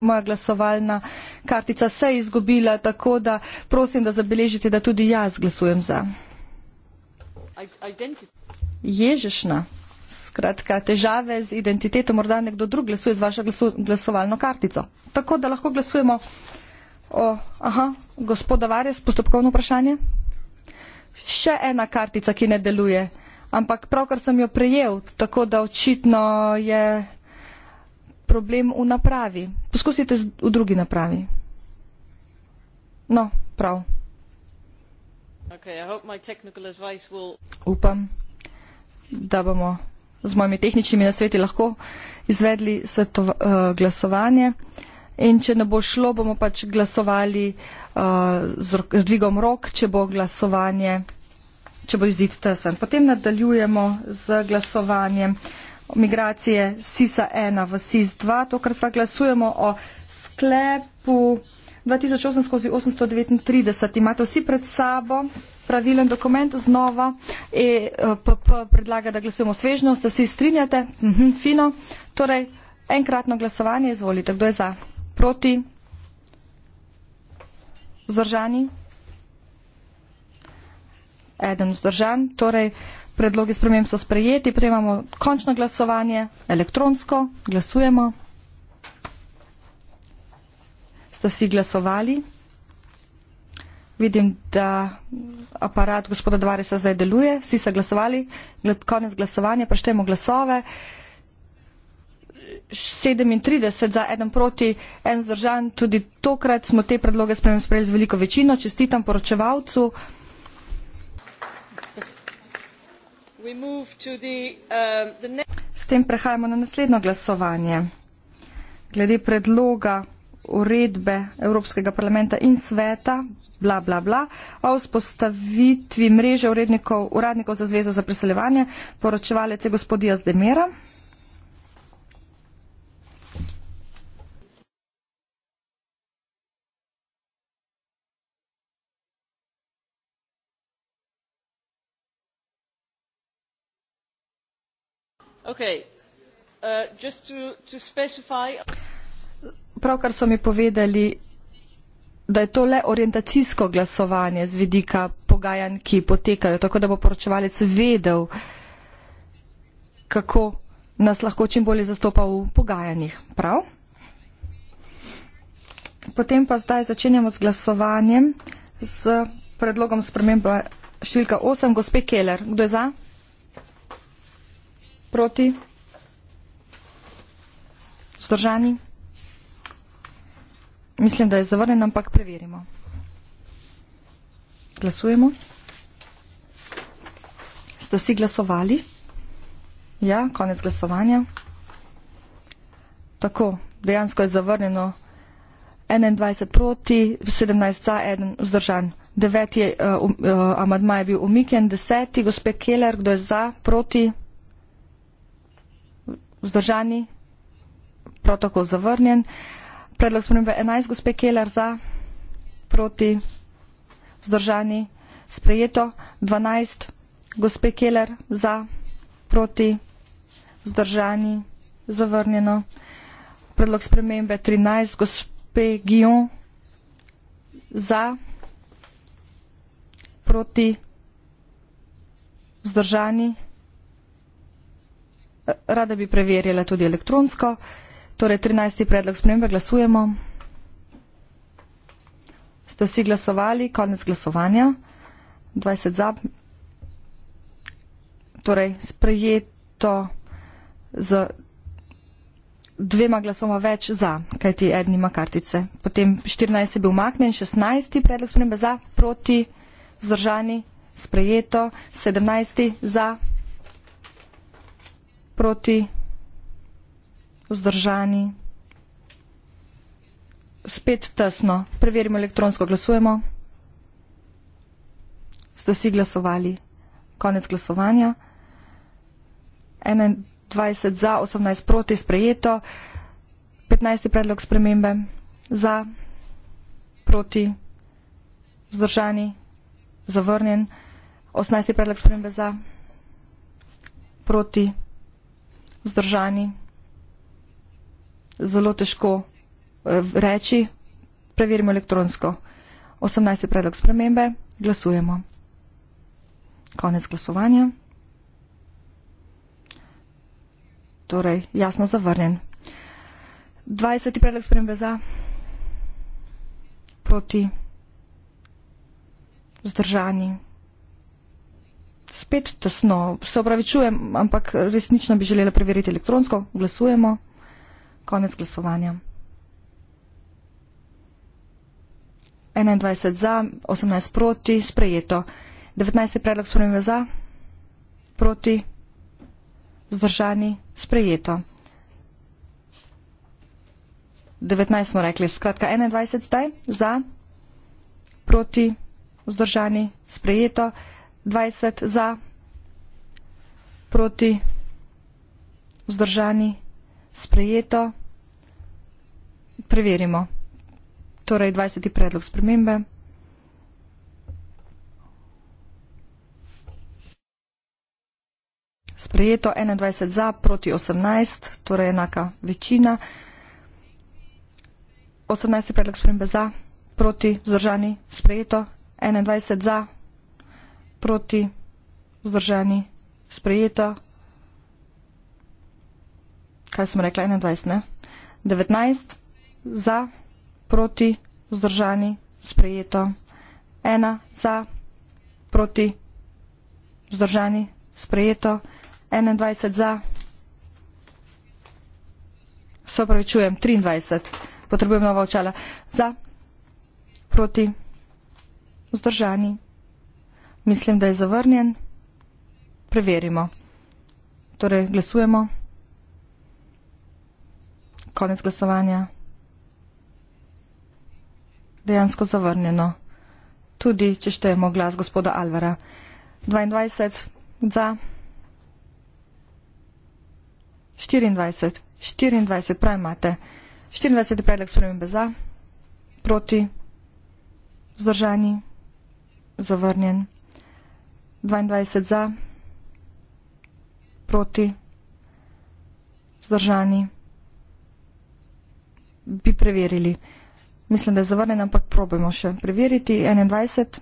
moja glasovalna kartica se je izgubila, tako da prosim, da zabeležite, da tudi jaz glasujem za. Ježešna. Skratka, težave z identiteto, morda nekdo drug glasuje z vašo glasovalno kartico. Tako da lahko glasujemo o, aha, gospoda Vares, postopkovno vprašanje. Še ena kartica, ki ne deluje, ampak pravkar sem jo prejel, tako da očitno je problem v napravi. Poskusite v drugi napravi. No, prav. Upam, da bomo z mojimi tehničnimi nasveti lahko izvedli svetov, uh, eh, glasovanje. In če ne bo šlo, bomo pač glasovali uh, z, z dvigom rok, če bo glasovanje, če bo izid tesen. Potem nadaljujemo z glasovanjem migracije SISA 1 v SIS 2. Tokrat pa glasujemo o sklepu 2008-839. Imate vsi pred sabo pravilen dokument znova. EPP predlaga, da glasujemo svežno. Ste vsi strinjate? Mhm, fino. Torej, enkratno glasovanje. Izvolite, kdo je za? Proti? Vzdržani? Eden vzdržan. Torej, predlogi sprememb so sprejeti, potem imamo končno glasovanje, elektronsko, glasujemo. Ste vsi glasovali? Vidim, da aparat gospoda Dvareza zdaj deluje, vsi ste glasovali, konec glasovanja, preštejemo glasove. 37 za en proti, en zdržan, tudi tokrat smo te predloge sprejeli z veliko večino, čestitam poročevalcu. Um, S tem prehajamo na naslednjo glasovanje. Glede predloga uredbe Evropskega parlamenta in sveta, bla, bla, bla, o vzpostavitvi mreže urednikov, uradnikov za zvezo za preseljevanje, poročevalec je gospod Jazdemira. Uh, Pravkar so mi povedali, da je to le orientacijsko glasovanje z vidika pogajanj, ki potekajo, tako da bo poročevalec vedel, kako nas lahko čim bolje zastopa v pogajanjih. Prav? Potem pa zdaj začenjamo z glasovanjem z predlogom spremembe številka 8. Gospe Keller, kdo je za? Proti? Vzdržani? Mislim, da je zavrnen, ampak preverimo. Glasujemo. Ste vsi glasovali? Ja, konec glasovanja. Tako, dejansko je zavrnjeno 21 proti, 17 za, 1 vzdržan. Deveti uh, eh, uh, um, eh, amadma je bil umiken, deseti, gospe Keller, kdo je za, proti? vzdržani protokol zavrnjen predlog spremembe enajst gospe keller za proti vzdržani sprejeto dvanajst gospe keller za proti vzdržani zavrnjeno predlog spremembe trinajst gospe guillon za proti vzdržani rada bi preverjala tudi elektronsko. Torej, 13. predlog spremembe glasujemo. Ste vsi glasovali, konec glasovanja. 20 za. Torej, sprejeto z dvema glasoma več za, kaj ti edni ima kartice. Potem 14. je bil umaknen, 16. predlog spremembe za, proti, zdržani, sprejeto, 17. za proti, vzdržani. Spet tesno. Preverimo elektronsko. Glasujemo. Ste vsi glasovali. Konec glasovanja. 21 za, 18 proti, sprejeto. 15. predlog spremembe. Za, proti, vzdržani, zavrnjen. 18. predlog spremembe za, proti, vzdržani vzdržani. Zelo težko eh, reči, preverimo elektronsko. 18. predlog spremembe, glasujemo. Konec glasovanja. Torej, jasno zavrnjen. 20. predlog spremembe za, proti, vzdržani spet tesno. Se opravičujem, ampak resnično bi želela preveriti elektronsko. Glasujemo. Konec glasovanja. 21 za, 18 proti, sprejeto. 19. predlog spremembe za, proti, zdržani, sprejeto. 19 smo rekli, skratka 21 zdaj, za, proti, vzdržani, sprejeto dvajset za proti vzdržani sprejeto preverimo torej dvajseti predlog spremembe sprejeto enaindvajset za proti osemnajst torej enaka večina osemnajsti predlog spremembe za proti vzdržani sprejeto enaindvajset za proti, vzdrženi, sprejeta. Kaj sem rekla? 21, ne? 19, za, proti, vzdržani, sprejeta. 1, za, proti, vzdržani, sprejeta. 21, za. Se opravičujem, 23. Potrebujem nova očala. Za, proti, vzdržani, sprejeta. Mislim, da je zavrnjen. Preverimo. Torej, glasujemo. Konec glasovanja. Dejansko zavrnjeno. Tudi, če štejemo glas gospoda Alvara. 22 za. 24. 24, prav imate. 24 je predlog spremembe za, proti, vzdržani, zavrnjen. 22 za, proti, vzdržani, bi preverili. Mislim, da je zavrnjen, ampak probajmo še preveriti. 21,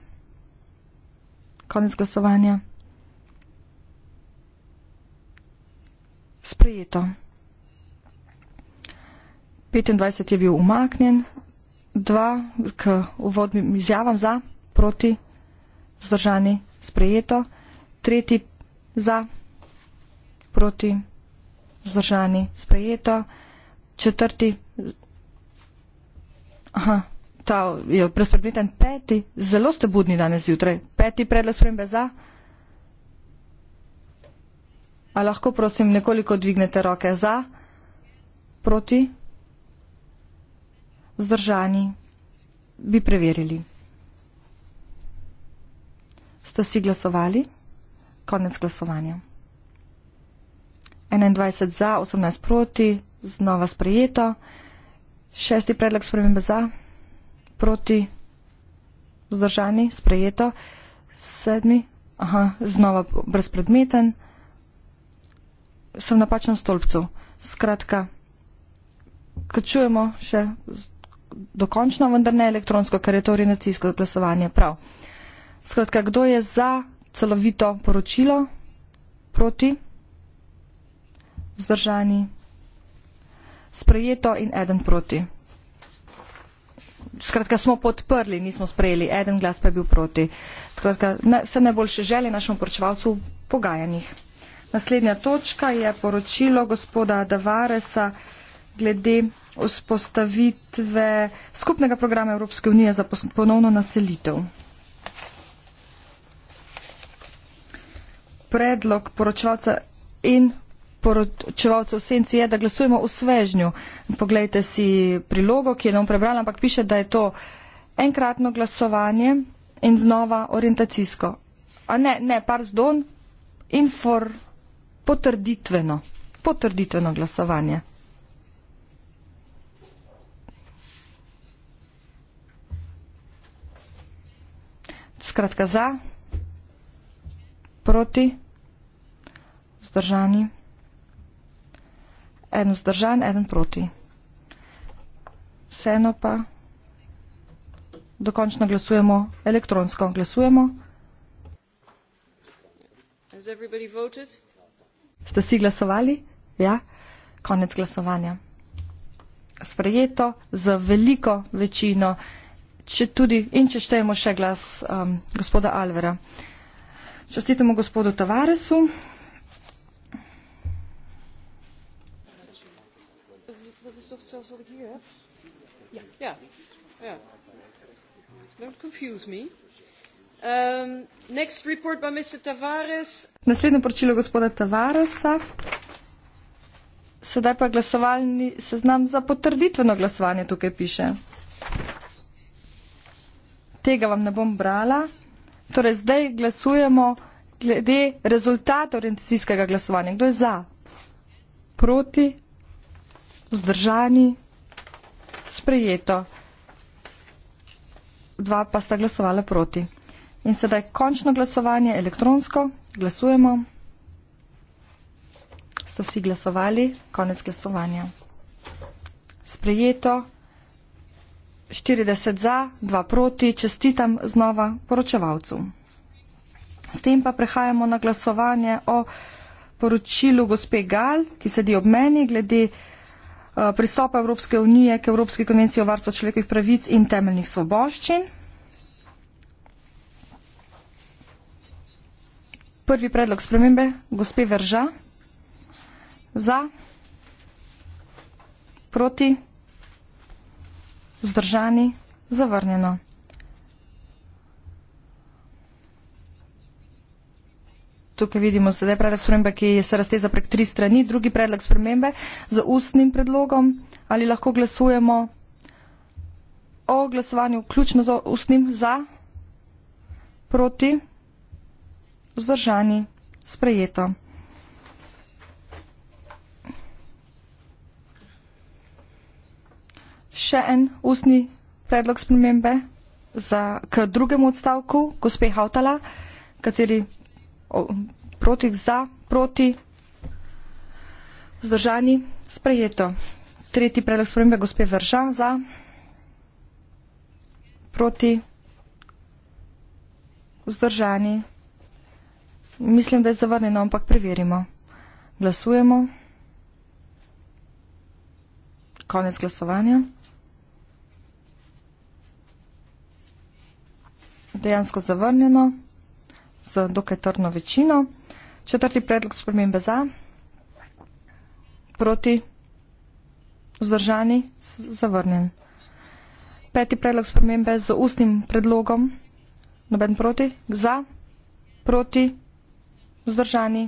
konec glasovanja. Sprejeto. 25 je bil umaknjen, 2 k uvodnim izjavam za, proti, vzdržani, sprejeto. Tretji za, proti, vzdržani, sprejeto. Četrti, aha, ta je prespremeten, peti, zelo ste budni danes zjutraj. Peti predlog spremembe za. A lahko prosim nekoliko dvignete roke za, proti, vzdržani, bi preverili. Ste vsi glasovali? Konec glasovanja. 21 za, 18 proti, znova sprejeto. Šesti predlog spremembe za, proti, vzdržani, sprejeto. Sedmi, aha, znova brezpredmeten. Sem na pačnem stolpcu. Skratka, kačujemo še dokončno, vendar ne elektronsko, ker je to orientacijsko glasovanje. Prav. Skratka, kdo je za celovito poročilo, proti, vzdržani, sprejeto in eden proti. Skratka, smo podprli, nismo sprejeli, eden glas pa je bil proti. Skratka, vse najboljše želje našemu poročevalcu v pogajanjih. Naslednja točka je poročilo gospoda Davaresa glede vzpostavitve skupnega programa Evropske unije za ponovno naselitev. predlog poročevalca in poročevalcev senci je, da glasujemo v svežnju. Poglejte si prilogo, ki je nam prebrala, ampak piše, da je to enkratno glasovanje in znova orientacijsko. A ne, ne, par zdon in for potrditveno, potrditveno glasovanje. Skratka za, proti vzdržani. En vzdržan, en proti. Vseeno pa dokončno glasujemo elektronsko. Glasujemo. Ste vsi glasovali? Ja. Konec glasovanja. Sprejeto z veliko večino, če tudi in če štejemo še glas um, gospoda Alvera. Častitemo gospodu Tavaresu. zelfs wat ik hier heb? Ja. Ja. ja. Don't confuse me. Um, next report by Mr. Tavares. Naslednje poročilo gospoda Tavaresa. Sedaj pa glasovalni seznam za potrditveno glasovanje tukaj piše. Tega vam ne bom brala. Torej, zdaj glasujemo glede rezultata orientacijskega glasovanja. Kdo je za? Proti? Zdržani? Sprejeto. Dva pa sta glasovala proti. In sedaj končno glasovanje elektronsko. Glasujemo. Ste vsi glasovali? Konec glasovanja. Sprejeto. 40 za, 2 proti. Čestitam znova poročevalcu. S tem pa prehajamo na glasovanje o poročilu gospe Gal, ki sedi ob meni glede Eh, pristopa Evropske unije k Evropski konvenciji o varstvu človekovih pravic in temeljnih svoboščin. Prvi predlog spremembe, gospe Verža, za, proti, vzdržani, zavrnjeno. Tukaj vidimo sedaj predlog spremembe, ki se razteza prek tri strani. Drugi predlog spremembe z ustnim predlogom. Ali lahko glasujemo o glasovanju ključno z ustnim za, proti, vzdržani, sprejeto. Še en ustni predlog spremembe za, k drugemu odstavku, gospe Hautala, kateri protiv, za, proti, vzdržani, sprejeto. Tretji predlog spremembe gospe Vrža, za, proti, vzdržani. Mislim, da je zavrnjeno, ampak preverimo. Glasujemo. Konec glasovanja. Dejansko zavrnjeno z dokaj trdno večino. Četrti predlog spremembe za, proti, vzdržani, zavrnjen. Peti predlog spremembe z ustnim predlogom, noben proti, za, proti, vzdržani,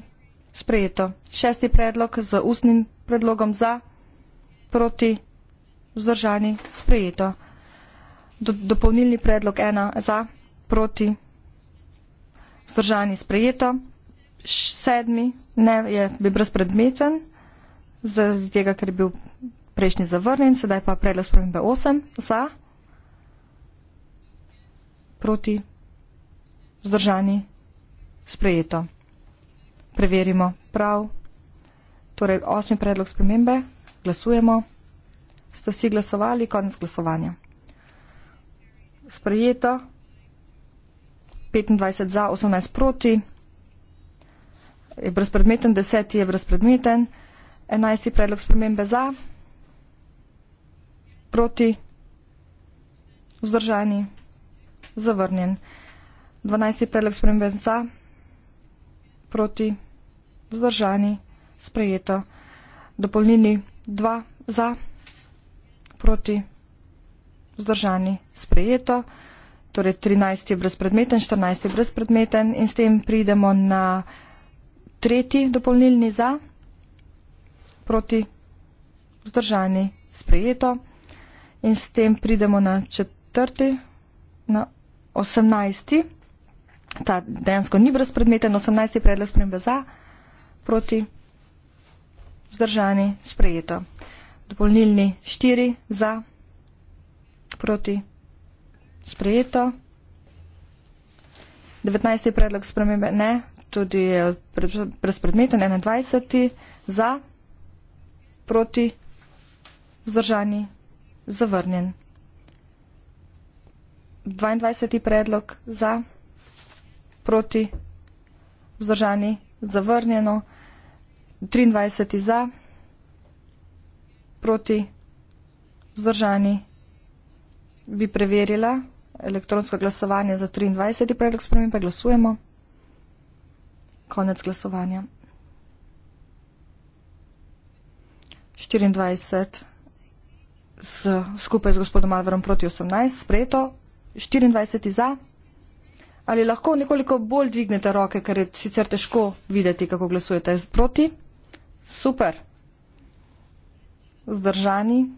sprejeto. Šesti predlog z ustnim predlogom za, proti, vzdržani, sprejeto. Do, dopolnilni predlog ena za, proti, vzdržani. Vzdržani sprejeto. Sedmi ne, je bil brezpredmeten, zaradi tega, ker je bil prejšnji zavrnjen, sedaj pa predlog spremembe 8 za, proti, vzdržani, sprejeto. Preverimo prav. Torej, osmi predlog spremembe, glasujemo. Ste vsi glasovali, konec glasovanja. Sprejeto. 25 za, 18 proti. Je brezpredmeten, 10 je brezpredmeten. 11 predlog spremembe za, proti, vzdržani, zavrnjen. 12 predlog spremembe za, proti, vzdržani, sprejeto. Dopolnilni 2 za, proti, vzdržani, sprejeto torej 13 je brezpredmeten, 14 je brezpredmeten in s tem pridemo na tretji dopolnilni za, proti, vzdržani, sprejeto in s tem pridemo na četrti, na 18. Ta dejansko ni brezpredmeten, 18. predlog spremembe za, proti, vzdržani, sprejeto. Dopolnilni 4 za, proti, vzdržani. Sprejeto. 19. predlog spremembe ne, tudi je brezpredmeten. 21. za, proti, vzdržani, zavrnjen. 22. predlog za, proti, vzdržani, zavrnjeno. 23. za, proti, vzdržani, bi preverila elektronsko glasovanje za 23. predlog spremem, pa glasujemo. Konec glasovanja. 24 z, skupaj z gospodom Alvarom proti 18, sprejeto. 24 za. Ali lahko nekoliko bolj dvignete roke, ker je sicer težko videti, kako glasujete proti? Super. Zdržani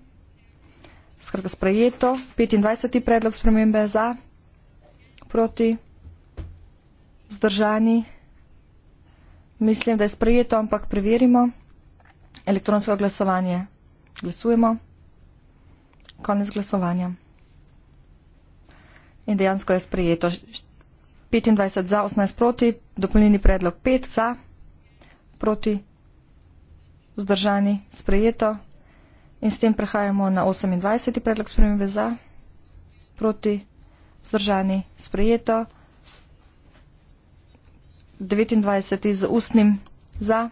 skratka sprejeto. 25. predlog spremembe za, proti, zdržani. Mislim, da je sprejeto, ampak preverimo. Elektronsko glasovanje. Glasujemo. Konec glasovanja. In dejansko je sprejeto. 25 za, 18 proti, dopolnjeni predlog 5 za, proti, vzdržani, sprejeto. In s tem prehajamo na 28. predlog spremembe za, proti, zdržani, sprejeto. 29. z ustnim za,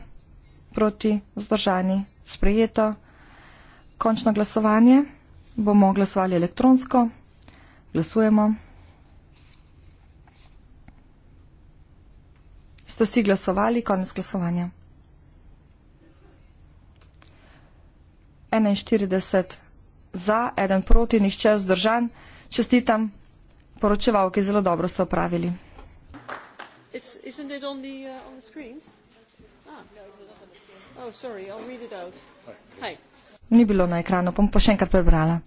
proti, vzdržani, sprejeto. Končno glasovanje bomo glasovali elektronsko. Glasujemo. Ste vsi glasovali? Konec glasovanja. 41 za, eden proti, nihče vzdržan. Čestitam poročevalki, zelo dobro ste opravili. Uh, ah, no, oh, Ni bilo na ekranu, bom pa še enkrat prebrala.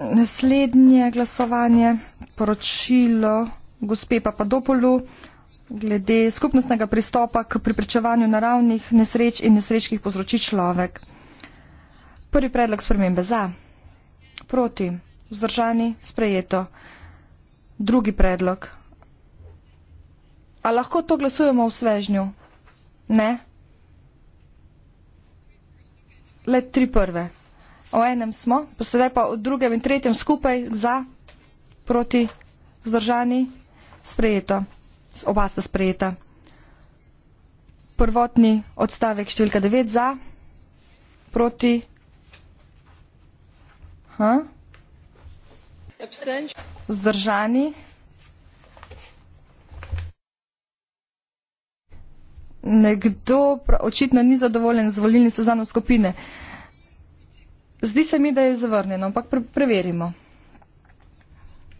Naslednje glasovanje, poročilo gospe Papadopolu glede skupnostnega pristopa k priprečevanju naravnih nesreč in nesrečkih povzroči človek. Prvi predlog spremembe za, proti, vzdržani, sprejeto. Drugi predlog. A lahko to glasujemo v svežnju? Ne? Le tri prve. O enem smo, pa sedaj pa v drugem in tretjem skupaj za, proti, vzdržani, sprejeto oba sta sprejeta. Prvotni odstavek številka 9 za, proti. Ha? Zdržani. Nekdo očitno ni zadovoljen z volilnim seznamom skupine. Zdi se mi, da je zavrnjeno, ampak preverimo.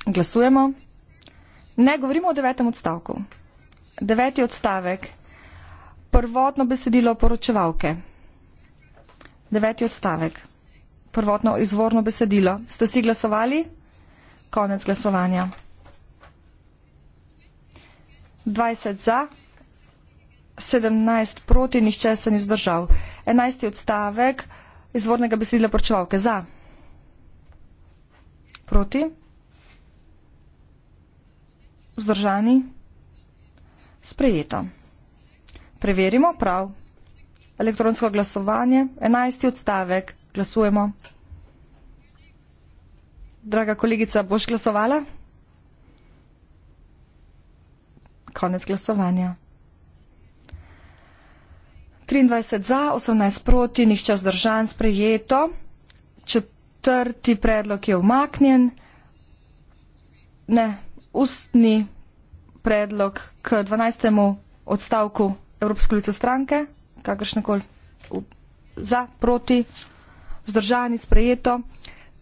Glasujemo. Ne govorimo o devetem odstavku. Deveti odstavek. Prvotno besedilo poročevalke. Deveti odstavek. Prvotno izvorno besedilo. Ste vsi glasovali? Konec glasovanja. 20 za, 17 proti, nihče se ni zdržal. 11. odstavek izvornega besedila poročevalke. Za. Proti. Vzdržani. Sprejeto. Preverimo prav. Elektronsko glasovanje, enajsti odstavek. Glasujemo. Draga kolegica, boš glasovala? Konec glasovanja. 23 za, 18 proti, nihče zdržan, sprejeto. Četrti predlog je umaknjen. Ne. Ne ustni predlog k 12. odstavku Evropske ljudske stranke, kakršnekoli za, proti, vzdržani, sprejeto,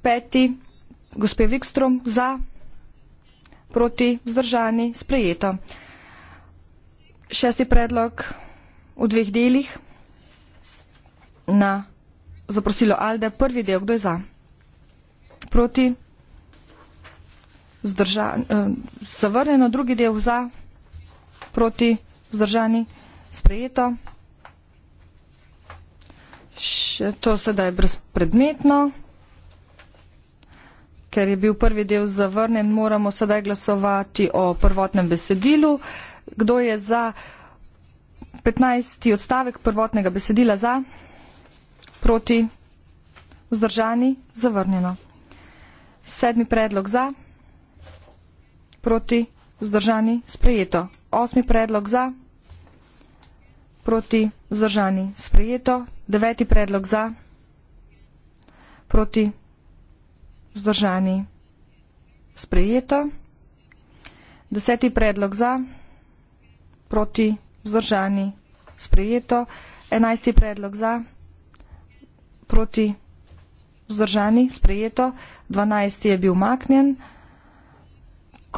peti, gospe Vikstrom, za, proti, vzdržani, sprejeto. Šesti predlog v dveh delih na zaprosilo Alde, prvi del, kdo je za, proti, vzdržani, sprejeto. Eh, zavrnjeno, drugi del za, proti, vzdržani, sprejeto. To sedaj je brezpredmetno. Ker je bil prvi del zavrnen, moramo sedaj glasovati o prvotnem besedilu. Kdo je za 15. odstavek prvotnega besedila za, proti, vzdržani, zavrnjeno. Sedmi predlog za proti vzdržani sprejeto. Osmi predlog za, proti vzdržani sprejeto. Deveti predlog za, proti vzdržani sprejeto. Deseti predlog za, proti vzdržani sprejeto. Enajsti predlog za, proti vzdržani sprejeto. Dvanajsti je bil maknjen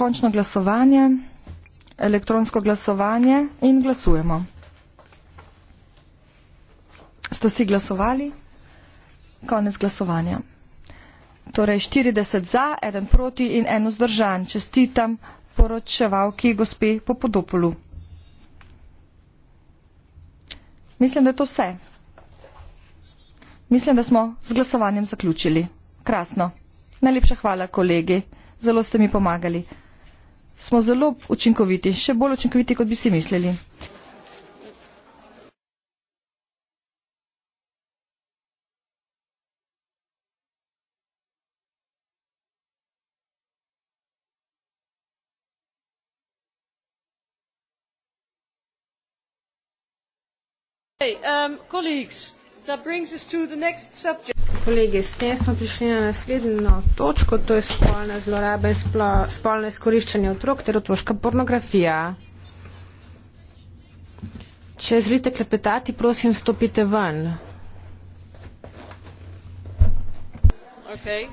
končno glasovanje, elektronsko glasovanje in glasujemo. Ste vsi glasovali? Konec glasovanja. Torej 40 za, 1 proti in 1 zdržan. Čestitam poročevalki gospe Popodopolu. Mislim, da je to vse. Mislim, da smo z glasovanjem zaključili. Krasno. Najlepša hvala, kolegi. Zelo ste mi pomagali smo zelo učinkoviti, še bolj učinkoviti, kot bi si mislili. Hey, um, colleagues, that brings us to the next subject kolegi, s tem smo prišli na naslednjo točko, to je spolna zloraba in spolno izkoriščanje otrok ter otroška pornografija. Če želite klepetati, prosim, stopite ven. Okay.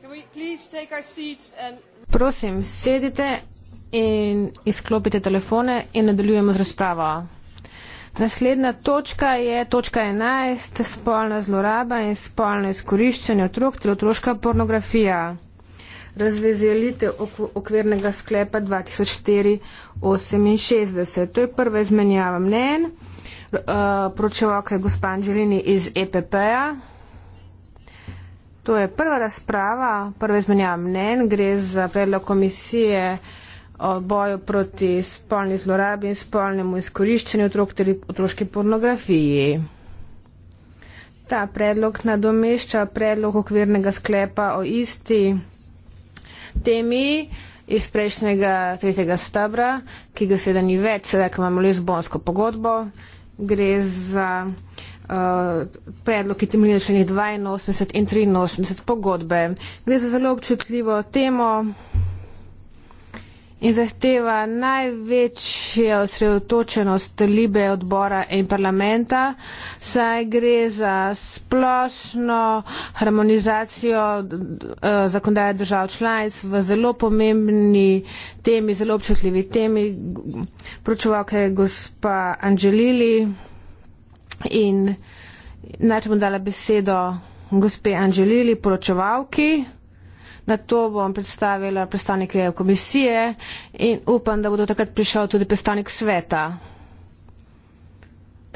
Can we please take our seats and... Prosim, sedite in izklopite telefone in nadaljujemo z razpravo. Naslednja točka je točka 11, spolna zloraba in spolno izkoriščanje otrok ter otroška pornografija. Razvezelitev okvirnega sklepa 2004-68. To je prva izmenjava mnen. Eh, Pročevalka je gospod Anželini iz EPP-ja. To je prva razprava, prva izmenjava mnen. Gre za predlog komisije boju proti spolni zlorabi in spolnemu izkoriščenju otrok ter otroški pornografiji. Ta predlog nadomešča predlog okvirnega sklepa o isti temi iz prejšnjega tretjega stabra, ki ga seveda ni več, sedaj, ko imamo lezbonsko pogodbo, gre za uh, predlog, ki temelji na členih 82 in 83 pogodbe. Gre za zelo občutljivo temo in zahteva največjo osredotočenost Libe odbora in parlamenta, saj gre za splošno harmonizacijo eh, zakonodaje držav članic v zelo pomembni temi, zelo občutljivi temi. Pročevalka je gospa Angelili in najprej bom dala besedo gospe Angelili, poročevalki. Na to bom predstavila predstavnike komisije in upam, da bodo takrat prišel tudi predstavnik sveta.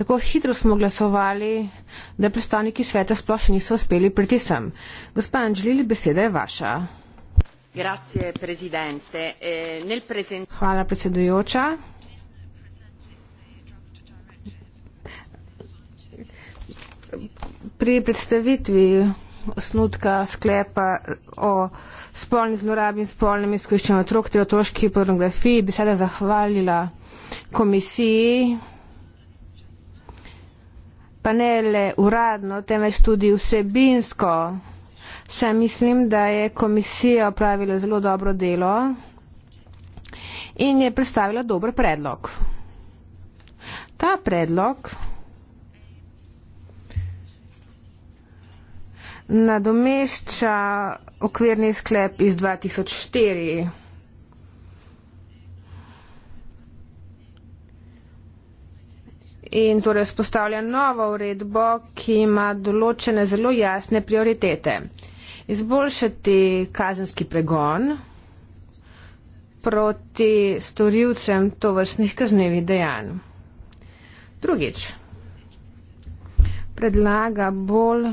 Tako hitro smo glasovali, da predstavniki sveta sploh še niso uspeli priti sem. Gospa Anželili, beseda je vaša. Eh, Hvala, predsedujoča. Pri predstavitvi osnutka sklepa o spolni zlorabi in spolnem izkoriščanju otrok ter otroški pornografiji, bi sedaj zahvalila komisiji, pa ne le uradno, temveč tudi vsebinsko. Sam mislim, da je komisija opravila zelo dobro delo in je predstavila dober predlog. Ta predlog nadomešča okvirni sklep iz 2004. In torej spostavlja novo uredbo, ki ima določene zelo jasne prioritete. Izboljšati kazenski pregon proti storilcem tovrstnih kaznevih dejanj. Drugič, predlaga bolj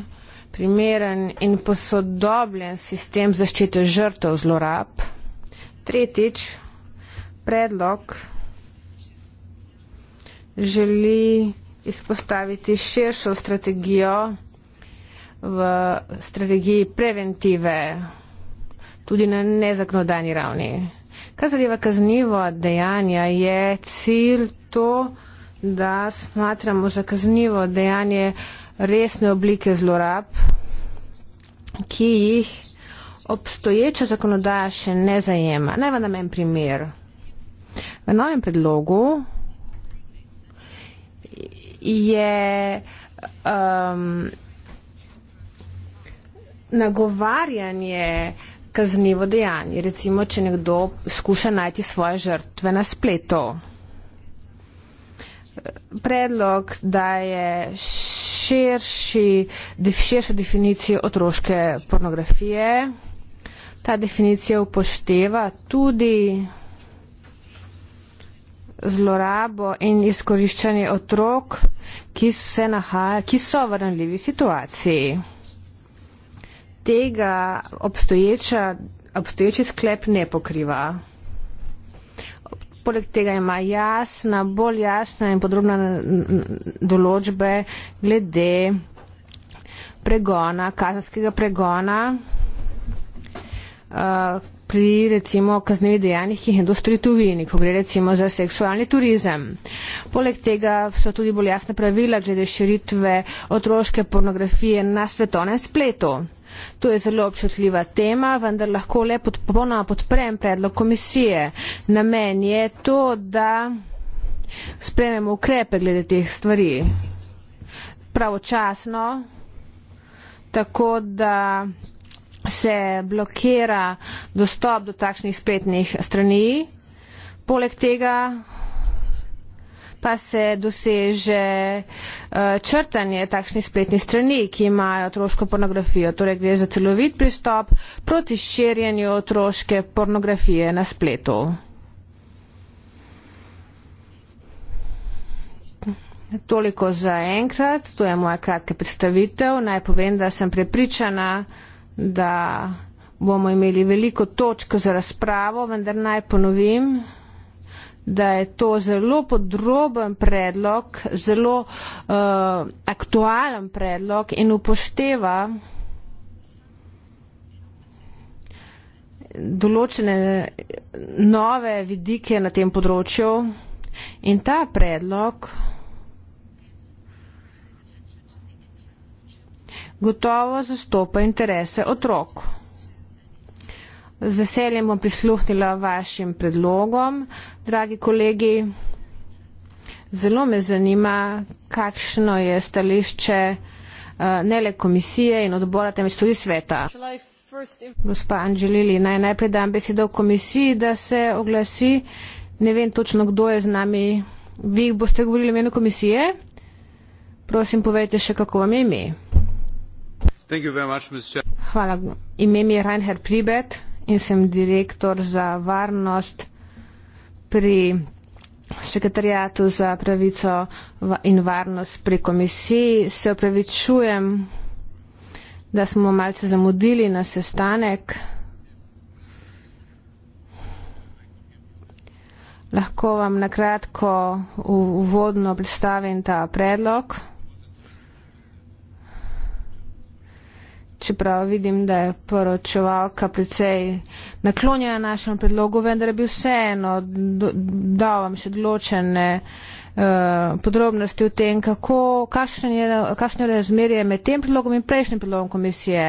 primeren in posodobljen sistem zaščite žrtev zlorab. Tretjič, predlog želi izpostaviti širšo strategijo v strategiji preventive, tudi na nezakonodajni ravni. Kar zadeva kaznivo dejanja, je cilj to, da smatramo za kaznivo dejanje uh, resne oblike zlorab, ki jih obstoječa zakonodaja še ne zajema. Naj vam dam en primer. V novem predlogu je um, nagovarjanje kaznivo dejanje. Recimo, če nekdo skuša najti svoje žrtve na spletu. Predlog, da je še širši, širše definicije otroške pornografije. Ta definicija upošteva tudi zlorabo in izkoriščanje otrok, ki so, se nahaja, ki so v ranljivi situaciji. Tega obstoječa, obstoječi sklep ne pokriva. Poleg tega ima jasna, bolj jasna in podrobna določbe glede pregona, kazanskega pregona eh, pri recimo kaznevih dejanjih, ki jih je dostri tujini, ko gre recimo za seksualni turizem. Poleg tega so tudi bolj jasne pravila glede širitve otroške pornografije na svetovnem spletu. To je zelo občutljiva tema, vendar lahko le popolnoma podp podprem predlog komisije. Namen je to, da sprememo ukrepe glede teh stvari pravočasno, tako da se blokira dostop do takšnih spletnih strani. Poleg tega pa se doseže uh, črtanje takšnih spletnih strani, ki imajo otroško pornografijo. Torej gre za celovit pristop proti širjenju otroške pornografije na spletu. Toliko za enkrat, to je moja kratka predstavitev. Naj povem, da sem prepričana, da bomo imeli veliko točk za razpravo, vendar naj ponovim da je to zelo podroben predlog, zelo uh, aktualen predlog in upošteva določene nove vidike na tem področju. In ta predlog gotovo zastopa interese otrok. Z veseljem bom prisluhnila vašim predlogom. Dragi kolegi, zelo me zanima, kakšno je stališče eh, ne le komisije in odbora, temveč tudi sveta. Gospa Anželili, naj najprej dam besedo v komisiji, da se oglasi. Ne vem točno, kdo je z nami. Vi boste govorili v imenu komisije. Prosim, povejte še, kako vam je ime. Hvala. Ime mi je Reinhard Pribet in sem direktor za varnost pri sekretarijatu za pravico in varnost pri komisiji. Se upravičujem, da smo malce zamudili na sestanek. Lahko vam nakratko uvodno predstavim ta predlog. čeprav vidim, da je poročevalka precej naklonjena našemu predlogu, vendar bi vseeno dal vam še določene uh, podrobnosti o tem, kako, kakšno je razmerje med tem predlogom in prejšnjim predlogom komisije.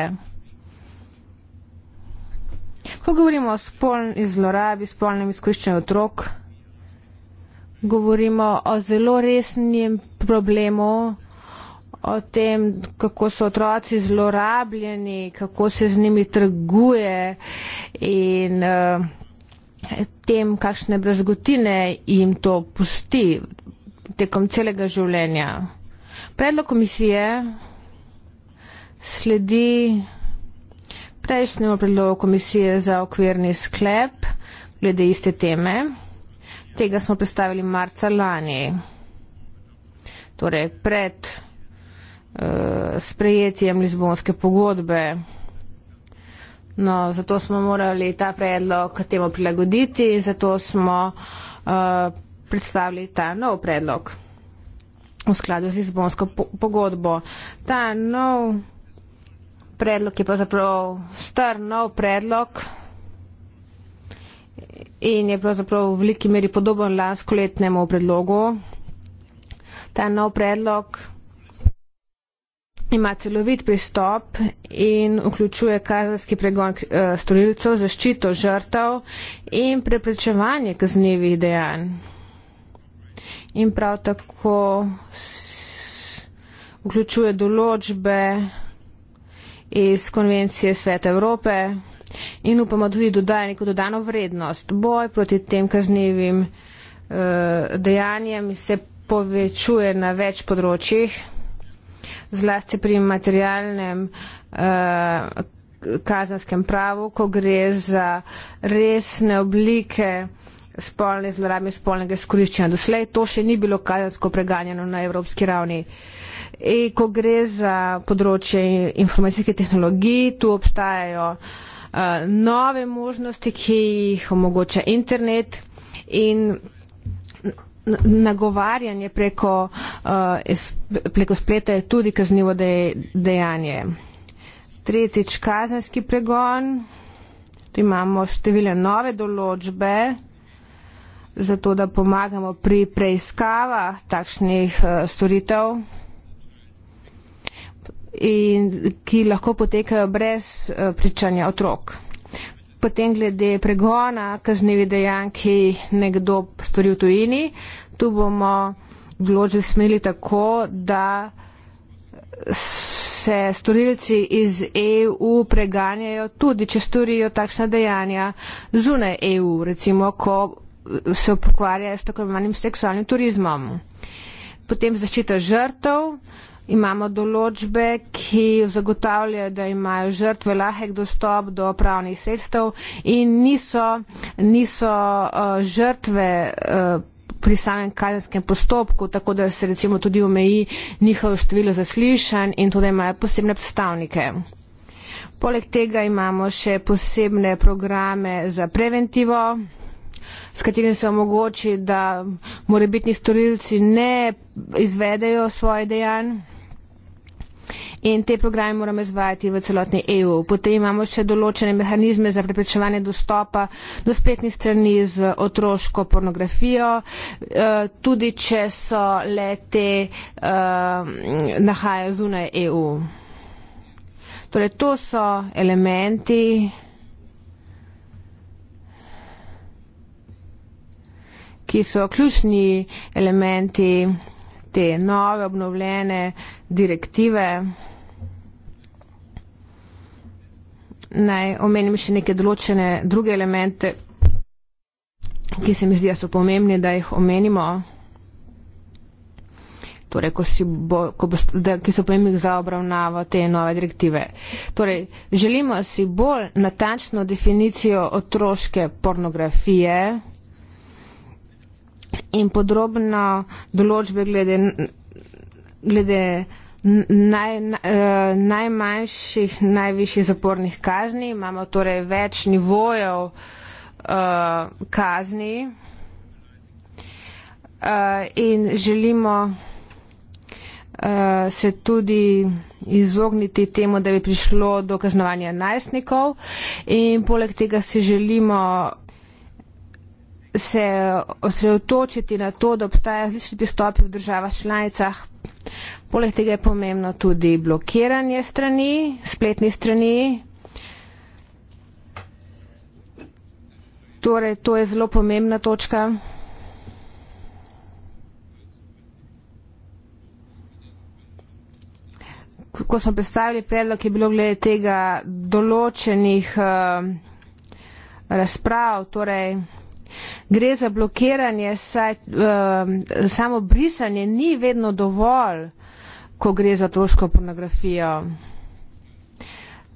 Ko govorimo o spolni zlorabi, spolnem izkoriščenju otrok, govorimo o zelo resnem problemu, o tem, kako so otroci zlorabljeni, kako se z njimi trguje in uh, tem, kakšne brazgotine jim to pusti tekom celega življenja. Predlog komisije sledi prejšnjemu predlogu komisije za okvirni sklep glede iste teme. Tega smo predstavili marca lani, torej pred uh, sprejetjem Lizbonske pogodbe. No, zato smo morali ta predlog temu prilagoditi in zato smo uh, predstavili ta nov predlog v skladu z Lizbonsko po pogodbo. Ta nov predlog je pravzaprav star nov predlog in je pravzaprav v veliki meri podoben lansko letnemu predlogu. Ta nov predlog ima celovit pristop in vključuje kazenski pregon eh, storilcev, zaščito žrtev in preprečevanje kaznjivih dejanj. In prav tako vključuje določbe iz konvencije Sveta Evrope in upamo tudi dodaja neko dodano vrednost. Boj proti tem kaznjivim uh, eh, dejanjem se povečuje na več področjih zlasti pri materialnem eh, kazanskem pravu, ko gre za resne oblike spolne zlorabe, spolnega skoriščenja. Doslej to še ni bilo kazansko preganjeno na evropski ravni. E, ko gre za področje informacijske tehnologije, tu obstajajo uh, nove možnosti, ki jih omogoča internet in nagovarjanje preko, uh, preko spleta je tudi kaznivo de dejanje. Tretjič, kazenski pregon. Tu imamo številne nove določbe, zato da pomagamo pri preiskavah takšnih uh, storitev, in, ki lahko potekajo brez uh, pričanja otrok. Potem glede pregona, kaznevi dejanki nekdo storil tujini, tu bomo vložbe smeli tako, da se storilci iz EU preganjajo tudi, če storijo takšna dejanja zunaj EU, recimo, ko se pokvarjajo s tako imenim seksualnim turizmom. Potem zaščita žrtev, imamo določbe, ki zagotavljajo, da imajo žrtve lahek dostop do pravnih sredstev in niso, niso uh, žrtve. Uh, pri samem kazenskem postopku, tako da se recimo tudi omeji njihovo število zaslišanj in tudi imajo posebne predstavnike. Poleg tega imamo še posebne programe za preventivo, s katerim se omogoči, da morebitni storilci ne izvedejo svoje dejanje. In te programe moramo izvajati v celotni EU. Potem imamo še določene mehanizme za preprečevanje dostopa do spletnih strani z otroško pornografijo, eh, tudi če so le te eh, nahaja zunaj EU. Torej, to so elementi. ki so ključni elementi te nove obnovljene direktive. Naj omenim še neke določene druge elemente, ki se mi zdijo so pomembni, da jih omenimo. Torej, ko si bo, ko bo, da, ki so pomembni za obravnavo te nove direktive. Torej, želimo si bolj natančno definicijo otroške pornografije in podrobno določbe glede, glede naj, na, eh, najmanjših, najvišjih zapornih kazni. Imamo torej več nivojev uh, kazni uh, in želimo uh, se tudi izogniti temu, da bi prišlo do kaznovanja najstnikov in poleg tega si želimo se osredotočiti na to, da obstajajo različni pristopi v državah članicah. Poleg tega je pomembno tudi blokiranje strani, spletni strani. Torej, to je zelo pomembna točka. Ko smo predstavili predlog, je bilo glede tega določenih uh, razprav, torej Gre za blokiranje, saj um, samo brisanje ni vedno dovolj, ko gre za otroško pornografijo.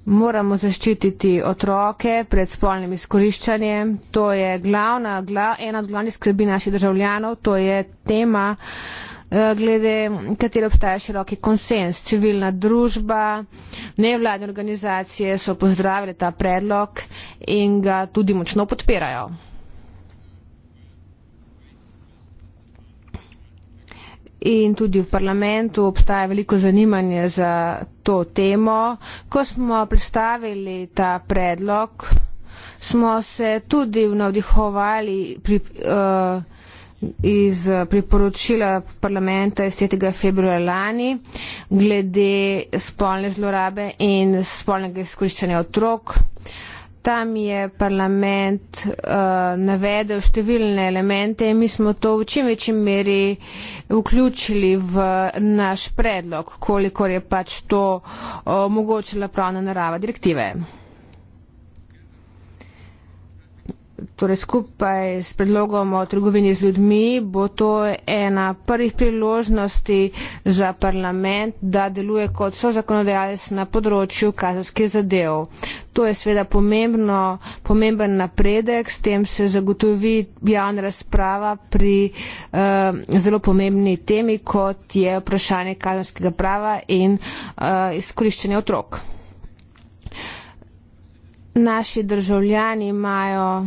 Moramo zaščititi otroke pred spolnim izkoriščanjem. To je glavna, gla, ena od glavnih skrbi naših državljanov. To je tema, eh, glede katere obstaja široki konsens. Civilna družba, nevladne organizacije so pozdravili ta predlog in ga tudi močno podpirajo. in tudi v parlamentu obstaja veliko zanimanje za to temo. Ko smo predstavili ta predlog, smo se tudi navdihovali pri, uh, iz priporočila parlamenta iz 3. februarja lani glede spolne zlorabe in spolnega izkoriščanja otrok. Uh, Tam je parlament uh, navedel številne elemente in mi smo to v čim večji meri vključili v naš predlog, kolikor je pač to eh, omogočila pravna narava direktive. Torej skupaj s predlogom o trgovini z ljudmi bo to ena prvih priložnosti za parlament, da deluje kot so zakonodajalec na področju kazenskih zadev. To je sveda pomembno, pomemben napredek, s tem se zagotovi javna razprava pri eh, zelo pomembni temi, kot je vprašanje kazenskega prava in eh, izkoriščenje otrok naši državljani imajo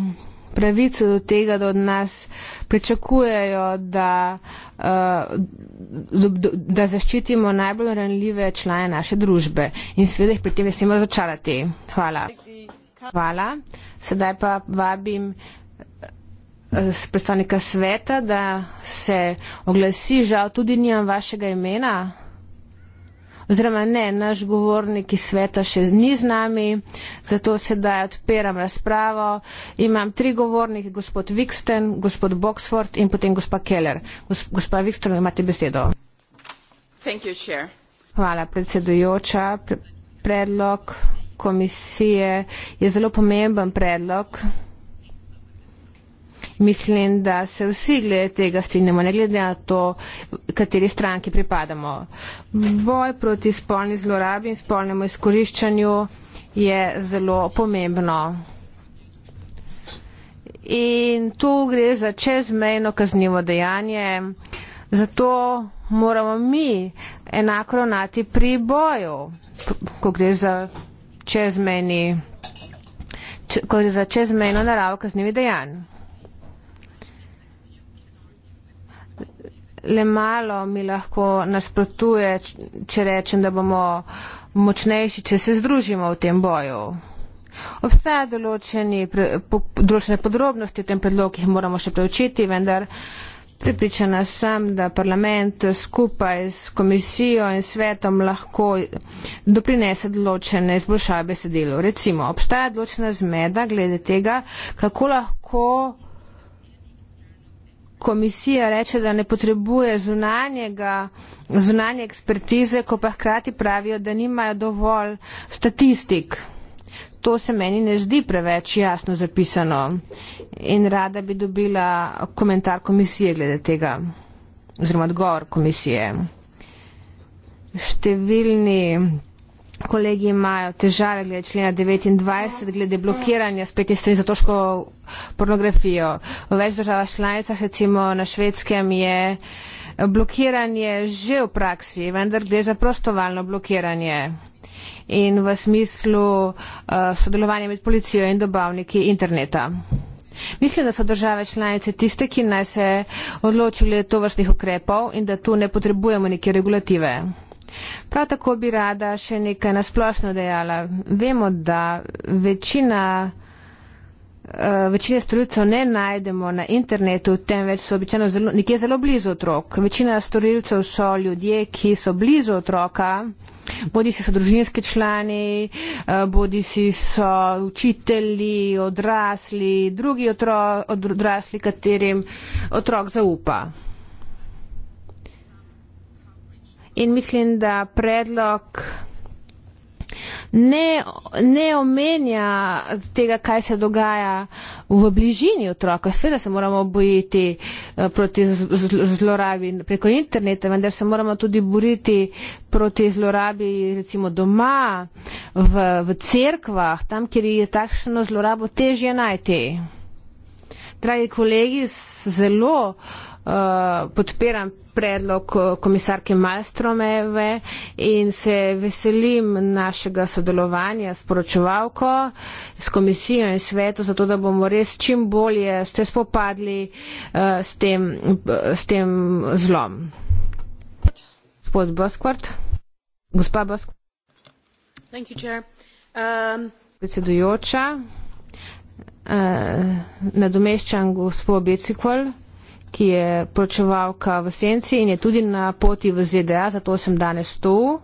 pravico do tega, da od nas pričakujejo, da, eh, da zaščitimo najbolj ranljive člane naše družbe in seveda jih pri tem ne smemo začarati. Hvala. Hvala. Sedaj pa vabim eh, predstavnika sveta, da se oglasi. Žal tudi nimam vašega imena oziroma ne, naš govornik iz sveta še ni z nami, zato sedaj odpiram razpravo. Imam tri govornike, gospod Viksten, gospod Boxford in potem gospa Keller. Gospa Viksten, imate besedo. You, Hvala, predsedujoča. Predlog komisije je zelo pomemben predlog mislim, da se vsi glede tega strinjamo, ne glede na to, kateri stranki pripadamo. Boj proti spolni zlorabi in spolnemu izkoriščanju je zelo pomembno. In tu gre za čezmejno kaznivo dejanje, zato moramo mi enako ravnati pri boju, ko gre za čezmejni. Ko je za čezmejno naravo kaznivih dejanj. le malo mi lahko nasprotuje, če rečem, da bomo močnejši, če se združimo v tem boju. Obstaja določeni, po, določene podrobnosti v tem predlogu, ki jih moramo še preučiti, vendar pripričana sem, da parlament skupaj s komisijo in svetom lahko doprinese določene izboljšave besedilo. Recimo, obstaja določena zmeda glede tega, kako lahko komisija reče, da ne potrebuje zunanjega, zunanje ekspertize, ko pa hkrati pravijo, da nimajo dovolj statistik. To se meni ne zdi preveč jasno zapisano in rada bi dobila komentar komisije glede tega, oziroma odgovor komisije. Številni kolegi imajo težave glede člena 29, glede blokiranja spletne strani za toško pornografijo. V več državah članicah, recimo na švedskem, je blokiranje že v praksi, vendar gre za prostovalno blokiranje. In v smislu uh, sodelovanja med policijo in dobavniki interneta. Mislim, da so države članice tiste, ki naj se odločili to vrstnih ukrepov in da tu ne potrebujemo neke regulative. Prav tako bi rada še nekaj nasplošno dejala. Vemo, da večina, eh, večine storilcev ne najdemo na internetu, temveč so običajno zelo, nekje zelo blizu otrok. Večina storilcev so ljudje, ki so blizu otroka, bodi si so družinski člani, eh, bodi si so učitelji, odrasli, drugi otro, odrasli, katerim otrok zaupa. in mislim, da predlog ne, ne omenja tega, kaj se dogaja v bližini otroka. Sveda se moramo bojiti eh, proti zlorabi preko interneta, vendar se moramo tudi boriti proti zlorabi recimo doma, v, v cerkvah, tam, kjer je takšno zlorabo težje najti. Dragi kolegi, zelo uh, Eh, podpiram predlog eh, komisarke Malstromeve in se veselim našega sodelovanja s poročevalko, s komisijo in svetu, zato da bomo res čim bolje ste spopadli eh, s tem, s tem zlom. Gospod Boskvart. Gospa Boskvart. Thank you, chair. Um... Predsedujoča. Uh, nadomeščam gospod Becikol ki je pročevalka v Senci in je tudi na poti v ZDA, zato sem danes tu.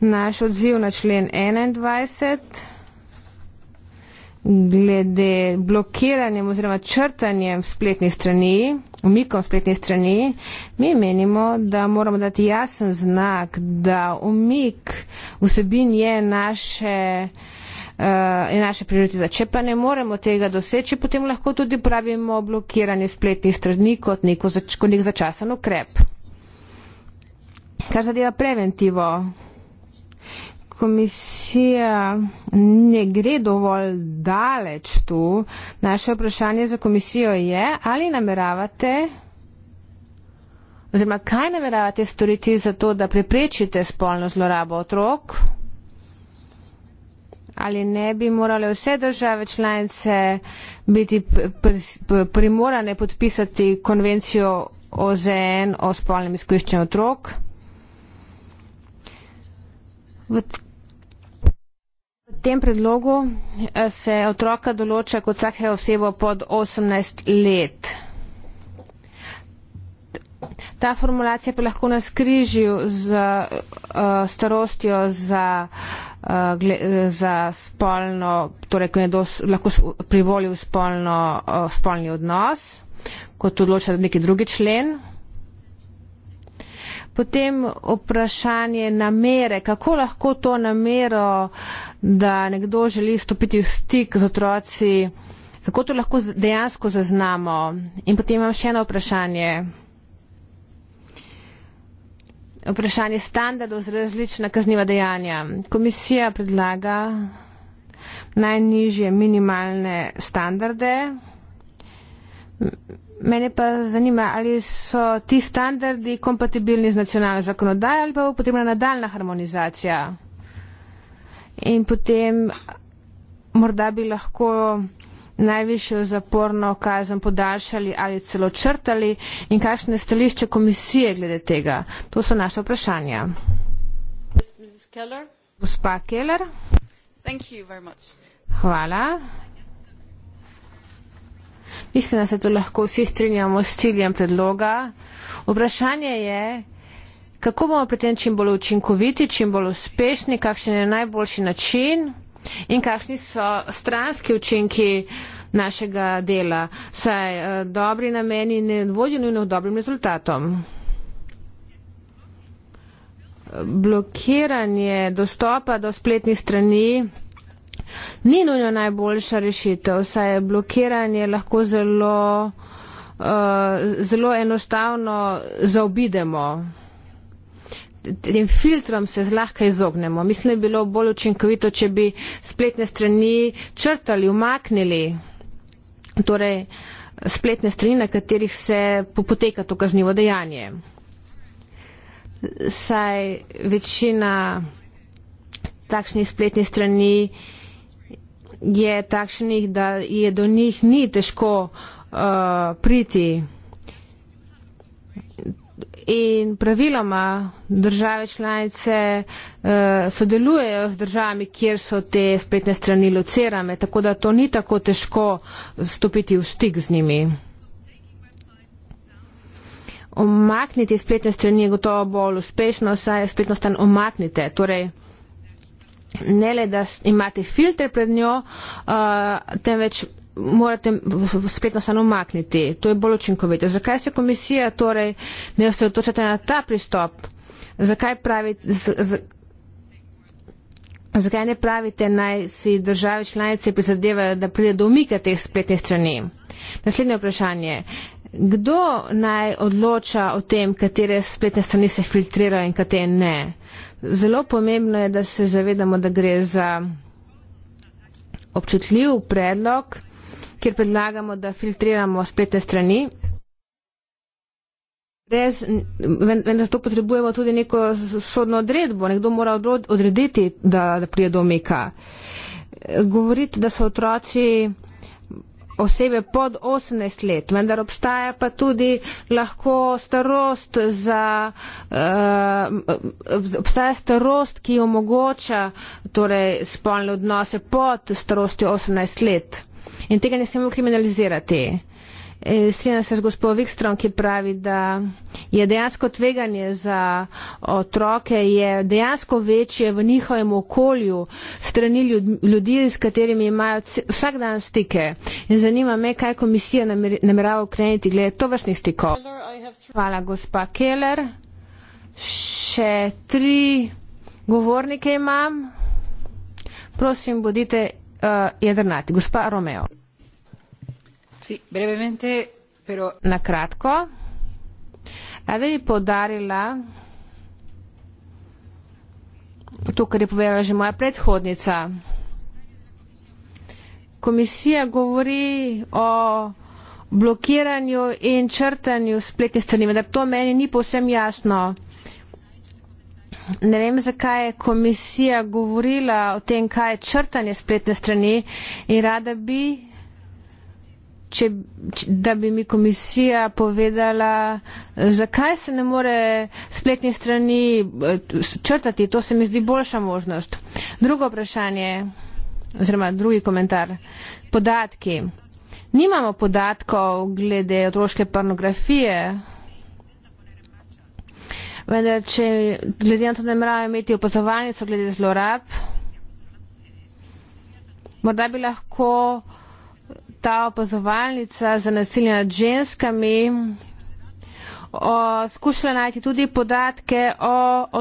Naš odziv na člen 21 glede blokiranjem oziroma črtanjem spletnih strani, umikom spletnih strani, mi menimo, da moramo dati jasen znak, da umik vsebin je naše Eh, je naša prioriteta. Če pa ne moremo tega doseči, potem lahko tudi pravimo blokiranje spletnih strani kot, neko, kot nek začasen ukrep. Kar zadeva preventivo, komisija ne gre dovolj daleč tu. Naše vprašanje za komisijo je, ali nameravate, oziroma kaj nameravate storiti za to, da preprečite spolno zlorabo otrok ali ne bi morale vse države članice biti primorane podpisati konvencijo OZN o spolnem izkoriščenju otrok? V tem predlogu eh, se otroka določa kot vsake osebo pod 18 let. Ta formulacija pa lahko nas križi z uh, starostjo za uh, uh, gle, eh, za spolno, torej ko nekdo lahko privoli v spolno, uh, spolni odnos, kot odloča neki drugi člen. Potem vprašanje namere, kako lahko to namero, da nekdo želi stopiti v stik z otroci, kako to lahko dejansko zaznamo. In potem imam še eno vprašanje vprašanje standardov za različna kazniva dejanja. Komisija predlaga najnižje minimalne standarde. Mene pa zanima, ali so ti standardi kompatibilni z nacionalno zakonodajo ali pa bo potrebna nadaljna harmonizacija. In potem morda bi lahko najvišjo zaporno kazen podaljšali ali celo črtali in kakšno je stališče komisije glede tega? To so naša vprašanja. Gospa Keller. Hvala. Mislim, da se tu lahko vsi strinjamo s ciljem predloga. Vprašanje je, kako bomo pri tem čim bolj učinkoviti, čim bolj uspešni, kakšen je najboljši način. In kakšni so stranski učinki našega dela, saj eh, dobri nameni ne vodijo nujno dobrim rezultatom? Blokiranje dostopa do spletnih strani ni nujno najboljša rešitev, saj je blokiranje lahko zelo, uh, zelo enostavno zaobidemo tem filtrom se zlahka izognemo. Mislim, da bi bilo bolj učinkovito, če bi spletne strani črtali, umaknili. Torej, spletne strani, na katerih se poteka to kaznivo dejanje. Saj večina takšnih spletnih strani je takšnih, da je do njih ni težko uh, priti in praviloma države članice uh, sodelujejo z državami, kjer so te spletne strani locirane, tako da to ni tako težko stopiti v stik z njimi. Omakniti spletne strani je gotovo bolj uspešno, saj spletno stran omaknite. Torej, ne le, da imate filter pred njo, uh, temveč morate spletno stran umakniti. To je bolj učinkovito. Zakaj se komisija torej ne osredotočate na ta pristop? Zakaj, pravi, z, z, zakaj ne pravite, naj si države članice prizadevajo, da pride do umika teh spletnih strani? Naslednje vprašanje. Kdo naj odloča o tem, katere spletne strani se filtrirajo in katere ne? Zelo pomembno je, da se zavedamo, da gre za občutljiv predlog kjer predlagamo, da filtriramo spletne strani. Res, vendar to potrebujemo tudi neko sodno odredbo. Nekdo mora odrediti, da, da prije do omika. Govoriti, da so otroci osebe pod 18 let, vendar obstaja pa tudi lahko starost za, uh, obstaja starost, ki omogoča torej, spolne odnose pod starostjo 18 let. In tega ne smemo kriminalizirati. E, strinjam se z gospod Vikstrom, ki pravi, da je dejansko tveganje za otroke, je dejansko večje v njihovem okolju strani ljudi, s katerimi imajo vsak dan stike. In zanima me, kaj komisija namerava ukreniti glede tovršnih stikov. Hvala, gospa Keller. Še tri govornike imam. Prosim, bodite Eh, Jedrnati. Gospa Romeo. Si, brevemente, pero... Na kratko. Rada bi podarila to, kar je povedala že moja predhodnica. Komisija govori o blokiranju in črtanju spletne strani, vendar to meni ni povsem jasno ne vem, zakaj je komisija govorila o tem, kaj je črtanje spletne strani in rada bi, če, če, da bi mi komisija povedala, zakaj se ne more spletne strani eh, črtati. To se mi zdi boljša možnost. Drugo vprašanje, oziroma drugi komentar, podatki. Nimamo podatkov glede otroške pornografije vendar če glede na to ne morajo imeti opazovalnico glede zlorab, morda bi lahko ta opazovalnica za nasilje nad ženskami o, skušala najti tudi podatke o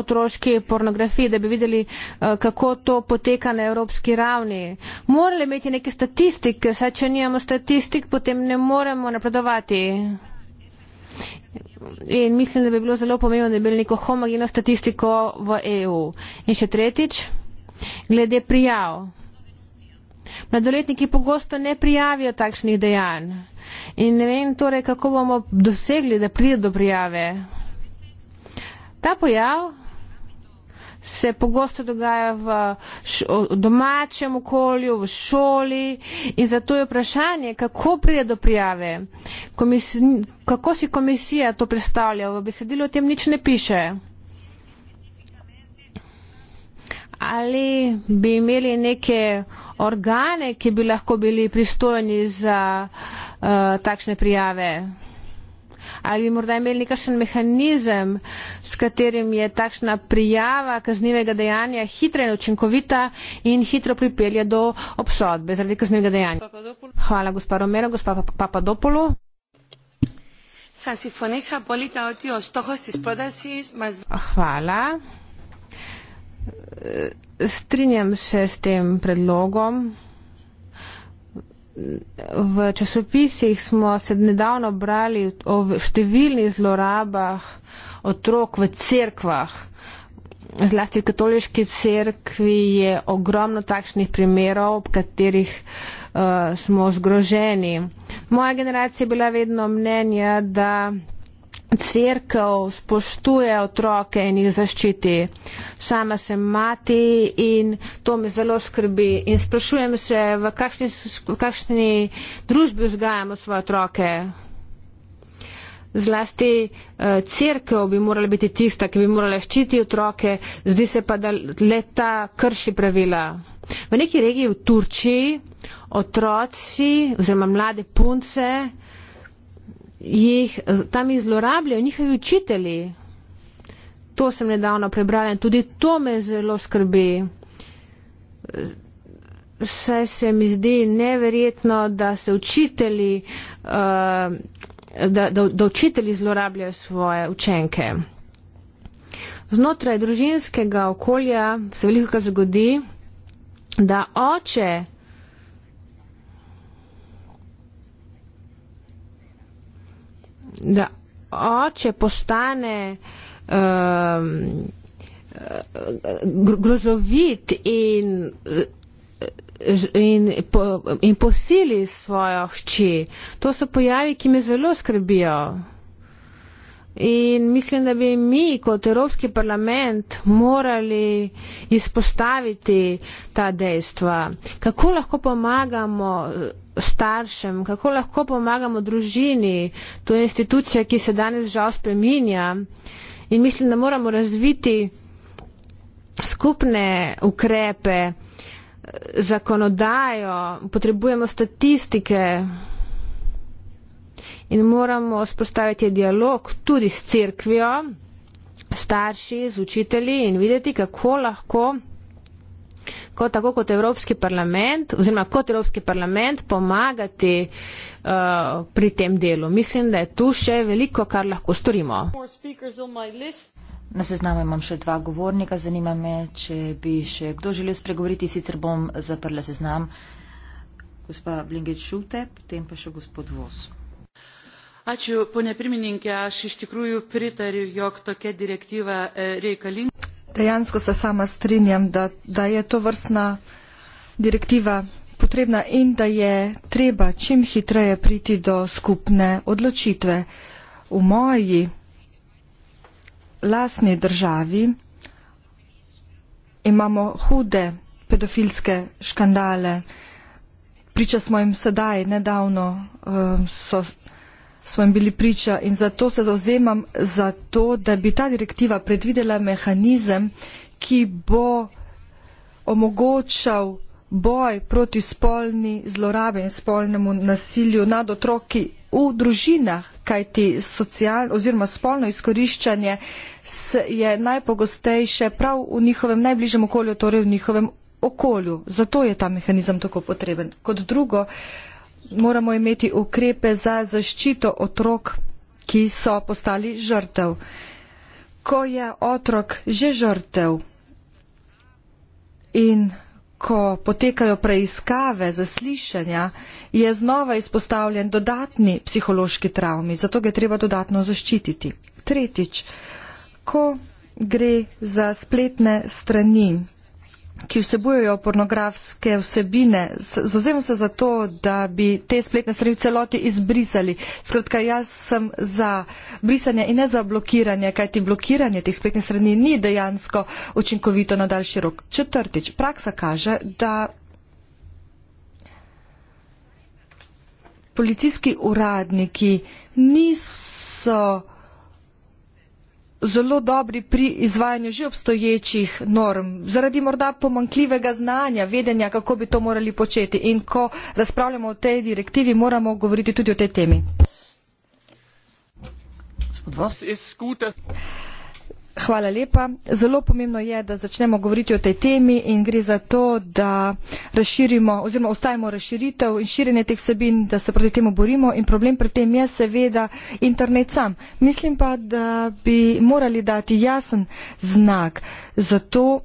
otroški pornografiji, da bi videli, eh, kako to poteka na evropski ravni. Morali imeti neke statistike, saj če nimamo statistik, potem ne moremo napredovati. In mislim, da bi bilo zelo pomembno, da bi imeli neko homogeno statistiko v EU. In še tretjič, glede prijav. Mladoletniki pogosto ne prijavijo takšnih dejanj. In ne vem torej, kako bomo dosegli, da pride do prijave. Ta pojav se pogosto dogaja v domačem okolju, v šoli in zato je vprašanje, kako pride do prijave, Komisi kako si komisija to predstavlja, v besedilu o tem nič ne piše. Ali bi imeli neke organe, ki bi lahko bili pristojni za uh, takšne prijave? ali bi morda imeli nekakšen mehanizem, s katerim je takšna prijava kaznivega dejanja hitra in učinkovita in hitro pripelje do obsodbe zaradi kaznivega dejanja. Hvala, gospa Romero, gospa Papadopolo. Hvala. Strinjam se s tem predlogom v časopisih smo se nedavno brali o številnih zlorabah otrok v cerkvah. Zlasti v katoliški cerkvi je ogromno takšnih primerov, ob katerih uh, smo zgroženi. Moja generacija je bila vedno mnenja, da crkv spoštuje otroke in jih zaščiti. Sama sem mati in to me zelo skrbi in sprašujem se, v kakšni, v kakšni družbi vzgajamo svoje otroke. Zlasti eh, crkva bi morala biti tista, ki bi morala ščiti otroke, zdi se pa, da leta krši pravila. V neki regiji v Turčiji otroci oziroma mlade punce eh, jih tam izlorabljajo njihovi učitelji. To sem nedavno prebrala in tudi to me zelo skrbi. Saj se mi zdi neverjetno, da se učitelji, eh, da, da, da učitelji zlorabljajo svoje učenke. Znotraj družinskega okolja se veliko zgodi, da oče da oče postane uh, grozovit in, in, po, in posili svojo hči. To so pojavi, ki me zelo skrbijo. In mislim, da bi mi kot Evropski parlament morali izpostaviti ta dejstva. Kako lahko pomagamo staršem, kako lahko pomagamo družini, to je institucija, ki se danes žal spreminja in mislim, da moramo razviti skupne ukrepe, zakonodajo, potrebujemo statistike in moramo spostaviti dialog tudi s crkvijo, starši, z učitelji in videti, kako lahko kot tako kot Evropski parlament oziroma kot Evropski parlament pomagati uh, pri tem delu. Mislim, da je tu še veliko, kar lahko storimo. Na seznamu imam še dva govornika. Zanima me, če bi še kdo želel spregovoriti, sicer bom zaprla seznam. Gospa Blingič Šute, potem pa še gospod Vos. Ačiū, ponė pirmininkė, aš iš tikrųjų pritariu, jog tokia direktyva eh, reikalinga dejansko se sama strinjam, da, da je to vrstna direktiva potrebna in da je treba čim hitreje priti do skupne odločitve. V moji lasni državi imamo hude pedofilske škandale. Priča smo jim sedaj, nedavno eh, so smo jim bili priča in zato se zauzemam za to, da bi ta direktiva predvidela mehanizem, ki bo omogočal boj proti spolni zlorabi in spolnemu nasilju nad otroki v družinah, kajti socialno oziroma spolno izkoriščanje je najpogostejše prav v njihovem najbližjem okolju, torej v njihovem okolju. Zato je ta mehanizem tako potreben. Kot drugo, uh, moramo imeti ukrepe za zaščito otrok, ki so postali žrtev. Ko je otrok že žrtev in ko potekajo preiskave, zaslišanja, je znova izpostavljen dodatni psihološki travmi, zato ga je treba dodatno zaščititi. Tretjič, ko gre za spletne strani, ki vsebujejo pornografske vsebine. Zauzemam se za to, da bi te spletne strani v celoti izbrisali. Skratka, jaz sem za brisanje in ne za blokiranje, kajti blokiranje teh spletnih strani ni dejansko učinkovito na daljši rok. Četrtič, praksa kaže, da policijski uradniki niso zelo dobri pri izvajanju že obstoječih norm, zaradi morda pomankljivega znanja, vedenja, kako bi to morali početi. In ko razpravljamo o tej direktivi, moramo govoriti tudi o tej temi. Gospod Vos. Hvala lepa. Zelo pomembno je, da začnemo govoriti o tej temi in gre za to, da razširimo oziroma ostajamo razširitev in širjenje teh sebin, da se proti temu borimo in problem pri tem je seveda internet sam. Mislim pa, da bi morali dati jasen znak za to,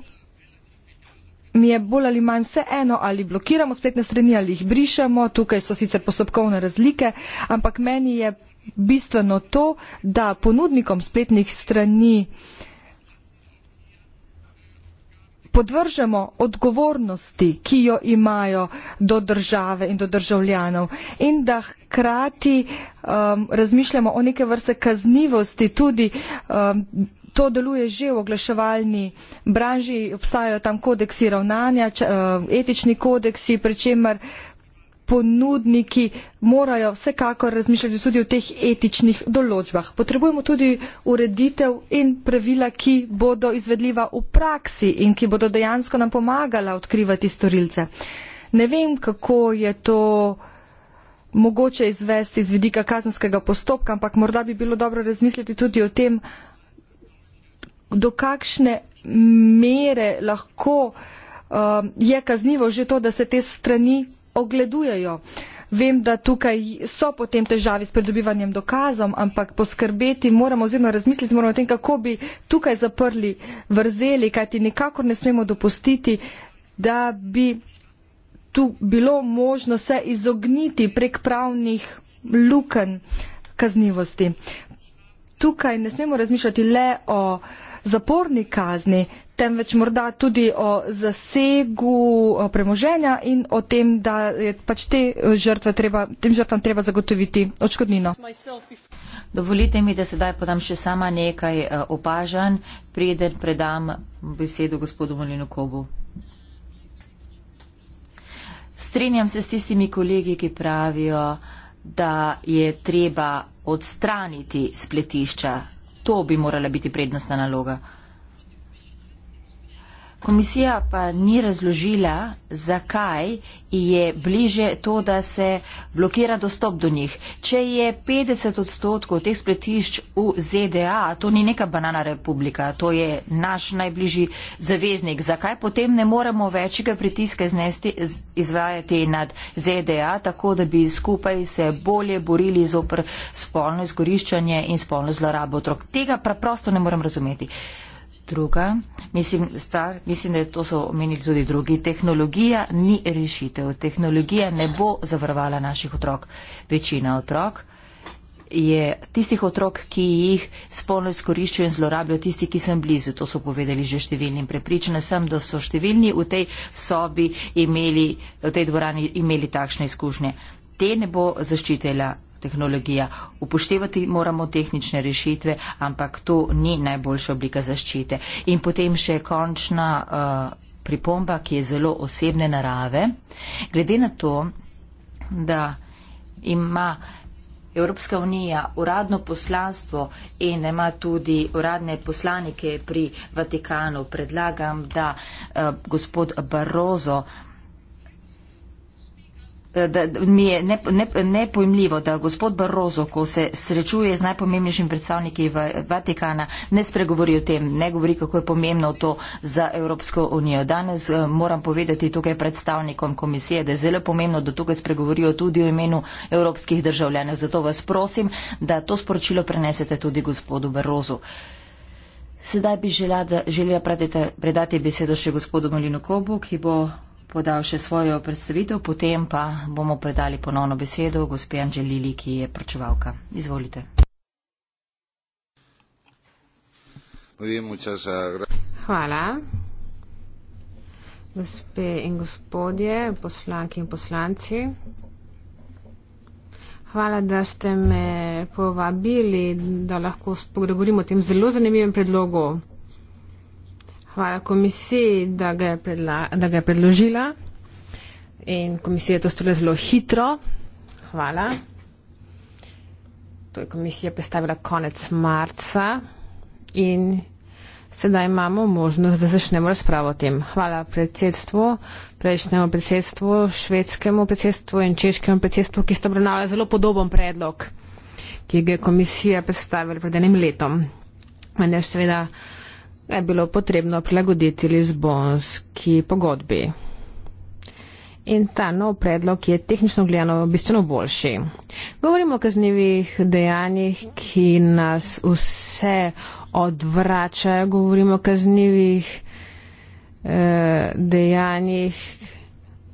Mi je bolj ali manj vse eno, ali blokiramo spletne strani, ali jih brišemo, tukaj so sicer postopkovne razlike, ampak meni je bistveno to, da ponudnikom spletnih strani uh, podvržemo odgovornosti, ki jo imajo do države in do državljanov in da hkrati um, razmišljamo o neke vrste kaznivosti tudi. Um, To deluje že v oglaševalni branži, obstajajo tam kodeksi ravnanja, uh, etični kodeksi, pri čemer ponudniki morajo vsekakor razmišljati tudi o teh etičnih določbah. Potrebujemo tudi ureditev in pravila, ki bodo izvedljiva v praksi in ki bodo dejansko nam pomagala odkrivati storilce. Ne vem, kako je to mogoče izvesti iz vidika kazenskega postopka, ampak morda bi bilo dobro razmisliti tudi o tem, do kakšne mere lahko um, je kaznivo že to, da se te strani ogledujejo. Vem, da tukaj so potem težavi s pridobivanjem dokazom, ampak poskrbeti moramo oziroma razmisliti moramo o tem, kako bi tukaj zaprli vrzeli, kajti nikakor ne smemo dopustiti, da bi tu bilo možno se izogniti prek pravnih luken kaznivosti. Tukaj ne smemo razmišljati le o zaporni kazni, temveč morda tudi o zasegu premoženja in o tem, da je pač te eh, žrtve treba, tem žrtvam treba zagotoviti odškodnino. Dovolite mi, da sedaj podam še sama nekaj eh, opažanj, preden predam besedo gospodu Molinu Kobu. Strenjam se s tistimi kolegi, ki pravijo, da je treba odstraniti spletišča. To bi morala biti prednostna naloga. Komisija pa ni razložila, zakaj je bliže to, da se blokira dostop do njih. Če je 50 odstotkov teh spletišč v ZDA, to ni neka banana republika, to je naš najbližji zaveznik. Zakaj potem ne moremo večjega pritiska znesti, izvajati nad ZDA, tako da bi skupaj se bolje borili zopr spolno izkoriščanje in spolno zlorabo otrok? Tega preprosto ne morem razumeti. Druga, mislim, star, mislim, da to so omenili tudi drugi, tehnologija ni rešitev. Tehnologija ne bo zavarovala naših otrok. Večina otrok je tistih otrok, ki jih spolno izkoriščajo in zlorabljajo, tisti, ki sem blizu. To so povedali že številni. Prepričana sem, da so številni v tej sobi imeli, v tej dvorani imeli takšne izkušnje. Te ne bo zaščitila tehnologija. Upoštevati moramo tehnične rešitve, ampak to ni najboljša oblika zaščite. In potem še končna uh, pripomba, ki je zelo osebne narave. Glede na to, da ima Evropska unija uradno poslanstvo in ima tudi uradne poslanike pri Vatikanu, predlagam, da uh, gospod Barozo. Eh, da mi je nepojmljivo, ne, ne da gospod Barozo, ko se srečuje z najpomembnejšimi predstavniki v, Vatikana, ne spregovori o tem, ne govori, kako je pomembno to za Evropsko unijo. Danes eh, moram povedati tukaj predstavnikom komisije, da je zelo pomembno, da tukaj spregovorijo tudi o imenu evropskih državljanov. Zato vas prosim, da to sporočilo prenesete tudi gospodu Barozu. Sedaj bi želela, da, želela predati besedo še gospodu Malino Kobu, ki bo podal še svojo predstavitev, potem pa bomo predali ponovno besedo gospe Anželili, ki je pročevalka. Izvolite. Ah, Hvala. Gospe in gospodje, poslanki in poslanci. Hvala, da ste me povabili, da lahko spogovorimo o tem zelo zanimivem predlogu. Hvala komisiji, da ga je, predla, da ga je predložila. In komisija je to storila zelo hitro. Hvala. To je komisija predstavila konec marca in sedaj imamo možnost, da začnemo razpravo o tem. Hvala predsedstvu, prejšnjemu predsedstvu, švedskemu predsedstvu in češkemu predsedstvu, ki sta obravnavali zelo podoben predlog, ki ga je komisija predstavila pred enim letom. Vendar seveda je bilo potrebno prilagoditi Lizbonski pogodbi. In ta nov predlog je tehnično gledano bistveno boljši. Govorimo o kaznjivih dejanjih, ki nas vse odvračajo, govorimo o kaznjivih eh, dejanjih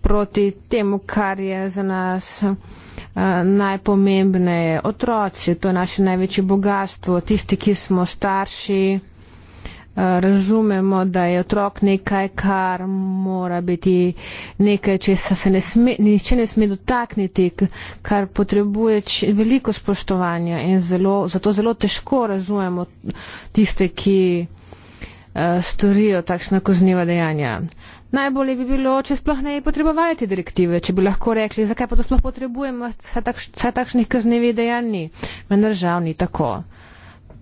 proti temu, kar je za nas eh, najpomembneje. Otroci, to je naše največje bogatstvo, tisti, ki smo starši razumemo, da je otrok nekaj, kar mora biti nekaj, če se ne sme, niče ne sme dotakniti, kar potrebuje veliko spoštovanja in zelo, zato zelo težko razumemo tiste, ki eh, storijo takšna kozniva dejanja. Najbolje bi bilo, če sploh ne bi potrebovali te direktive, če bi lahko rekli, zakaj pa to sploh potrebujemo, saj takšnih kaznivih dejanj ni. Vendar žal ni tako.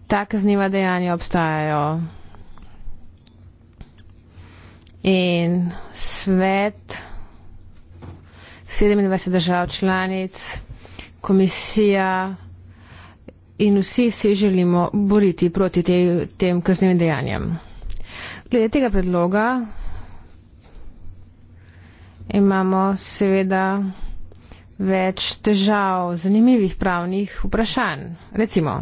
Ta kazniva dejanja obstajajo in svet 27 držav članic, komisija in vsi si želimo boriti proti te, tem kaznim dejanjem. Glede tega predloga imamo seveda več težav, zanimivih pravnih vprašanj. Recimo,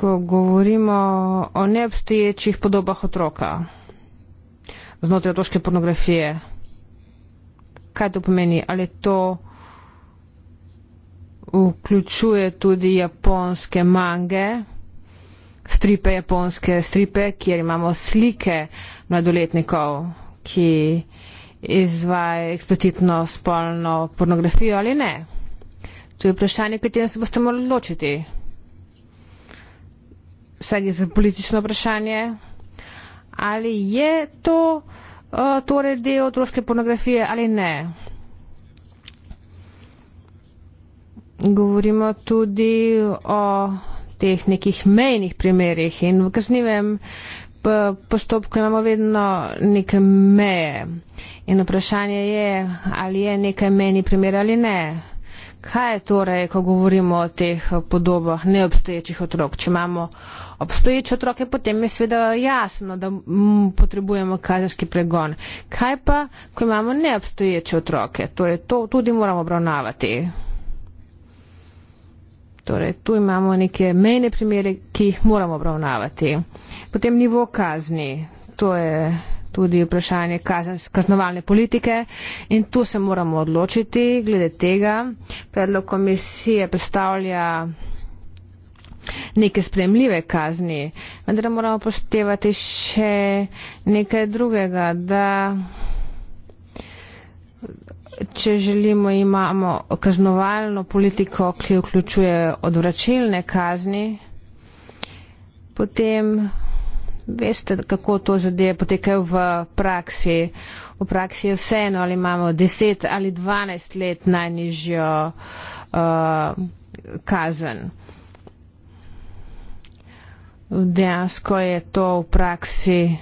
ko govorimo o neobstoječih podobah otroka znotraj otroške pornografije, kaj to pomeni? Ali to vključuje tudi japonske mange, stripe japonske stripe, kjer imamo slike mladoletnikov, ki izvaja eksplicitno spolno pornografijo ali ne? To je vprašanje, katero se boste morali ločiti vsaj za politično vprašanje, ali je to uh, torej del otroške pornografije ali ne. Govorimo tudi o teh nekih mejnih primerih in v kaznivem postopku imamo vedno neke meje. In vprašanje je, ali je nekaj mejni primer ali ne. Kaj je torej, ko govorimo o teh podobah neobstoječih otrok, če imamo obstoječe otroke, potem je seveda jasno, da mm, potrebujemo kazenski pregon. Kaj pa, ko imamo neobstoječe otroke? Torej, to tudi moramo obravnavati. Torej, tu imamo neke mejne primere, ki jih moramo obravnavati. Potem nivo kazni. To je tudi vprašanje kaznovalne politike in tu se moramo odločiti glede tega. Predlog komisije predstavlja neke spremljive kazni, vendar moramo poštevati še nekaj drugega, da če želimo, imamo kaznovalno politiko, ki vključuje odvračilne kazni, potem veste, kako to zadeje potekajo v praksi. V praksi je vseeno, ali imamo 10 ali 12 let najnižjo uh, kazen dejansko je to v praksi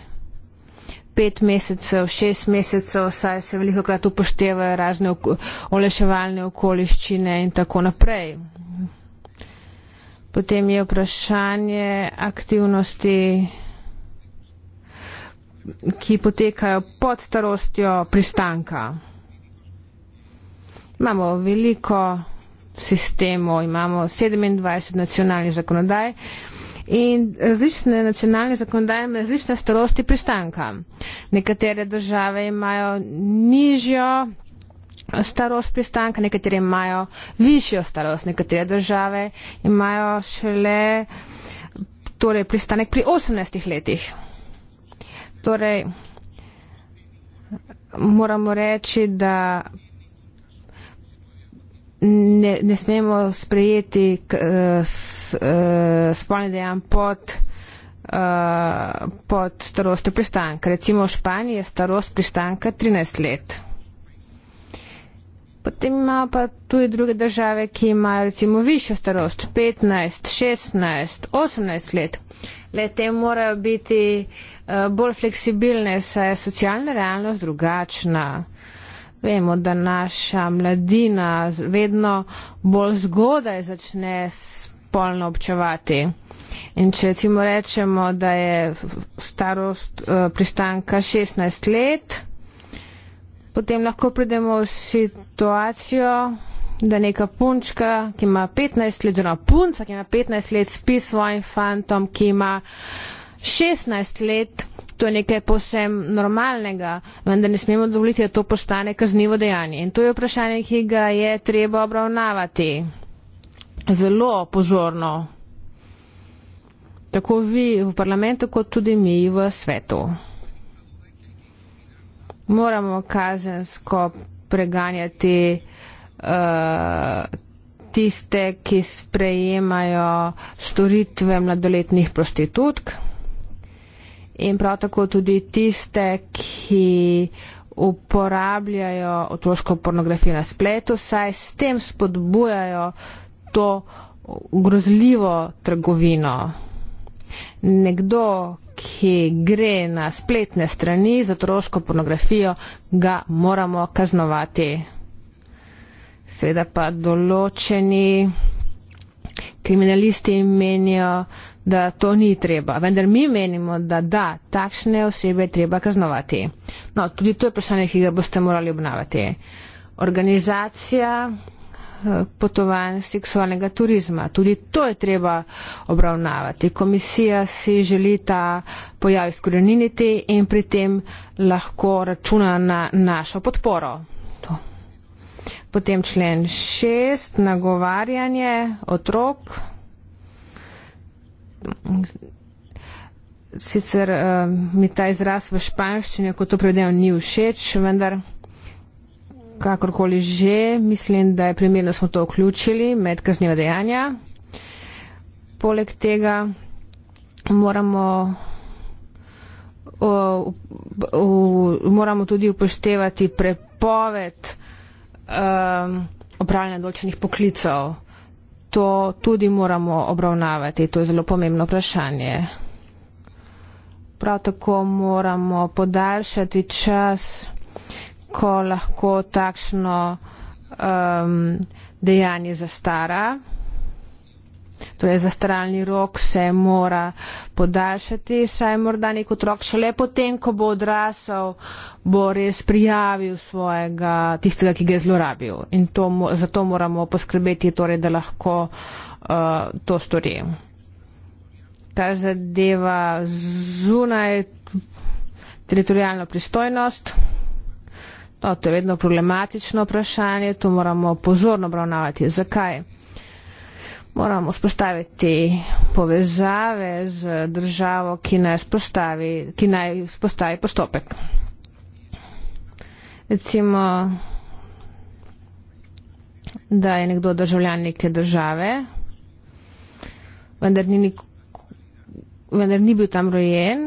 pet mesecev, šest mesecev, saj se veliko krat upoštevajo razne oleševalne okoliščine in tako naprej. Potem je vprašanje aktivnosti, ki potekajo pod starostjo pristanka. Imamo veliko sistemov, imamo 27 nacionalnih zakonodaj, in različne nacionalne zakonodaje imajo različne starosti pristanka. Nekatere države imajo nižjo starost pristanka, nekatere imajo višjo starost, nekatere države imajo šele torej, pristanek pri 18 letih. Torej, moramo reči, da ne, ne smemo sprejeti k, eh, s, uh, eh, spolne dejanj pod, uh, pod starostjo pristanka. Recimo v Španiji je starost pristanka 13 let. Potem imamo pa tudi druge države, ki imajo recimo višjo starost, 15, 16, 18 let. Le te morajo biti uh, bolj fleksibilne, saj je socialna realnost drugačna. Vemo, da naša mladina vedno bolj zgodaj začne spolno občevati. In če recimo rečemo, da je starost uh, pristanka 16 let, potem lahko pridemo v situacijo, da neka punčka, ki ima 15 let, oziroma punca, ki ima 15 let, spi svojim fantom, ki ima 16 let, to je nekaj posem normalnega, vendar ne smemo dovoliti, da to postane kaznivo dejanje. In to je vprašanje, ki ga je treba obravnavati zelo pozorno, tako vi v parlamentu, kot tudi mi v svetu. Moramo kazensko preganjati uh, tiste, ki sprejemajo storitve mladoletnih prostitutk in prav tako tudi tiste, ki uporabljajo otroško pornografijo na spletu, saj s tem spodbujajo to grozljivo trgovino. Nekdo, ki gre na spletne strani za otroško pornografijo, ga moramo kaznovati. Seveda pa določeni kriminalisti menijo, da to ni treba. Vendar mi menimo, da da, takšne osebe je treba kaznovati. No, tudi to je vprašanje, ki ga boste morali obnavati. Organizacija eh, potovanj seksualnega turizma. Tudi to je treba obravnavati. Komisija si želi ta pojav izkoreniniti in pri tem lahko računa na našo podporo. To. Potem člen 6, nagovarjanje otrok sicer uh, mi ta izraz v španščini, kot to prevedem, ni všeč, vendar kakorkoli že, mislim, da je primerno, da smo to vključili med kaznjeva dejanja. Poleg tega moramo, uh, uh, moramo tudi upoštevati prepoved uh, opravljanja določenih poklicov to tudi moramo obravnavati, to je zelo pomembno vprašanje. Prav tako moramo podaljšati čas, ko lahko takšno um, dejanje zastara. Torej, zastaralni rok se mora podaljšati, saj morda nek otrok šele potem, ko bo odrasel, bo res prijavil svojega, tistega, ki ga je zlorabil. In to, zato moramo poskrbeti, torej, da lahko uh, to stori. Kar zadeva zunaj teritorijalno pristojnost. No, to je vedno problematično vprašanje, to moramo pozorno obravnavati. Zakaj? moramo spostaviti povezave z državo, ki naj spostavi, ki naj spostavi postopek. Recimo, da je nekdo državljan neke države, vendar ni, nik, vendar ni bil tam rojen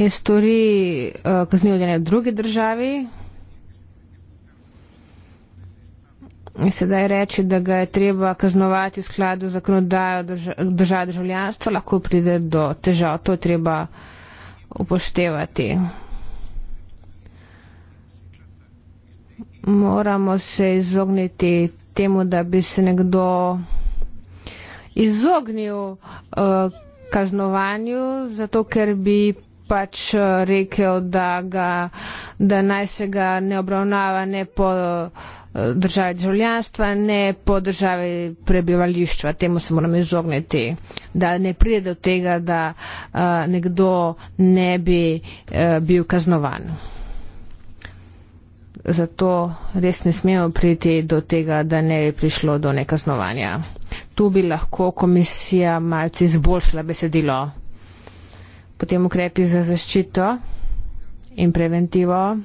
in stori uh, kaznivo dejanje v drugi državi, sedaj reči, da ga je treba kaznovati v skladu z zakonodajo drža, države državljanstva, lahko pride do težav. To je treba upoštevati. Moramo se izogniti temu, da bi se nekdo izognil uh, kaznovanju, zato ker bi pač eh, rekel, da, ga, da naj se ga ne obravnava ne po. Uh, države državljanstva, ne po države prebivališča. Temu se moramo izogniti, da ne pride do tega, da eh, nekdo ne bi eh, bil kaznovan. Zato res ne smemo priti do tega, da ne bi prišlo do nekaznovanja. Tu bi lahko komisija malce izboljšala besedilo. Potem ukrepi za zaščito in preventivo.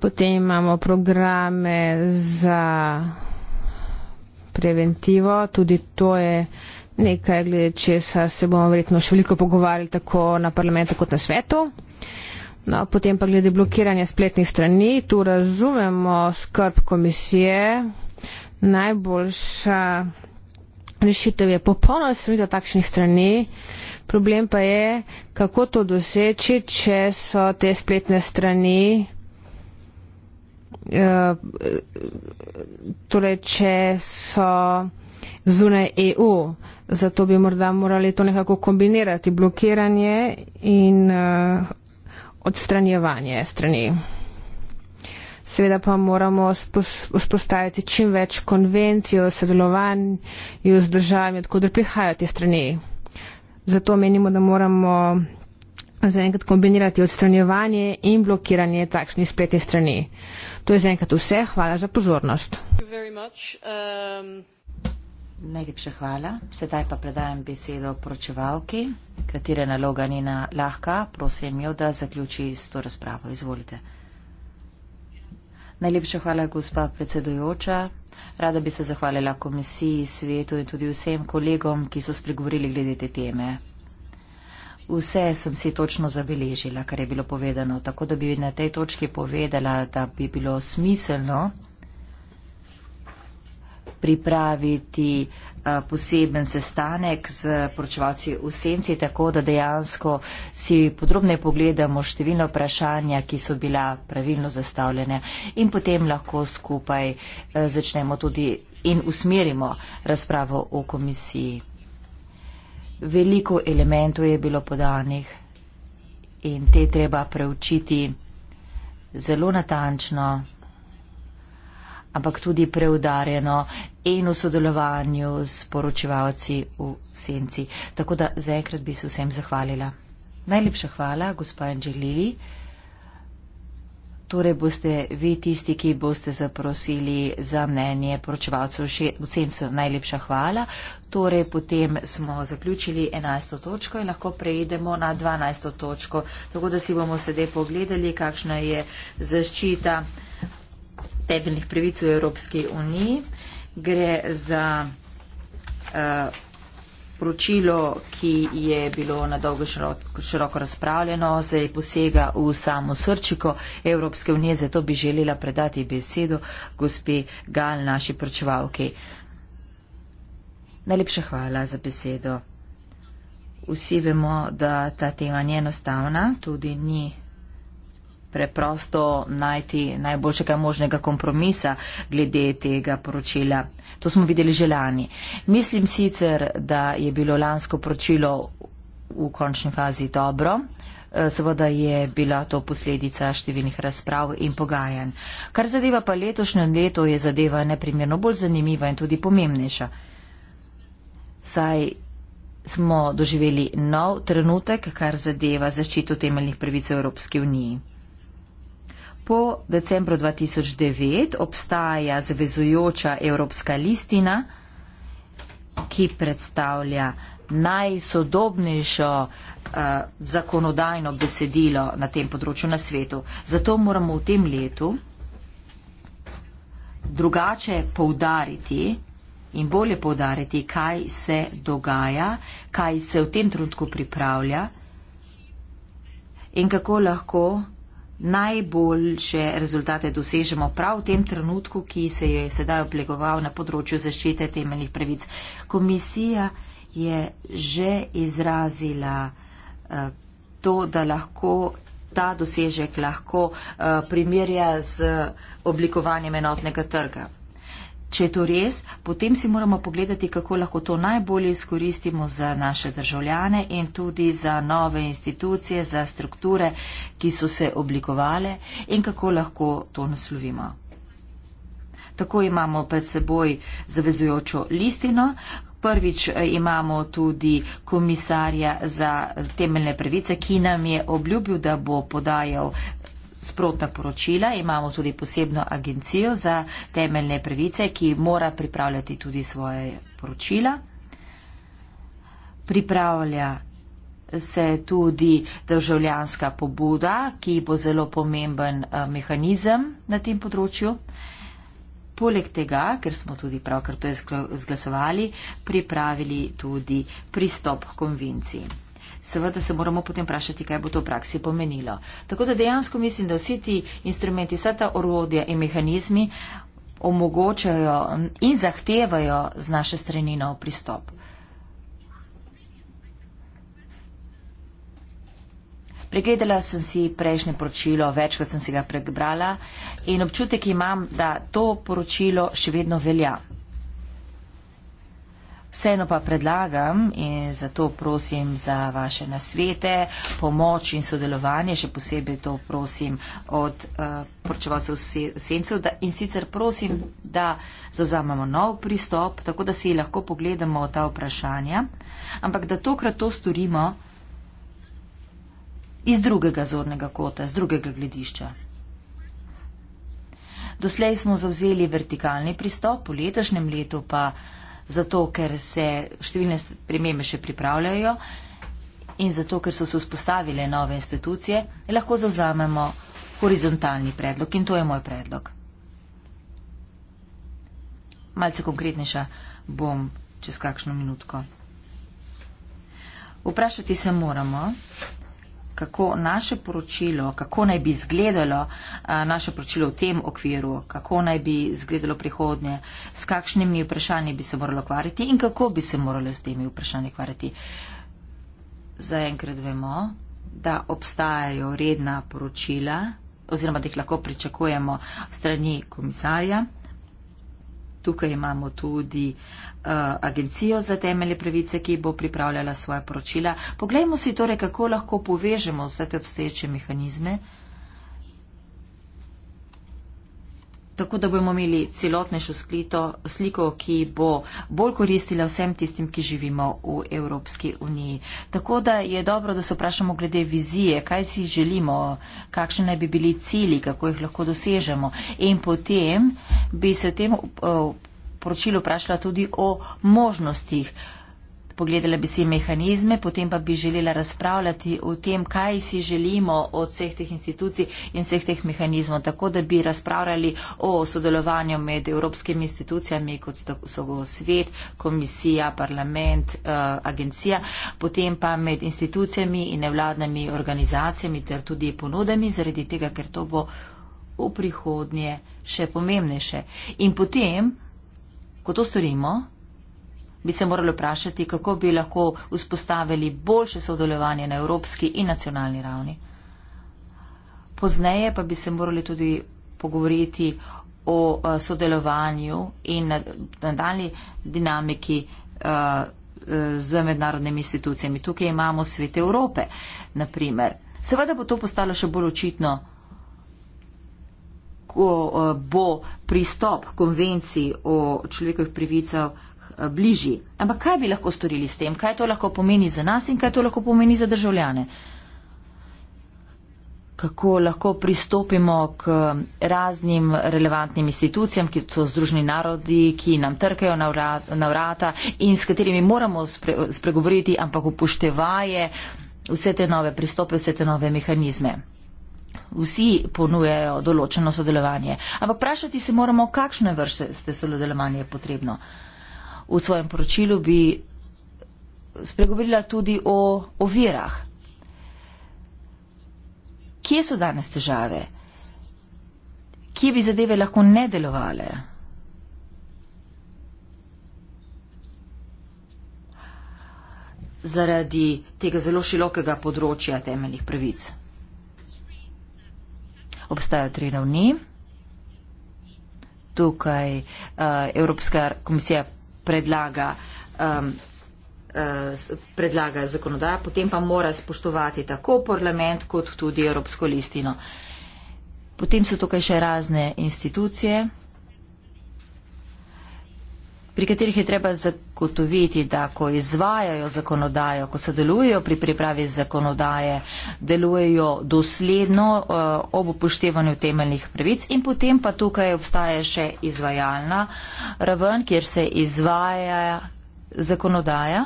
Potem imamo programe za preventivo, tudi to je nekaj, glede česa se bomo verjetno še veliko pogovarjali tako na parlamentu kot na svetu. No, potem pa glede blokiranja spletnih strani, tu razumemo skrb komisije. Najboljša rešitev je popolno sredo takšnih strani. Problem pa je, kako to doseči, če so te spletne strani Eh, torej, če so zunaj EU, zato bi morda morali to nekako kombinirati, blokiranje in eh, odstranjevanje strani. Seveda pa moramo vzpostaviti čim več konvencij o sodelovanju z državami, odkud prihajajo te strani. Zato menimo, da moramo zaenkrat kombinirati odstranjevanje in blokiranje takšnih spletnih strani. To je zaenkrat vse. Hvala za pozornost. Um, Najlepša hvala. Sedaj pa predajam besedo poročevalki, katere naloga ni na lahka. Prosim jo, da zaključi s to razpravo. Izvolite. Najlepša hvala, gospa predsedujoča. Rada bi se zahvalila komisiji, svetu in tudi vsem kolegom, ki so spregovorili glede te teme. Vse sem si točno zabeležila, kar je bilo povedano, tako da bi na tej točki povedala, da bi bilo smiselno pripraviti eh, poseben sestanek z poročevalci v senci, tako da dejansko si podrobne pogledamo številno vprašanja, ki so bila pravilno zastavljene in potem lahko skupaj eh, začnemo tudi in usmerimo razpravo v komisiji. Veliko elementov je bilo podanih in te treba preučiti zelo natančno, ampak tudi preudarjeno in v sodelovanju s poročevalci v senci. Tako da zaenkrat bi se vsem zahvalila. Najlepša hvala, gospod Anželili. Torej boste vi tisti, ki boste zaprosili za mnenje poročevalcev v censu. Najlepša hvala. Torej, potem smo zaključili 11. točko in lahko prejdemo na 12. točko. Tako da si bomo sedaj pogledali, kakšna je zaščita temeljnih pravic v Evropski uniji. Gre za. Uh, poročilo, ki je bilo na dolgo široko, široko razpravljeno, zdaj posega v samo srčiko Evropske unije, zato bi želela predati besedo gospe Gal, naši pročevalki. Najlepša hvala za besedo. Vsi vemo, da ta tema ni enostavna, tudi ni preprosto najti najboljšega možnega kompromisa glede tega poročila. To smo videli že lani. Mislim sicer, da je bilo lansko poročilo v končni fazi dobro. Eh, seveda je bila to posledica številnih razprav in pogajanj. Kar zadeva pa letošnje leto, je zadeva neprimerno bolj zanimiva in tudi pomembnejša. Saj smo doživeli nov trenutek, kar zadeva zaščito temeljnih pravic v Evropski uniji po decembru 2009 obstaja zavezujoča evropska listina, ki predstavlja najsodobnejšo uh, zakonodajno besedilo na tem področju na svetu. Zato moramo v tem letu drugače poudariti in bolje poudariti, kaj se dogaja, kaj se v tem trenutku pripravlja in kako lahko najboljše rezultate dosežemo prav v tem trenutku, ki se je sedaj oblegoval na področju zaščite temeljnih pravic. Komisija je že izrazila eh, to, da lahko ta dosežek lahko eh, primerja z oblikovanjem enotnega trga. Če je to res, potem si moramo pogledati, kako lahko to najbolje izkoristimo za naše državljane in tudi za nove institucije, za strukture, ki so se oblikovale in kako lahko to naslovimo. Tako imamo pred seboj zavezujočo listino. Prvič eh, imamo tudi komisarja za temeljne pravice, ki nam je obljubil, da bo podajal sprotna poročila, imamo tudi posebno agencijo za temeljne pravice, ki mora pripravljati tudi svoje poročila. Pripravlja se tudi državljanska pobuda, ki bo zelo pomemben eh, mehanizem na tem področju. Poleg tega, ker smo tudi pravkar to izglasovali, pripravili tudi pristop konvenciji seveda se moramo potem vprašati, kaj bo to v praksi pomenilo. Tako da dejansko mislim, da vsi ti instrumenti, vsa ta orodja in mehanizmi omogočajo in zahtevajo z naše strani nov pristop. Pregledala sem si prejšnje poročilo, večkrat sem si ga prebrala in občutek imam, da to poročilo še vedno velja. Vseeno pa predlagam in zato prosim za vaše nasvete, pomoč in sodelovanje, še posebej to prosim od uh, poročevalcev sencev da, in sicer prosim, da zauzamemo nov pristop, tako da si lahko pogledamo ta vprašanja, ampak da tokrat to storimo iz drugega zornega kota, z drugega gledišča. Doslej smo zavzeli vertikalni pristop, v letošnjem letu pa. Uh, zato ker se številne spremembe še pripravljajo in zato ker so se vzpostavile nove institucije, lahko zauzamemo horizontalni predlog in to je moj predlog. Malce konkretnejša bom čez kakšno minutko. Vprašati se moramo, kako naše poročilo, kako naj bi izgledalo naše poročilo v tem okviru, kako naj bi izgledalo prihodnje, s kakšnimi vprašanji bi se moralo kvariti in kako bi se morali s temi vprašanji kvariti. Zaenkrat vemo, da obstajajo redna poročila oziroma da jih lahko pričakujemo strani komisarja. Tukaj imamo tudi uh, Eh, agencijo za temelje pravice, ki bo pripravljala svoja poročila. Poglejmo si torej, kako lahko povežemo vse te obstoječe mehanizme, tako da bomo imeli celotnejšo sklito, sliko, ki bo bolj koristila vsem tistim, ki živimo v Evropski uniji. Tako da je dobro, da se vprašamo glede vizije, kaj si želimo, kakšne naj bi bili cili, kako jih lahko dosežemo. In potem bi se tem. Uh, poročilu vprašala tudi o možnostih. Pogledala bi si mehanizme, potem pa bi želela razpravljati o tem, kaj si želimo od vseh teh institucij in vseh teh mehanizmov, tako da bi razpravljali o sodelovanju med evropskimi institucijami, kot so svet, komisija, parlament, eh, agencija, potem pa med institucijami in nevladnimi organizacijami ter tudi ponudami, zaradi tega, ker to bo v prihodnje še pomembnejše. In potem Ko to storimo, bi se morali vprašati, kako bi lahko vzpostavili boljše sodelovanje na evropski in nacionalni ravni. Pozneje pa bi se morali tudi pogovoriti o eh, sodelovanju in nadaljni dinamiki eh, eh, z mednarodnimi institucijami. Tukaj imamo svet Evrope, naprimer. Seveda bo to postalo še bolj očitno ko eh, bo pristop konvenciji o človekovih pravicah eh, bližji. Ampak kaj bi lahko storili s tem? Kaj to lahko pomeni za nas in kaj to lahko pomeni za državljane? Kako lahko pristopimo k raznim relevantnim institucijam, ki so združni narodi, ki nam trkajo na vrata in s katerimi moramo spregovoriti, ampak upoštevaje vse te nove pristope, vse te nove mehanizme vsi ponujajo določeno sodelovanje. Ampak vprašati se moramo, kakšne vrste ste sodelovanje potrebno. V svojem poročilu bi spregovorila tudi o ovirah. Kje so danes težave? Kje bi zadeve lahko ne delovale? Zaradi tega zelo širokega področja temeljnih pravic obstajajo tri ravni. Tukaj uh, Evropska komisija predlaga, um, uh, predlaga zakonodajo, potem pa mora spoštovati tako parlament kot tudi Evropsko listino. Potem so tukaj še razne institucije, pri katerih je treba zagotoviti, da ko izvajajo zakonodajo, ko sodelujejo pri pripravi zakonodaje, delujejo dosledno eh, ob upoštevanju temeljnih pravic in potem pa tukaj obstaja še izvajalna raven, kjer se izvaja zakonodaja.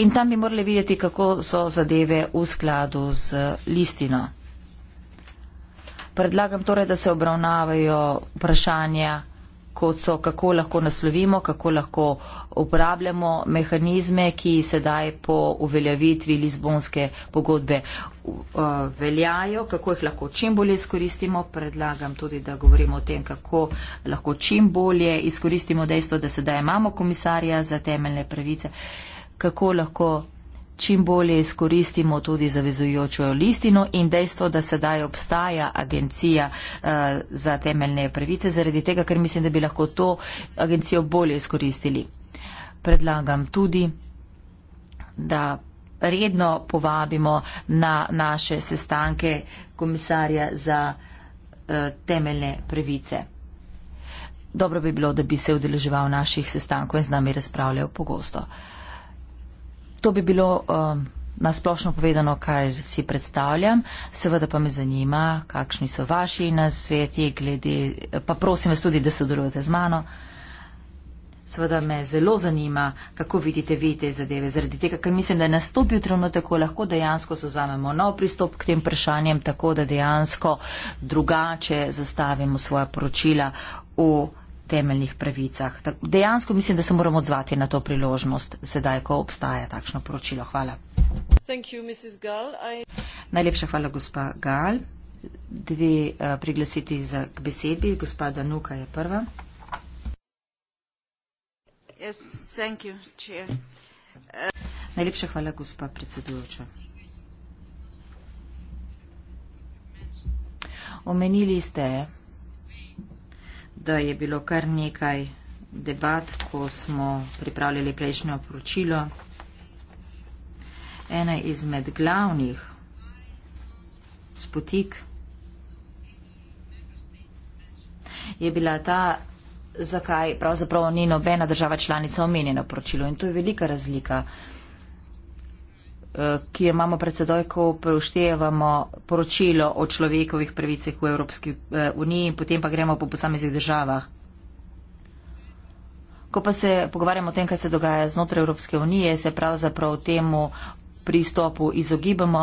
In tam bi morali videti, kako so zadeve v skladu z listino. Predlagam torej, da se obravnavajo vprašanja, kot so, kako lahko naslovimo, kako lahko uporabljamo mehanizme, ki sedaj po uveljavitvi Lizbonske pogodbe uh, veljajo, kako jih lahko čim bolje izkoristimo. Predlagam tudi, da govorimo o tem, kako lahko čim bolje izkoristimo dejstvo, da sedaj imamo komisarja za temeljne pravice, kako lahko čim bolje izkoristimo tudi zavezujočo listino in dejstvo, da sedaj obstaja agencija eh, za temeljne pravice, zaradi tega, ker mislim, da bi lahko to agencijo bolje izkoristili. Predlagam tudi, da redno povabimo na naše sestanke komisarja za eh, temeljne pravice. Dobro bi bilo, da bi se udeleževal naših sestankov in z nami razpravljal pogosto. To bi bilo uh, um, nasplošno povedano, kar si predstavljam. Seveda pa me zanima, kakšni so vaši nasveti, glede, pa prosim vas tudi, da sodelujete z mano. Seveda me zelo zanima, kako vidite vi te zadeve, zaradi tega, ker mislim, da nastopi trenutno tako, lahko dejansko zauzamemo nov pristop k tem vprašanjem, tako da dejansko drugače zastavimo svoja poročila v temeljnih pravicah. Dejansko mislim, da se moramo odzvati na to priložnost, sedaj, ko obstaja takšno poročilo. Hvala. You, Gull, I... Najlepša hvala, gospa Gal. Dve uh, eh, priglasiti za k besedi. Gospa Danuka je prva. Yes, you, uh... Najlepša hvala, gospa predsedujoča. Omenili ste, da je bilo kar nekaj debat, ko smo pripravljali prejšnjo poročilo. Ena izmed glavnih spotik je bila ta, zakaj pravzaprav ni nobena država članica omenjena v poročilu. In to je velika razlika. Uh, Eh, ki jo imamo pred seboj, ko preuštevamo poročilo o človekovih pravicah v Evropski eh, uniji in potem pa gremo po posameznih državah. Ko pa se pogovarjamo o tem, kaj se dogaja znotraj Evropske unije, se pravzaprav temu pristopu izogibamo.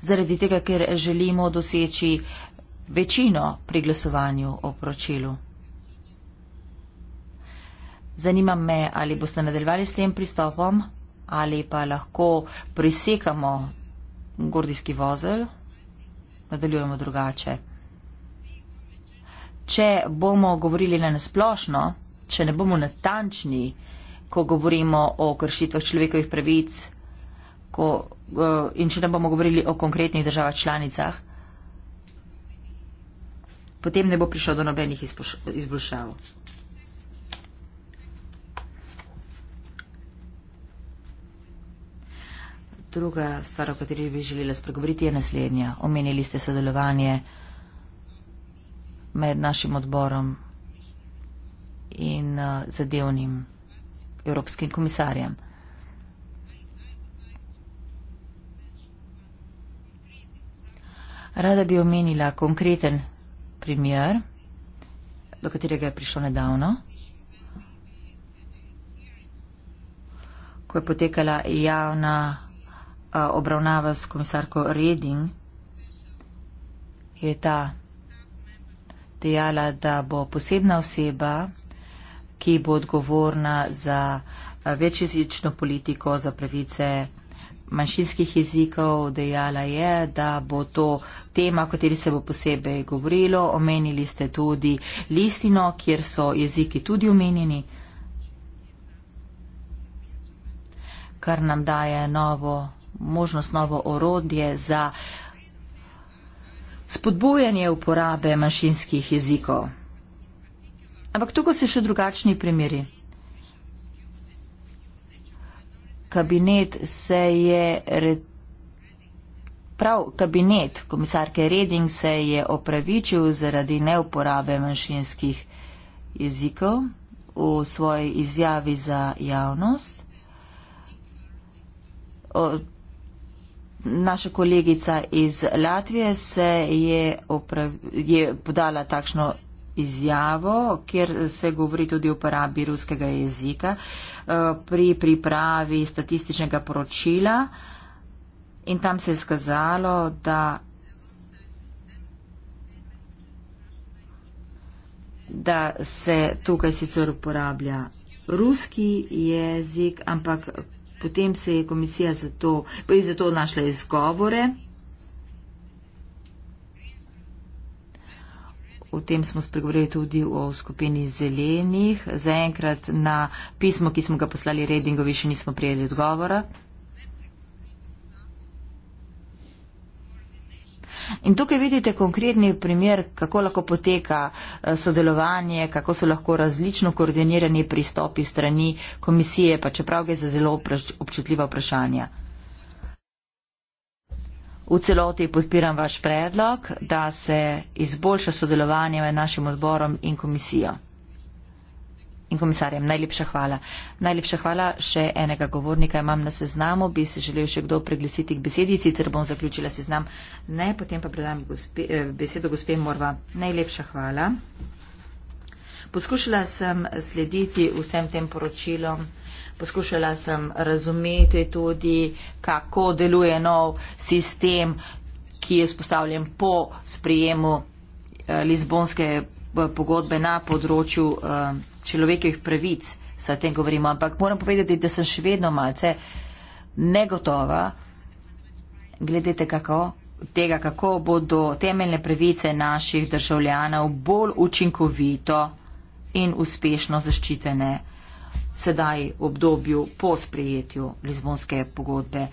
Zaradi tega, ker želimo doseči večino pri glasovanju o poročilu. Zanima me, ali boste nadaljevali s tem pristopom ali pa lahko prisekamo gordijski vozel, nadaljujemo drugače. Če bomo govorili le nasplošno, če ne bomo natančni, ko govorimo o kršitvah človekovih pravic ko, eh, in če ne bomo govorili o konkretnih državah članicah, potem ne bo prišlo do nobenih izboljšav. Druga stvar, o kateri bi želela spregovoriti, je naslednja. Omenili ste sodelovanje med našim odborom in uh, zadevnim evropskim komisarjem. Rada bi omenila konkreten primer, do katerega je prišlo nedavno, ko je potekala javna konferenca obravnava s komisarko Reding, je ta dejala, da bo posebna oseba, ki bo odgovorna za večjezično politiko, za pravice manjšinskih jezikov, dejala je, da bo to tema, o kateri se bo posebej govorilo. Omenili ste tudi listino, kjer so jeziki tudi omenjeni, kar nam daje novo možnost, novo orodje za spodbujanje uporabe manjšinskih jezikov. Ampak tukaj so še drugačni primeri. Kabinet se je, re, prav kabinet komisarke Reding se je opravičil zaradi neuporabe manjšinskih jezikov v svoji izjavi za javnost. O, Naša kolegica iz Latvije se je, je podala takšno izjavo, kjer se govori tudi o uporabi ruskega jezika eh, pri pripravi statističnega poročila in tam se je skazalo, da, da se tukaj sicer uporablja ruski jezik, ampak Potem se je komisija zato, je zato našla izgovore. O tem smo spregovorili tudi o skupini zelenih. Zaenkrat na pismo, ki smo ga poslali Redingovi, še nismo prijeli odgovora. In tukaj vidite konkretni primer, kako lahko poteka eh, sodelovanje, kako so lahko različno koordinirani pristopi strani komisije, pa čeprav gre za zelo občutljiva vprašanja. V celoti podpiram vaš predlog, da se izboljša sodelovanje med našim odborom in komisijo in komisarjem. Najlepša hvala. Najlepša hvala. Še enega govornika imam na seznamu. Bi se želel še kdo preglesiti k besedi, sicer bom zaključila seznam. Ne, potem pa predam gospe, eh, besedo gospe Morva. Najlepša hvala. Poskušala sem slediti vsem tem poročilom, poskušala sem razumeti tudi, kako deluje nov sistem, ki je spostavljen po sprijemu eh, Lizbonske eh, pogodbe na področju eh, človekovih pravic, saj o tem govorimo, ampak moram povedati, da sem še vedno malce negotova glede kako, tega, kako bodo temeljne pravice naših državljanov bolj učinkovito in uspešno zaščitene sedaj v obdobju po sprejetju Lizbonske pogodbe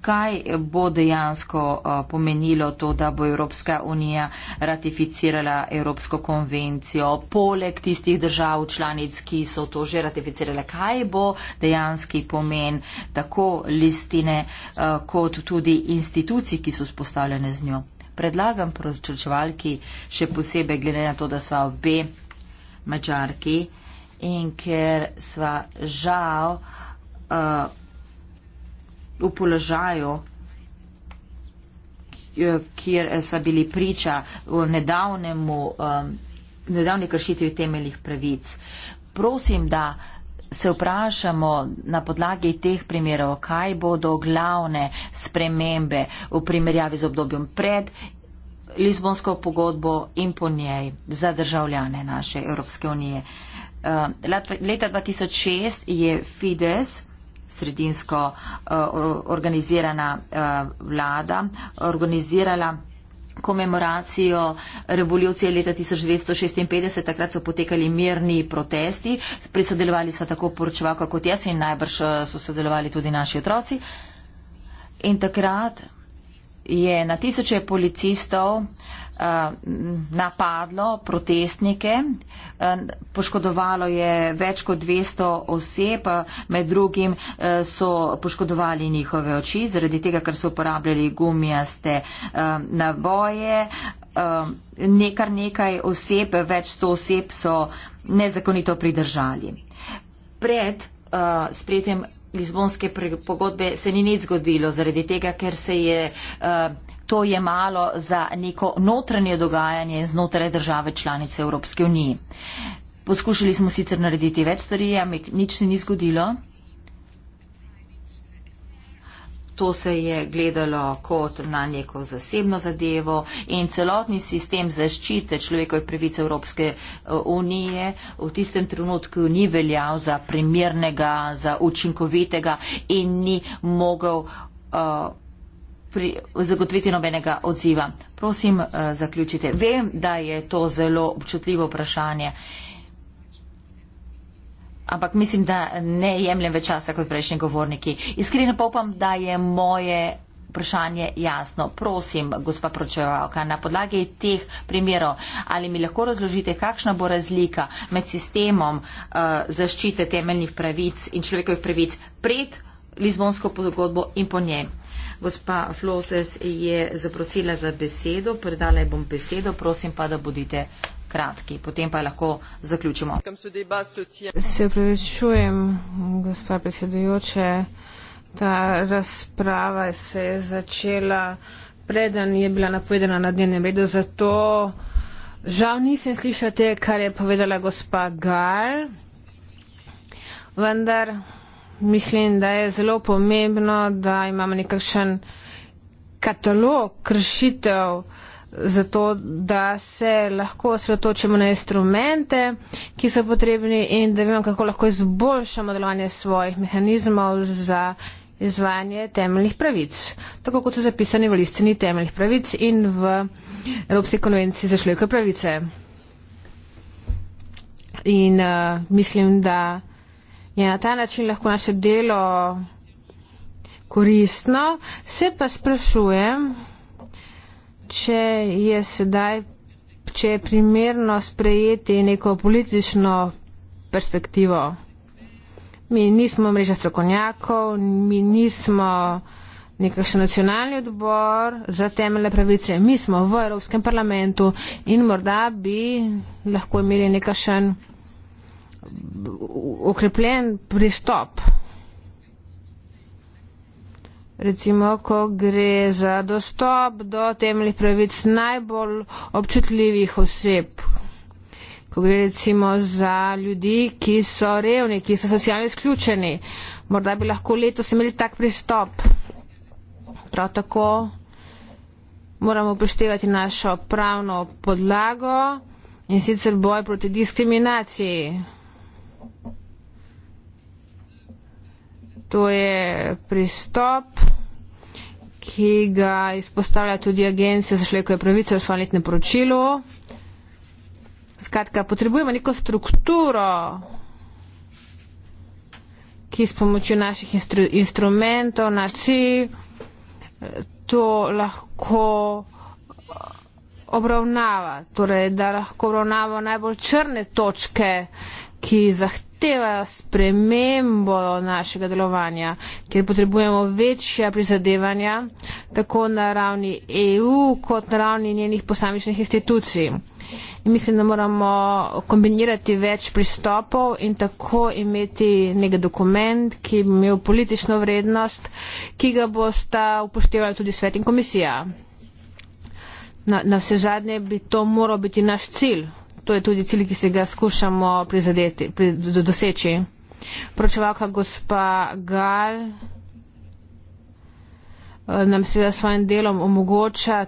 kaj bo dejansko eh, pomenilo to, da bo Evropska unija ratificirala Evropsko konvencijo, poleg tistih držav članic, ki so to že ratificirale, kaj bo dejanski pomen tako listine eh, kot tudi institucij, ki so spostavljene z njo. Predlagam proračunčevalki, še posebej glede na to, da sva obe mačarki in ker sva žal uh, v položaju, eh, kjer eh, so bili priča v nedavnemu, um, nedavni kršitvi temeljih pravic. Prosim, da se vprašamo na podlagi teh primerov, kaj bodo glavne spremembe v primerjavi z obdobjem pred Lizbonsko pogodbo in po njej za državljane naše Evropske unije. Uh, leta 2006 je Fides sredinsko uh, organizirana uh, vlada organizirala komemoracijo revolucije leta 1956, takrat so potekali mirni protesti, prisodelovali so tako poročevalka kot jaz in najbrž eh, so sodelovali tudi naši otroci. In takrat je na tisoče policistov uh, Eh, napadlo protestnike, eh, poškodovalo je več kot 200 oseb, med drugim eh, so poškodovali njihove oči zaradi tega, ker so uporabljali gumijaste naboje. Nekar nekaj oseb, več sto oseb so nezakonito pridržali. Pred sprejetjem Lizbonske pogodbe se ni nič zgodilo, zaradi tega, ker se je uh, to je malo za neko notranje dogajanje znotraj države članice Evropske unije. Poskušali smo sicer narediti več stvari, ampak nič se ni zgodilo. To se je gledalo kot na neko zasebno zadevo in celotni sistem zaščite človekovih pravic Evropske eh, unije v tistem trenutku ni veljal za primernega, za učinkovitega in ni mogel. Uh, pri, zagotoviti nobenega odziva. Prosim, uh, zaključite. Vem, da je to zelo občutljivo vprašanje, ampak mislim, da ne jemljem več časa kot prejšnji govorniki. Iskreno pa upam, da je moje. Vprašanje jasno. Prosim, gospa pročevalka, na podlagi teh primerov, ali mi lahko razložite, kakšna bo razlika med sistemom uh, zaščite temeljnih pravic in človekovih pravic pred Lizbonsko pogodbo in po njej. Gospa Floses je zaprosila za besedo, predala je bom besedo, prosim pa, da bodite kratki, potem pa lahko zaključimo. Se prevečujem, gospa predsedujoče, ta razprava se je začela, preden je bila napovedana na dnevnem redu, zato žal nisem slišala te, kar je povedala gospa Gal, vendar mislim, da je zelo pomembno, da imamo nekakšen katalog kršitev za to, da se lahko osredotočimo na instrumente, ki so potrebni in da vemo, kako lahko izboljšamo delovanje svojih mehanizmov za izvajanje temeljnih pravic, tako kot so zapisani v listini temeljnih pravic in v Evropski konvenciji za človekove pravice. In uh, mislim, da je ja, na ta način lahko naše delo koristno. Se pa sprašujem, če je sedaj, če je primerno sprejeti neko politično perspektivo. Mi nismo mreža strokovnjakov, mi nismo nekakšen nacionalni odbor za temeljne pravice. Mi smo v Evropskem parlamentu in morda bi lahko imeli nekakšen okrepljen pristop. Recimo, ko gre za dostop do temeljnih pravic najbolj občutljivih oseb, ko gre recimo za ljudi, ki so revni, ki so socialno izključeni, morda bi lahko letos imeli tak pristop. Prav tako moramo upoštevati našo pravno podlago in sicer boj proti diskriminaciji. To je pristop, ki ga izpostavlja tudi agencija za šleko je pravice v svojem letnem poročilu. Skratka, potrebujemo neko strukturo, ki s pomočjo naših instru instrumentov, naci, to lahko obravnava. Torej, da lahko obravnava najbolj črne točke, ki zahtevajo zahtevajo spremembo našega delovanja, kjer potrebujemo večja prizadevanja, tako na ravni EU, kot na ravni njenih posamičnih institucij. In mislim, da moramo kombinirati več pristopov in tako imeti nek dokument, ki bi imel politično vrednost, ki ga bosta upoštevali tudi svet in komisija. Na, na vse zadnje bi to moral biti naš cilj, to je tudi cilj, ki se ga skušamo prizadeti, pri, do, doseči. Pročevalka gospa Gal eh, nam seveda s svojim delom omogoča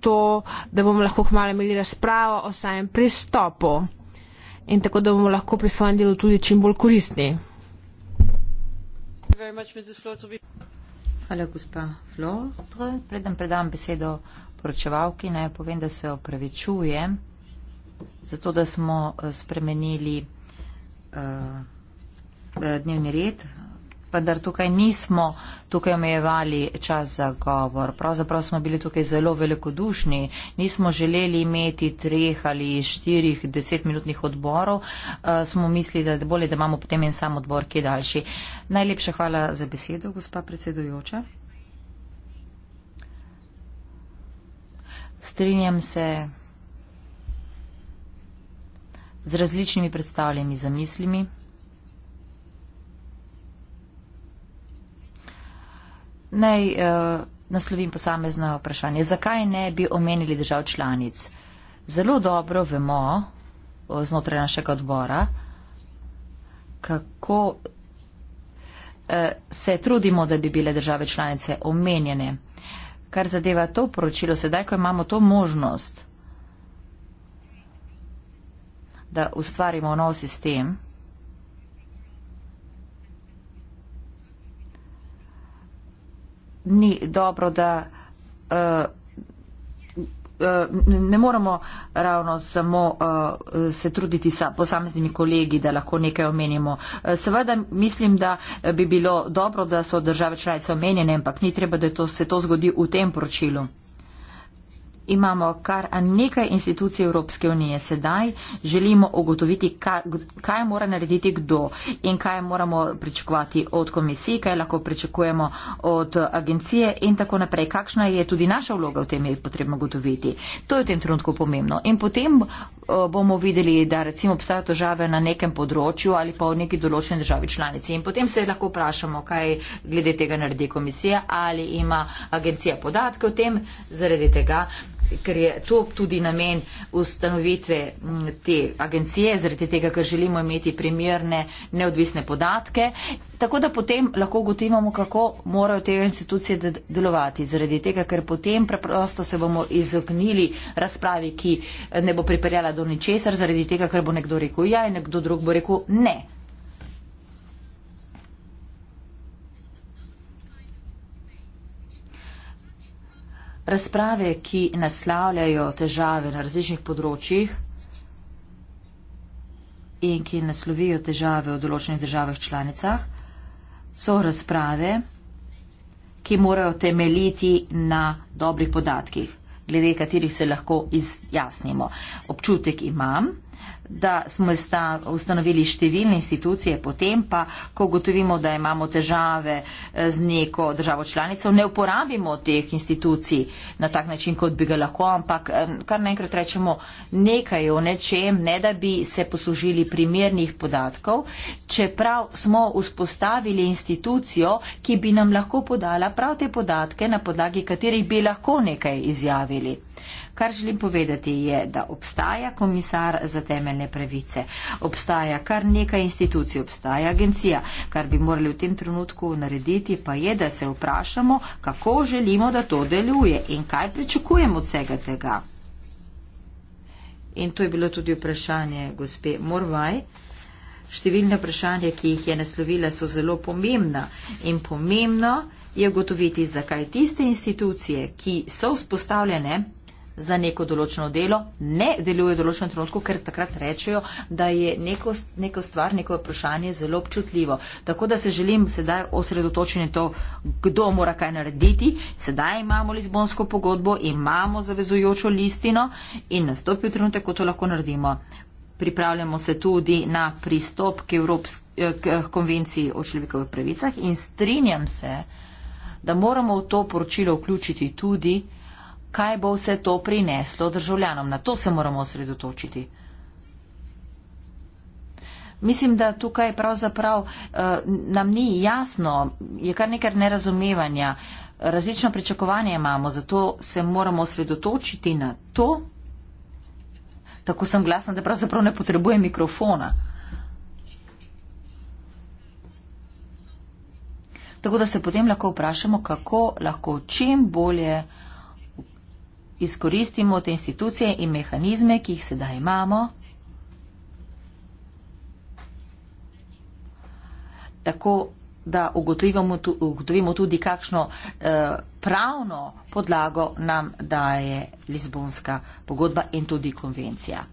to, da bomo lahko hmalo imeli razpravo o samem pristopu in tako, da bomo lahko pri svojem delu tudi čim bolj koristni. Hvala, gospa Flor. Preden predam besedo poročevalki, naj povem, da se opravičujem zato da smo eh, spremenili eh, eh, dnevni red, vendar tukaj nismo tukaj omejevali čas za govor. Pravzaprav smo bili tukaj zelo velikodušni, nismo želeli imeti treh ali štirih desetminutnih odborov, smo mislili, da je bolje, da imamo potem en sam odbor, ki je daljši. Najlepša hvala za besedo, gospa predsedujoča. Strinjam se z različnimi predstavljenimi zamislimi. Naj eh, naslovim posamezno vprašanje. Zakaj ne bi omenili držav članic? Zelo dobro vemo znotraj našega odbora, kako eh, se trudimo, da bi bile države članice omenjene. Kar zadeva to poročilo, sedaj, ko imamo to možnost, da ustvarimo nov sistem, ni dobro, da uh, Ne moramo ravno samo eh, se truditi s posameznimi kolegi, da lahko nekaj omenimo. Seveda mislim, da bi bilo dobro, da so države članice omenjene, ampak ni treba, da to, se to zgodi v tem poročilu imamo kar nekaj institucij Evropske unije sedaj, želimo ugotoviti, kaj mora narediti kdo in kaj moramo pričakovati od komisij, kaj lahko pričakujemo od agencije in tako naprej. Kakšna je tudi naša vloga v tem, je potrebno ugotoviti. To je v tem trenutku pomembno. In potem eh, bomo videli, da recimo obstajajo težave na nekem področju ali pa v neki določeni državi članici. In potem se lahko vprašamo, kaj glede tega naredi komisija ali ima agencija podatke o tem zaradi tega ker je to tudi namen ustanovitve mm, te agencije, zaradi tega, ker želimo imeti primerne, neodvisne podatke. Tako da potem lahko ugotovimo, kako morajo te institucije delovati. Zaradi tega, ker potem preprosto se bomo izognili razpravi, ki ne bo pripeljala do ničesar, zaradi tega, ker bo nekdo rekel ja in nekdo drug bo rekel ne. Razprave, ki naslavljajo težave na različnih področjih in ki naslovijo težave v določenih državah članicah, so razprave, ki morajo temeljiti na dobrih podatkih, glede katerih se lahko izjasnimo. Občutek imam, da smo ustanovili številne institucije, potem pa, ko ugotovimo, da imamo težave eh, z neko državo članico, ne uporabimo teh institucij na tak način, kot bi ga lahko, ampak kar naenkrat rečemo nekaj o nečem, ne da bi se poslužili primernih podatkov, čeprav smo vzpostavili institucijo, ki bi nam lahko podala prav te podatke, na podlagi katerih bi lahko nekaj izjavili. Kar želim povedati je, da obstaja komisar za temeljne pravice, obstaja kar nekaj institucij, obstaja agencija. Kar bi morali v tem trenutku narediti, pa je, da se vprašamo, kako želimo, da to deluje in kaj pričakujemo od vsega tega. In to je bilo tudi vprašanje gospe Morvaj. Številne vprašanja, ki jih je naslovila, so zelo pomembna in pomembno je ugotoviti, zakaj tiste institucije, ki so vzpostavljene, za neko določeno delo, ne deluje v določenem trenutku, ker takrat rečejo, da je neko, neko stvar, neko vprašanje zelo občutljivo. Tako da se želim sedaj osredotočiti to, kdo mora kaj narediti. Sedaj imamo Lizbonsko pogodbo, imamo zavezujočo listino in nastopi v trenutek, ko to lahko naredimo. Pripravljamo se tudi na pristop k, Evropsk k konvenciji o človekovih pravicah in strinjam se, da moramo v to poročilo vključiti tudi kaj bo vse to prineslo državljanom. Na to se moramo osredotočiti. Mislim, da tukaj pravzaprav uh, nam ni jasno, je kar nekaj nerazumevanja, različno pričakovanje imamo, zato se moramo osredotočiti na to. Tako sem glasna, da pravzaprav ne potrebujem mikrofona. Tako da se potem lahko vprašamo, kako lahko čim bolje izkoristimo te institucije in mehanizme, ki jih sedaj imamo, tako da ugotovimo, ugotovimo tudi, kakšno eh, pravno podlago nam daje Lizbonska pogodba in tudi konvencija.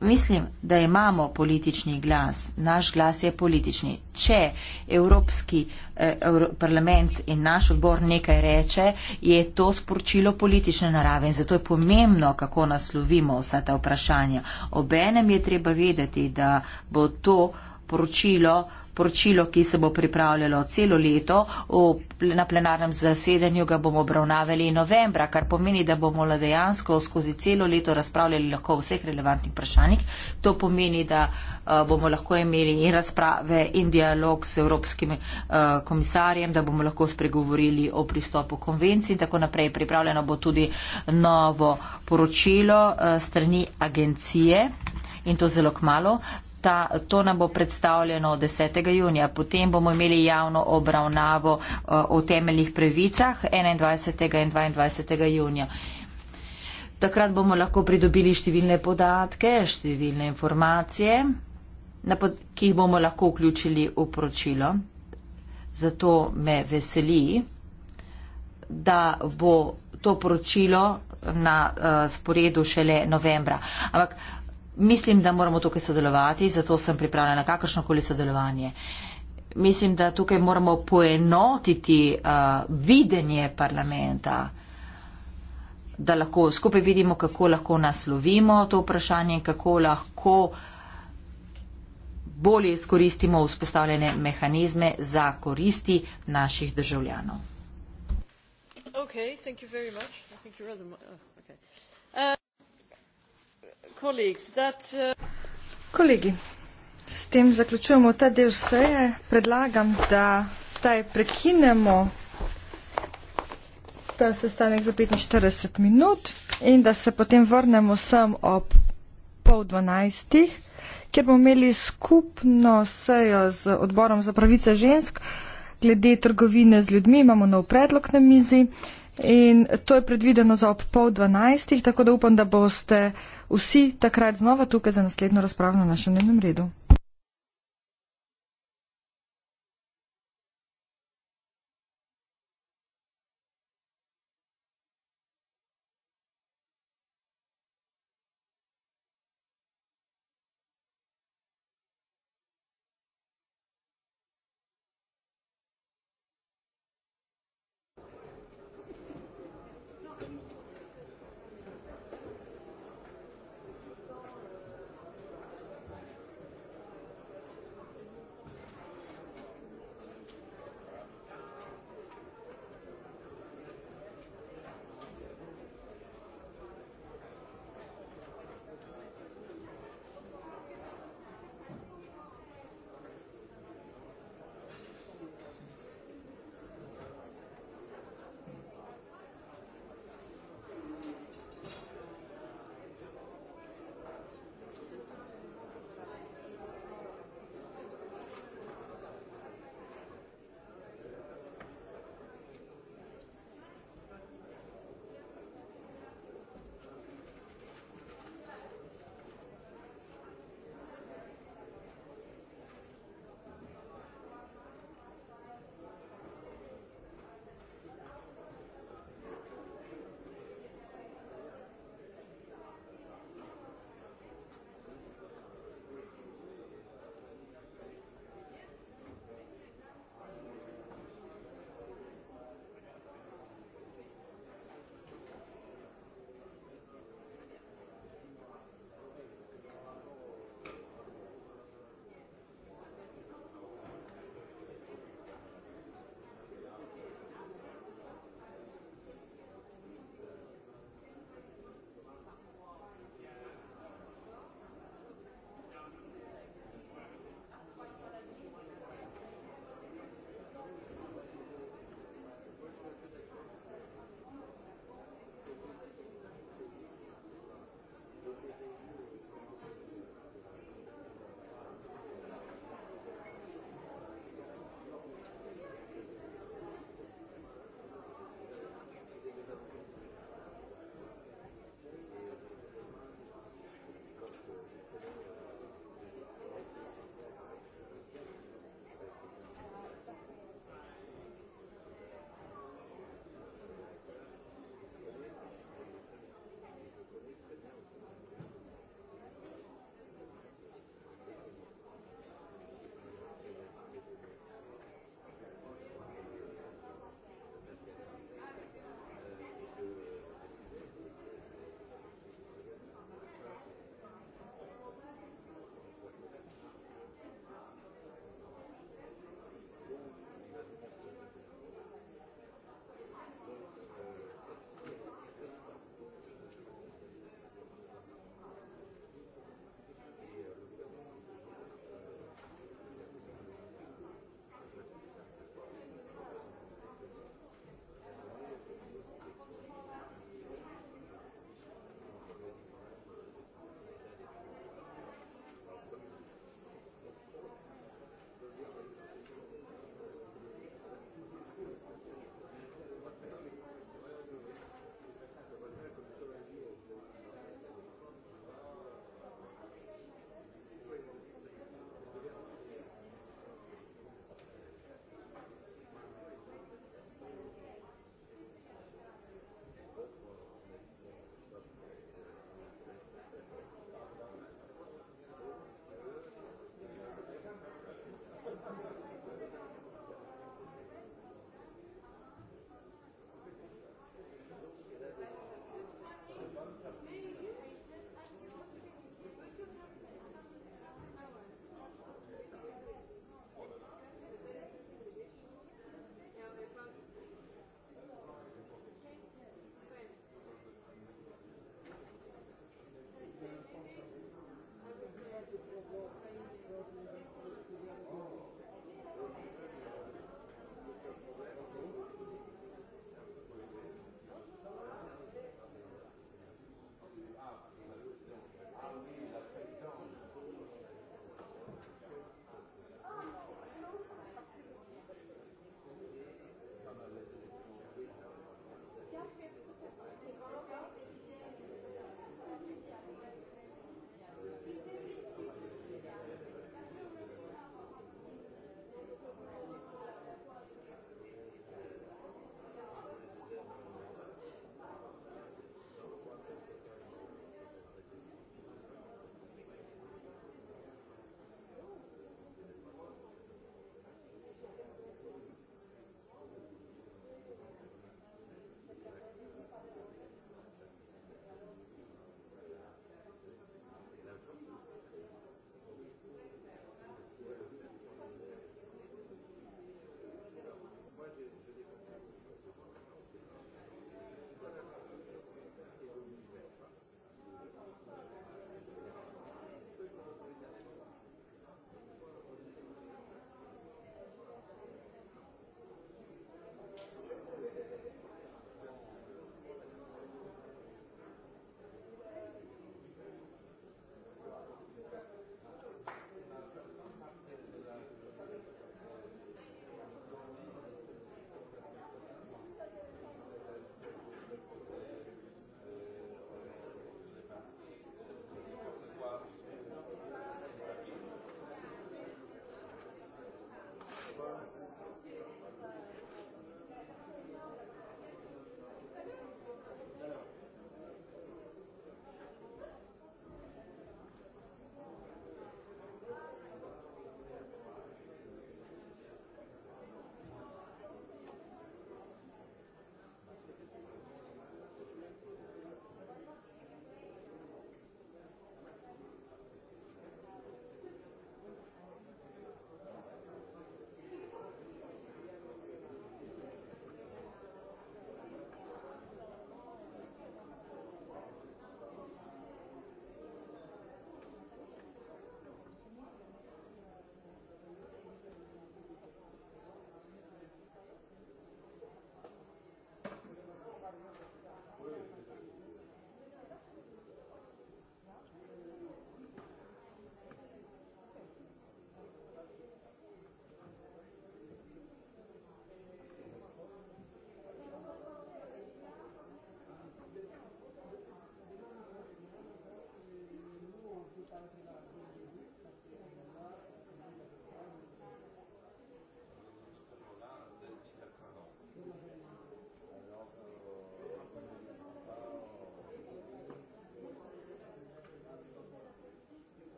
Mislim, da imamo politični glas, naš glas je politični. Če Evropski eh, Evrop parlament in naš odbor nekaj reče, je to sporočilo politične narave in zato je pomembno, kako naslovimo vsa ta vprašanja. Obenem je treba vedeti, da bo to poročilo poročilo, ki se bo pripravljalo celo leto. V, na plenarnem zasedanju ga bomo obravnavali novembra, kar pomeni, da bomo dejansko skozi celo leto razpravljali lahko o vseh relevantnih vprašanjih. To pomeni, da uh, bomo lahko imeli in razprave in dialog s Evropskim uh, komisarjem, da bomo lahko spregovorili o pristopu konvenciji in tako naprej. Pripravljeno bo tudi novo poročilo uh, strani agencije. In to zelo kmalo ta, to nam bo predstavljeno 10. junija. Potem bomo imeli javno obravnavo eh, o temeljnih pravicah 21. in 22. junija. Takrat bomo lahko pridobili številne podatke, številne informacije, ki jih bomo lahko vključili v poročilo. Zato me veseli, da bo to poročilo na uh, sporedu šele novembra. Ampak uh, Mislim, da moramo tukaj sodelovati, zato sem pripravljena na kakršno koli sodelovanje. Mislim, da tukaj moramo poenotiti uh, videnje parlamenta, da lahko skupaj vidimo, kako lahko naslovimo to vprašanje in kako lahko bolje izkoristimo vzpostavljene mehanizme za koristi naših državljanov. Okay, Uh, Kolegi, s tem zaključujemo ta del seje. Predlagam, da zdaj prekinemo ta sestanek za 45 minut in da se potem vrnemo sem ob pol dvanajstih, kjer bomo imeli skupno sejo z odborom za pravice žensk glede trgovine z ljudmi. Imamo nov predlog na mizi in to je predvideno za ob pol dvanajstih, tako da upam, da boste vsi takrat znova tukaj za naslednjo razpravo na našem dnevnem redu.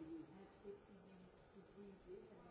you have 50 minutes to breathe in and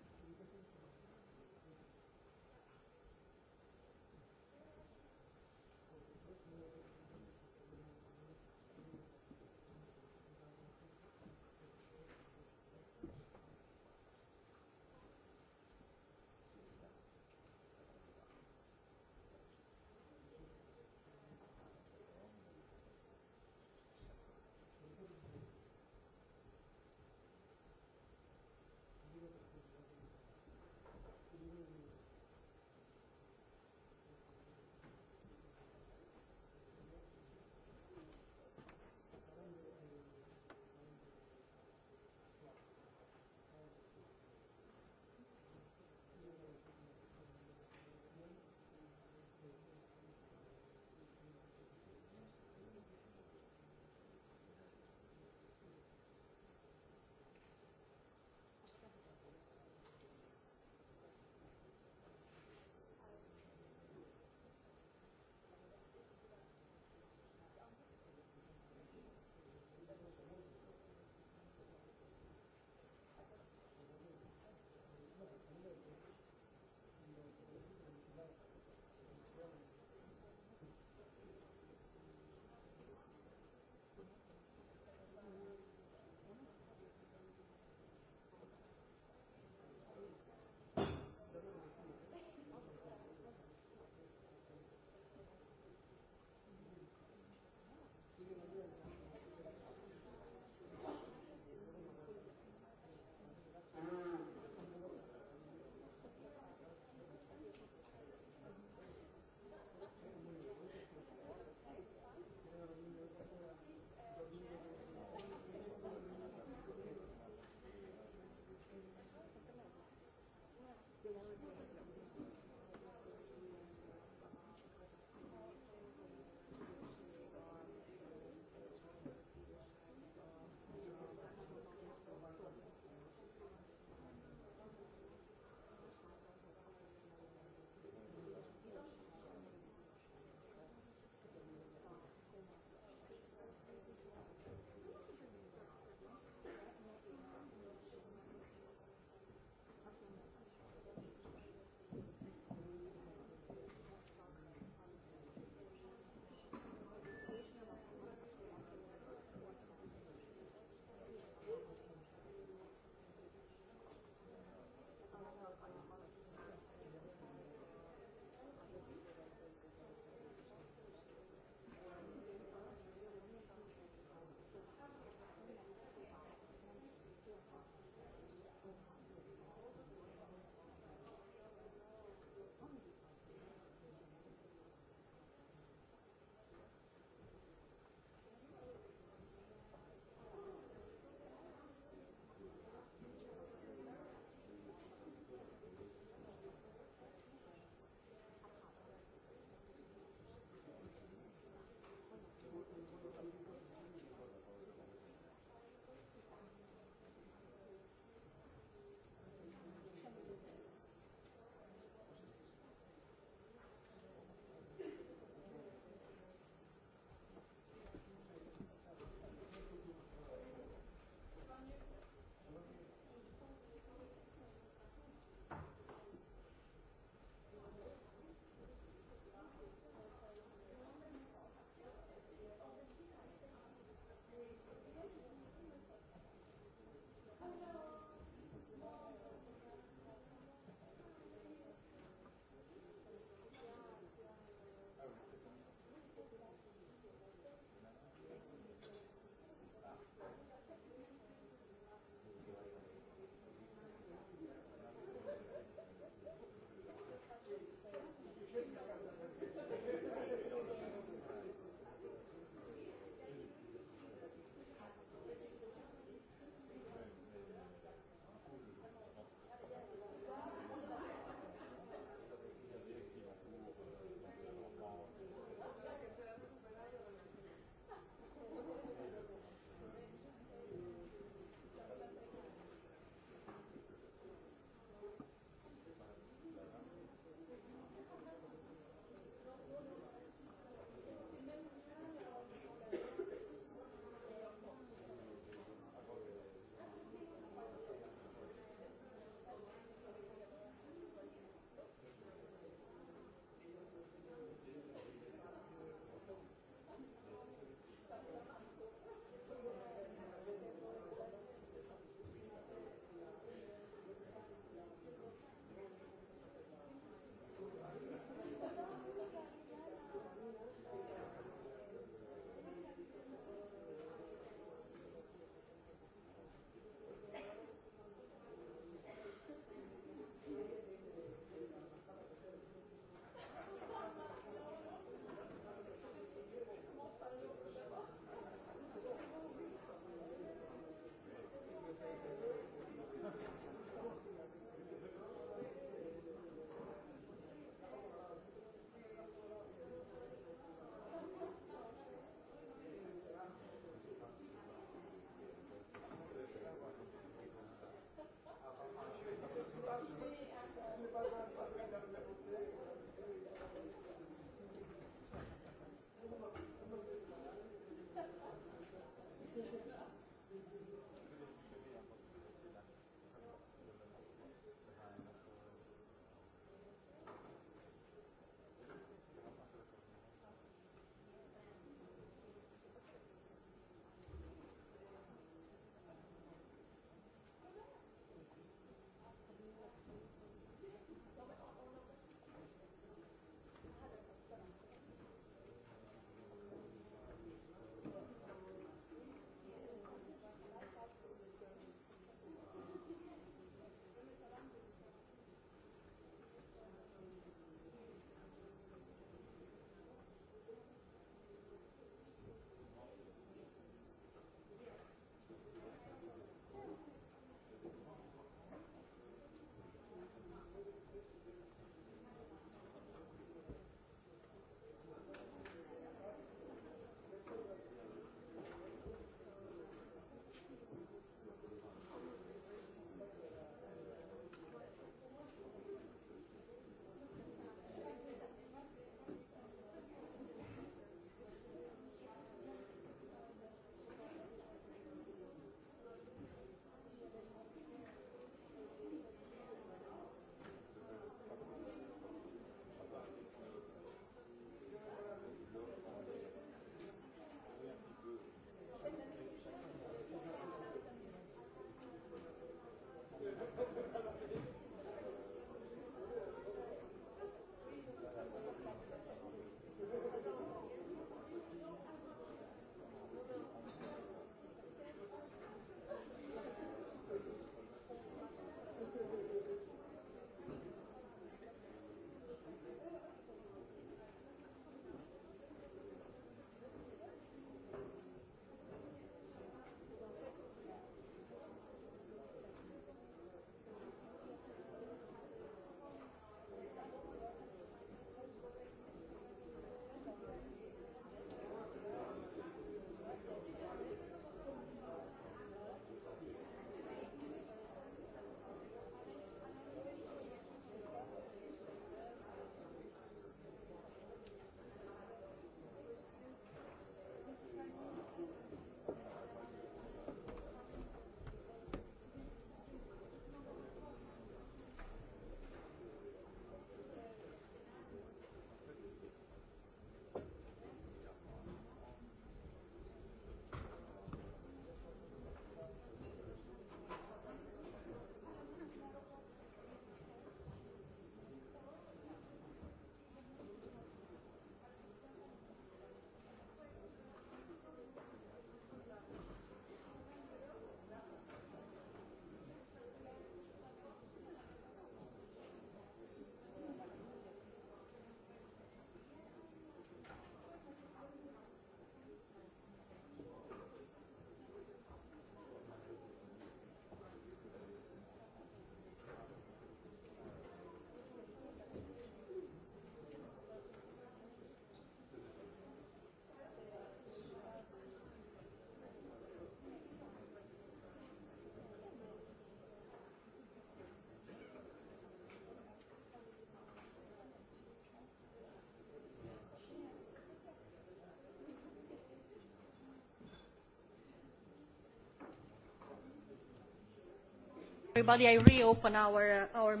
Uh,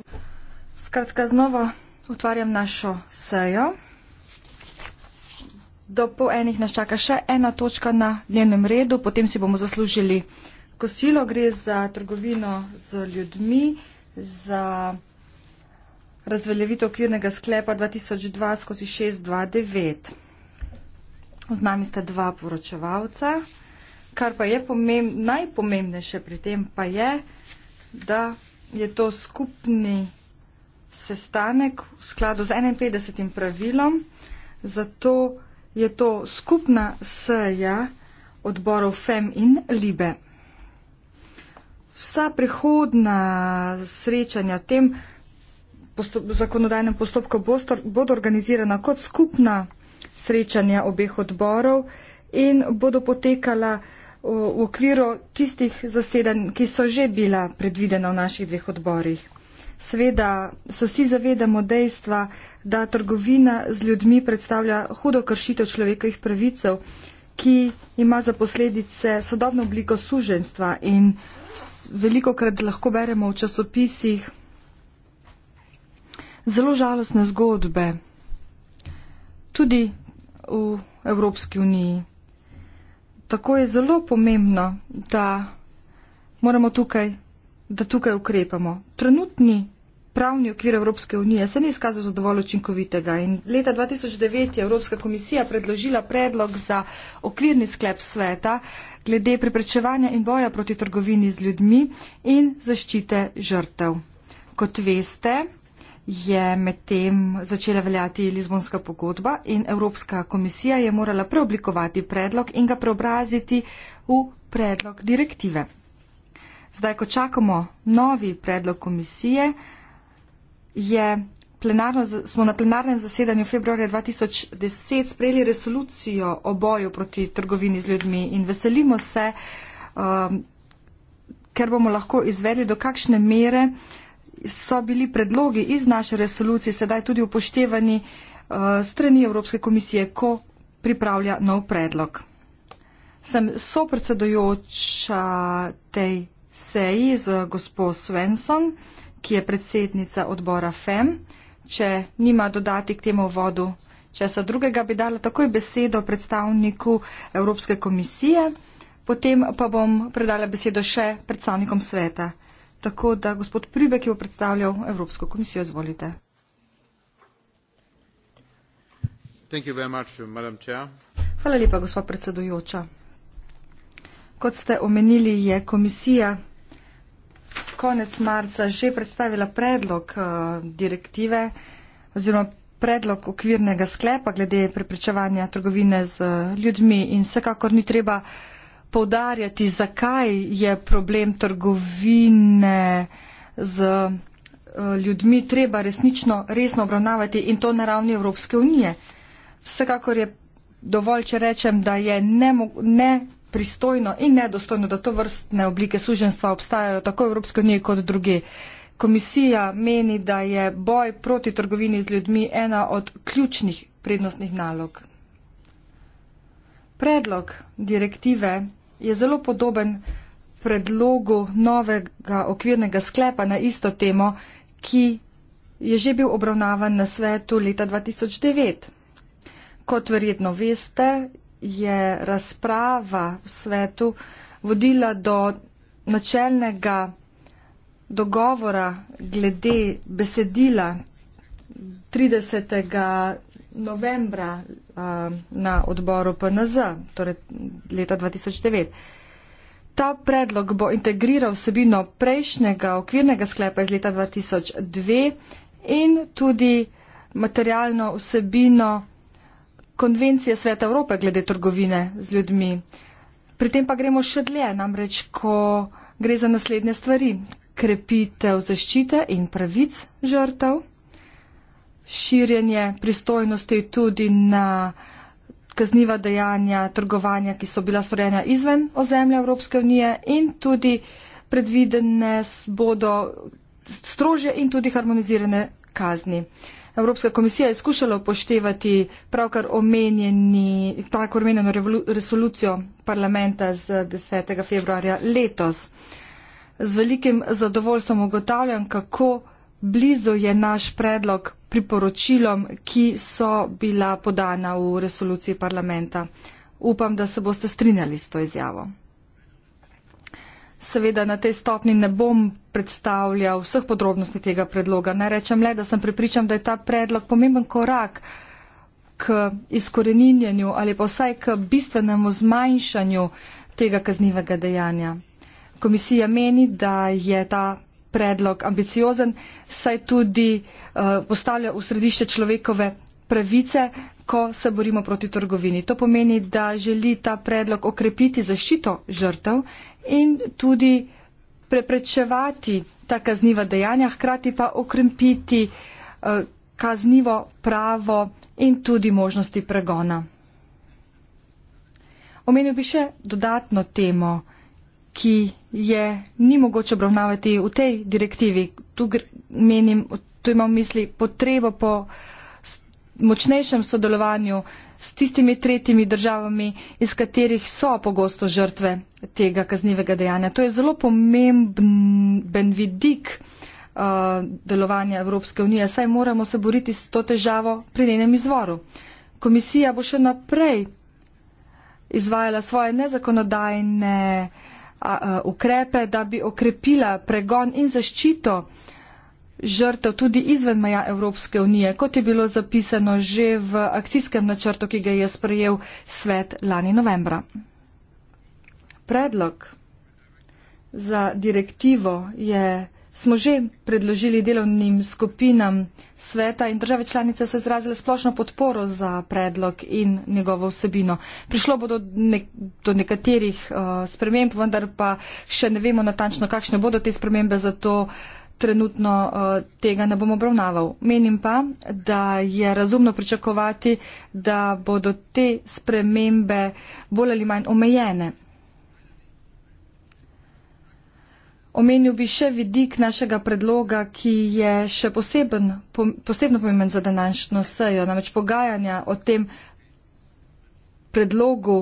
Skratka, znova otvarjam našo sejo. Do po enih nas čaka še ena točka na dnevnem redu, potem si bomo zaslužili kosilo. Gre za trgovino z ljudmi, za razveljavitev okvirnega sklepa 2002 skozi 629. Z nami sta dva poročevalca. Kar pa je pomemb najpomembnejše pri tem, pa je, da je to skupni sestanek v skladu z 51. pravilom, zato je to skupna seja odborov FEM in LIBE. Vsa prihodna srečanja v tem postop zakonodajnem postopku bodo organizirana kot skupna srečanja obeh odborov in bodo potekala v okviru tistih zasedanj, ki so že bila predvidena v naših dveh odborih. Sveda se vsi zavedamo dejstva, da trgovina z ljudmi predstavlja hudo kršitev človekovih pravicev, ki ima za posledice sodobno obliko suženstva in veliko krat lahko beremo v časopisih zelo žalostne zgodbe. Tudi v Evropski uniji tako je zelo pomembno, da moramo tukaj, da tukaj ukrepamo. Trenutni pravni okvir Evropske unije se ni izkazal za dovolj učinkovitega in leta 2009 je Evropska komisija predložila predlog za okvirni sklep sveta glede preprečevanja in boja proti trgovini z ljudmi in zaščite žrtev. Kot veste, je medtem začela veljati Lizbonska pogodba in Evropska komisija je morala preoblikovati predlog in ga preobraziti v predlog direktive. Zdaj, ko čakamo novi predlog komisije, je. Plenarno, smo na plenarnem zasedanju februarja 2010 sprejeli resolucijo o boju proti trgovini z ljudmi in veselimo se, um, ker bomo lahko izvedli, do kakšne mere uh, so bili predlogi iz naše resolucije sedaj tudi upoštevani eh, strani Evropske komisije, ko pripravlja nov predlog. Sem sopredsedujoča tej seji z gospo Svensson, ki je predsednica odbora FEM. Če nima dodati k temu vodu česa drugega, bi dala takoj besedo predstavniku Evropske komisije, potem pa bom predala besedo še predstavnikom sveta. Tako da gospod Pribek je predstavljal Evropsko komisijo. Izvolite. Hvala lepa, gospod predsedujoča. Kot ste omenili, je komisija konec marca že predstavila predlog eh, direktive oziroma predlog okvirnega sklepa glede preprečevanja trgovine z eh, ljudmi in vsekakor ni treba poudarjati, zakaj je problem trgovine z eh, ljudmi treba resnično, resno obravnavati in to na ravni Evropske unije. Vsekakor je dovolj, če rečem, da je nepristojno in nedostojno, da to vrstne oblike suženstva obstajajo tako v Evropske unije kot druge. Komisija meni, da je boj proti trgovini z ljudmi ena od ključnih prednostnih nalog. Predlog direktive je zelo podoben predlogu novega okvirnega sklepa na isto temo, ki je že bil obravnavan na svetu leta 2009. Kot verjetno veste, je razprava v svetu vodila do načelnega dogovora glede besedila 30 novembra uh, na odboru PNZ, torej leta 2009. Ta predlog bo integriral vsebino prejšnjega okvirnega sklepa iz leta 2002 in tudi materialno vsebino konvencije Sveta Evrope glede trgovine z ljudmi. Pri tem pa gremo še dlje, namreč ko gre za naslednje stvari. Krepitev zaščite in pravic žrtev širjenje pristojnosti tudi na kazniva dejanja, trgovanja, ki so bila storjena izven ozemlja Evropske unije in tudi predvidene bodo strožje in tudi harmonizirane kazni. Evropska komisija je skušala upoštevati pravkar prav omenjeno resolucijo parlamenta z 10. februarja letos. Z velikim zadovoljstvom ugotavljam, kako blizu je naš predlog priporočilom, ki so bila podana v resoluciji parlamenta. Upam, da se boste strinjali s to izjavo. Seveda na tej stopni ne bom predstavljal vseh podrobnosti tega predloga. Naj rečem le, da sem prepričan, da je ta predlog pomemben korak k izkoreninjenju ali pa vsaj k bistvenemu zmanjšanju tega kaznivega dejanja. Komisija meni, da je ta predlog ambiciozen, saj tudi eh, postavlja v središče človekove pravice, ko se borimo proti trgovini. To pomeni, da želi ta predlog okrepiti zaščito žrtev in tudi preprečevati ta kazniva dejanja, hkrati pa okrepiti eh, kaznivo pravo in tudi možnosti pregona. Omenil bi še dodatno temo, ki je ni mogoče obravnavati v tej direktivi. Tu, menim, tu imam v misli potrebo po močnejšem sodelovanju s tistimi tretjimi državami, iz katerih so pogosto žrtve tega kaznivega dejanja. To je zelo pomemben vidik uh, delovanja Evropske unije, saj moramo se boriti s to težavo pri njenem izvoru. Komisija bo še naprej izvajala svoje nezakonodajne uh, ukrepe, da bi okrepila pregon in zaščito žrtev tudi izven meja Evropske unije, kot je bilo zapisano že v akcijskem načrtu, ki ga je sprejel svet lani novembra. Predlog za direktivo je smo že predložili delovnim skupinam sveta in države članice so izrazile splošno podporo za predlog in njegovo vsebino. Prišlo bo do, ne, do nekaterih uh, sprememb, vendar pa še ne vemo natančno, kakšne bodo te spremembe, zato trenutno uh, tega ne bom obravnaval. Menim pa, da je razumno pričakovati, da bodo te spremembe bolj ali manj omejene. Omenil bi še vidik našega predloga, ki je še poseben, posebno pomemben za današnjo sejo. Namreč pogajanja o tem predlogu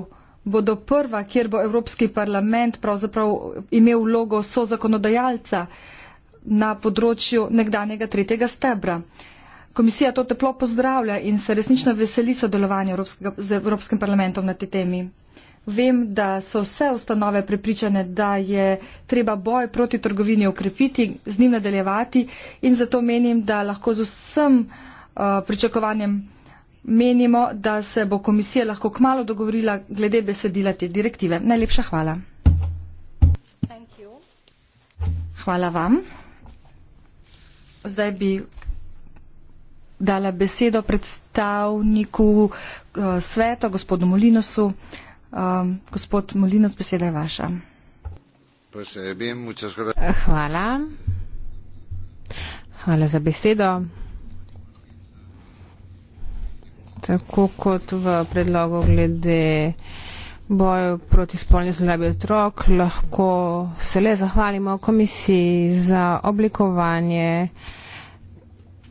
bodo prva, kjer bo Evropski parlament pravzaprav imel vlogo so zakonodajalca na področju nekdanjega tretjega stebra. Komisija to teplo pozdravlja in se resnično veseli sodelovanja z Evropskim parlamentom na tej temi. Vem, da so vse ustanove prepričane, da je treba boj proti trgovini ukrepiti, z njim nadaljevati in zato menim, da lahko z vsem uh, pričakovanjem menimo, da se bo komisija lahko kmalo dogovorila glede besedila te direktive. Najlepša hvala. Hvala vam. Zdaj bi dala besedo predstavniku uh, sveta, gospodu Molinosu. Uh, Um, gospod Molinos, beseda je vaša. Eh, Hvala. Hvala za besedo. Tako kot v predlogu glede boju proti spolni zlorabi otrok, lahko se le zahvalimo komisiji za oblikovanje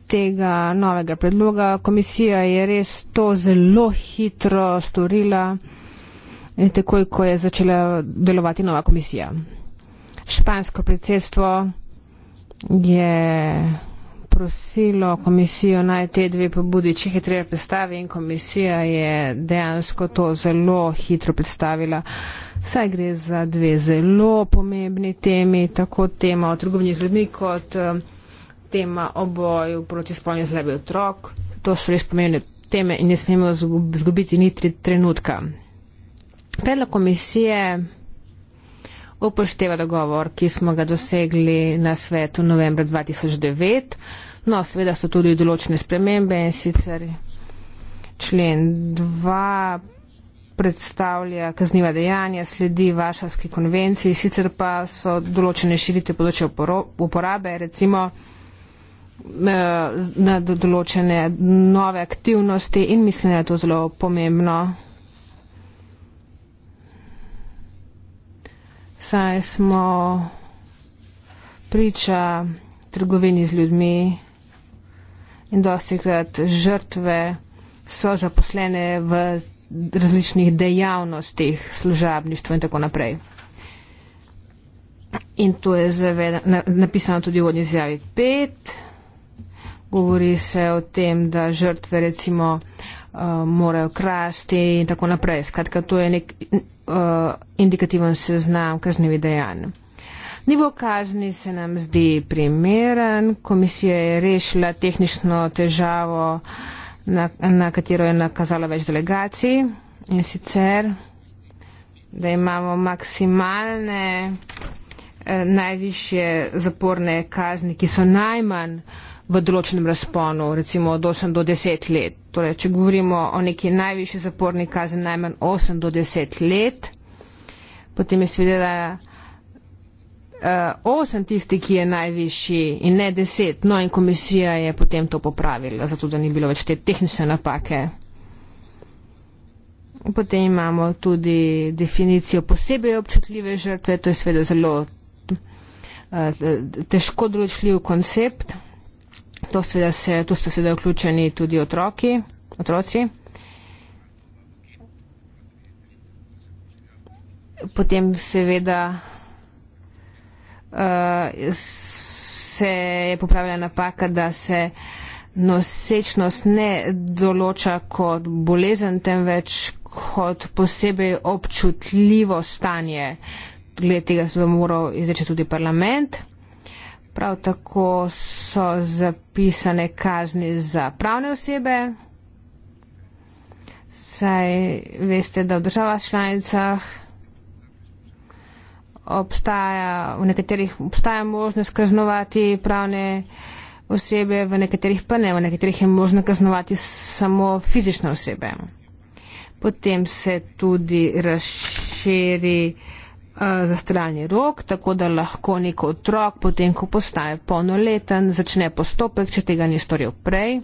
tega novega predloga. Komisija je res to zelo hitro storila takoj, ko je začela delovati nova komisija. Špansko predsedstvo je prosilo komisijo naj te dve pobudi čim hitreje predstavi in komisija je dejansko to zelo hitro predstavila. Saj gre za dve zelo pomembni temi, tako tema o trgovini z ljudmi kot eh, tema o boju proti spolni zlebi otrok. To so res pomembne teme in ne smemo zgubiti niti trenutka. Predlog komisije upošteva dogovor, ki smo ga dosegli na svetu novembra 2009. No, seveda so tudi določene spremembe in sicer člen 2 predstavlja kazniva dejanja, sledi Vašavski konvenciji, sicer pa so določene širite področje uporabe, recimo eh, na določene nove aktivnosti in mislim, da je to zelo pomembno. saj smo priča trgovini z ljudmi in dosikrat žrtve so zaposlene v različnih dejavnostih služabništva in tako naprej. In to je zaveden, na, napisano tudi v vodni izjavi 5. Govori se o tem, da žrtve recimo uh, morajo krasti in tako naprej. Skratka, to je nek, Eh, indikativen seznam kaznevi dejanj. Nivo kazni se nam zdi primeren, komisija je rešila tehnično težavo, na, na katero je nakazala več delegacij in sicer, da imamo maksimalne eh, najvišje zaporne kazni, ki so najmanj eh, v določenem razponu, recimo od 8 do 10 let. Torej, če govorimo o neki najvišji zaporni kazni najmanj 8 do 10 let, potem je seveda uh, eh, 8 tisti, ki je najvišji in ne 10. No in komisija je potem to popravila, zato da ni bilo več te tehnične napake. Potem imamo tudi definicijo posebej občutljive žrtve, to je seveda zelo eh, težko določljiv koncept. To seveda se, tu so seveda vključeni tudi otroki, otroci. Potem seveda uh, se je popravila napaka, da se nosečnost ne določa kot bolezen, temveč kot posebej občutljivo stanje. Glede tega se bo moral izreči tudi parlament. Prav tako so zapisane kazni za pravne osebe. Saj veste, da v državah članicah obstaja, v nekaterih obstaja možnost kaznovati pravne osebe, v nekaterih pa ne, v nekaterih je možno kaznovati samo fizične osebe. Potem se tudi razširi uh, Eh, zastaralni rok, tako da lahko nek otrok potem, ko postaje polnoleten, začne postopek, če tega ni storil prej.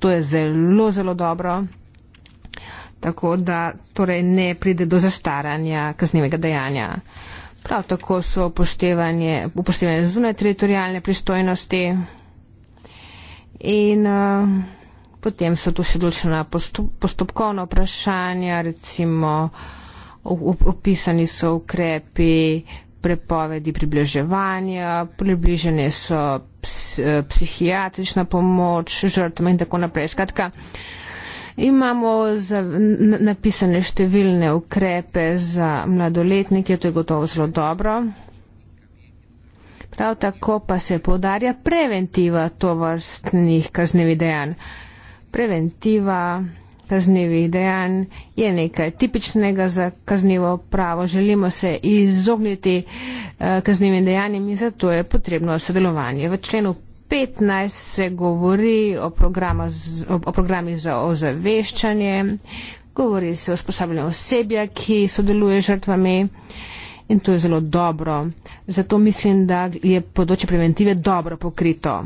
To je zelo, zelo dobro. Tako da torej ne pride do zastaranja kaznjivega dejanja. Prav tako so upoštevanje, upoštevanje zunaj teritorijalne pristojnosti in uh, potem so tu še določena postop, postopkovna vprašanja, recimo uh, opisani so ukrepi prepovedi približevanja, približene so ps, psihijatrična pomoč žrtvam in tako naprej. Skratka, imamo za, n, napisane številne ukrepe za mladoletnike, to je gotovo zelo dobro. Prav tako pa se podarja preventiva to vrstnih kaznevi dejanj. Preventiva kaznjivih dejanj je nekaj tipičnega za kaznivo pravo. Želimo se izogniti eh, kaznjivim dejanjem in zato je potrebno sodelovanje. V členu 15 se govori o, o programi za ozaveščanje, govori se o sposabljanju osebja, ki sodeluje žrtvami. In to je zelo dobro. Zato mislim, da je področje preventive dobro pokrito.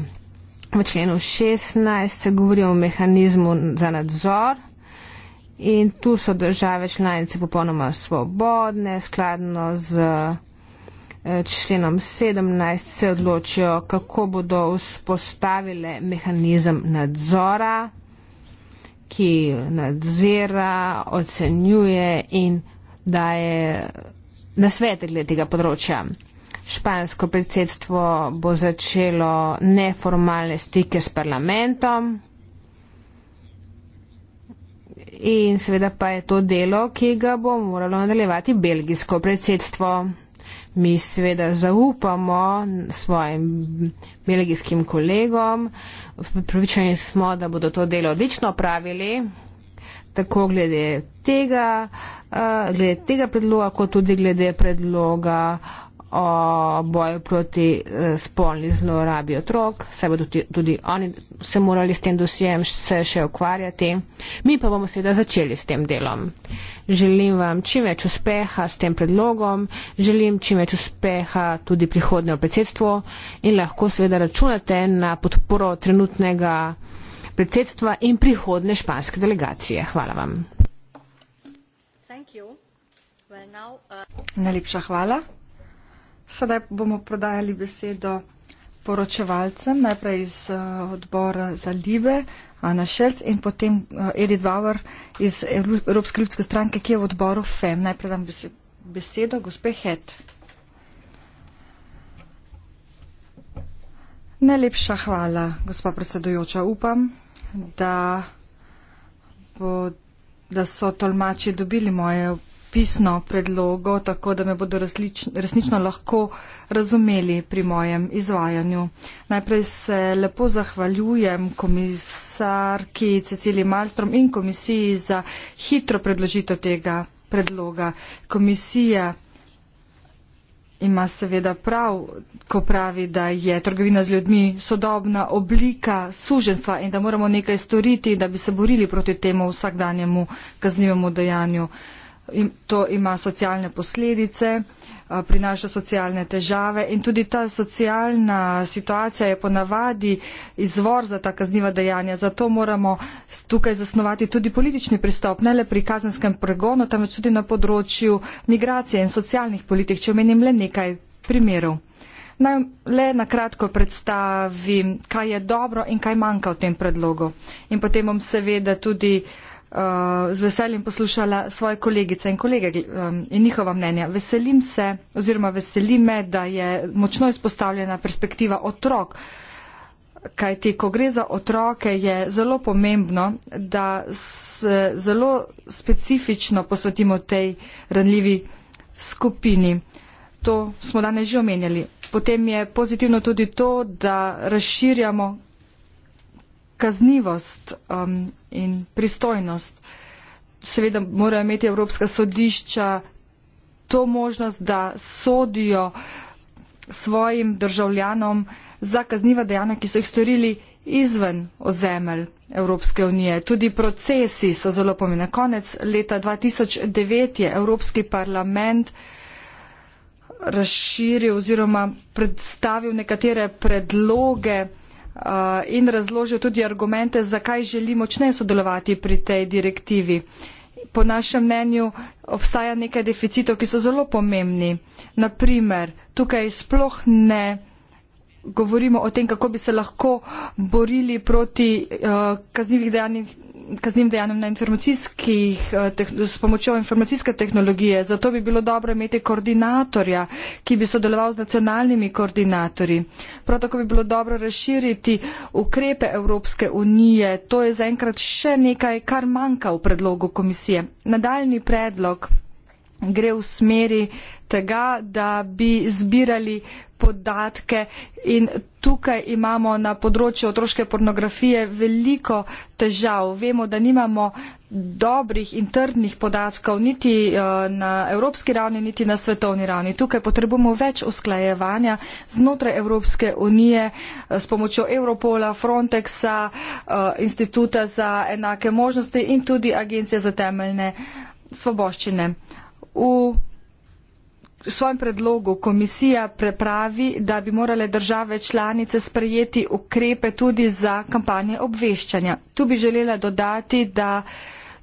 V členu 16 se govori o mehanizmu za nadzor, In tu so države članice popolnoma svobodne, skladno z eh, členom 17 se odločijo, kako bodo vzpostavile mehanizem nadzora, ki nadzira, ocenjuje in daje nasvete glede tega področja. Špansko predsedstvo bo začelo neformalne stike s parlamentom in seveda pa je to delo, ki ga bo moralo nadaljevati belgijsko predsedstvo. Mi seveda zaupamo svojim belgijskim kolegom, pripričani smo, da bodo to delo odlično opravili, tako glede tega, eh, glede tega predloga, kot tudi glede predloga o boju proti e, spolni zlorabi otrok, seveda tudi, tudi oni se morali s tem dosijem se še ukvarjati. Mi pa bomo seveda začeli s tem delom. Želim vam čim več uspeha s tem predlogom, želim čim več uspeha tudi prihodnjo predsedstvo in lahko seveda računate na podporo trenutnega predsedstva in prihodne španske delegacije. Hvala vam. Well, now, uh... Najlepša hvala. Sedaj bomo prodajali besedo poročevalcem, najprej iz uh, odbora za Libe, Ana Šelc in potem uh, Edith Bauer iz Evropske ljudske stranke, ki je v odboru FEM. Najprej dam besedo gospe Het. Najlepša hvala, gospa predsedujoča. Upam, da, bo, da so tolmači dobili moje pisno predlogo, tako da me bodo različ, resnično lahko razumeli pri mojem izvajanju. Najprej se lepo zahvaljujem komisarki Cecili Malstrom in komisiji za hitro predložitev tega predloga. Komisija ima seveda prav, ko pravi, da je trgovina z ljudmi sodobna oblika suženstva in da moramo nekaj storiti, da bi se borili proti temu vsakdanjemu kaznivemu dejanju. To ima socialne posledice, prinaša socialne težave in tudi ta socialna situacija je ponavadi izvor za ta kazniva dejanja. Zato moramo tukaj zasnovati tudi politični pristop, ne le pri kazenskem pregonu, temveč tudi na področju migracije in socialnih politik, če omenim le nekaj primerov. Naj le na kratko predstavim, kaj je dobro in kaj manjka v tem predlogu. In potem bom seveda tudi uh, Eh, z veseljem poslušala svoje kolegice in kolege in njihova mnenja. Veselim se oziroma veseli me, da je močno izpostavljena perspektiva otrok, kajti ko gre za otroke, je zelo pomembno, da se zelo specifično posvetimo tej ranljivi skupini. To smo danes že omenjali. Potem je pozitivno tudi to, da razširjamo kaznivost um, in pristojnost. Seveda morajo imeti Evropska sodišča to možnost, da sodijo svojim državljanom za kazniva dejanja, ki so jih storili izven ozemelj Evropske unije. Tudi procesi so zelo pomembni. Konec leta 2009 je Evropski parlament razširil oziroma predstavil nekatere predloge Eh, in razložil tudi argumente, zakaj želi močneje sodelovati pri tej direktivi. Po našem mnenju obstaja nekaj deficitov, ki so zelo pomembni. Naprimer, tukaj sploh ne govorimo o tem, kako bi se lahko borili proti uh, eh, kaznjivih dejanjih kaznim dejanjem na informacijskih, eh, s pomočjo informacijske tehnologije. Zato bi bilo dobro imeti koordinatorja, ki bi sodeloval z nacionalnimi koordinatorji. Prav tako bi bilo dobro razširiti ukrepe Evropske unije. To je zaenkrat še nekaj, kar manjka v predlogu komisije. Nadaljni predlog gre v smeri tega, da bi zbirali podatke in tukaj imamo na področju otroške pornografije veliko težav. Vemo, da nimamo dobrih in trdnih podatkov niti eh, na evropski ravni, niti na svetovni ravni. Tukaj potrebujemo več usklajevanja znotraj Evropske unije eh, s pomočjo Europola, Frontexa, eh, Instituta za enake možnosti in tudi Agencije za temeljne svoboščine v svojem predlogu komisija prepravi, da bi morale države članice sprejeti ukrepe tudi za kampanje obveščanja. Tu bi želela dodati, da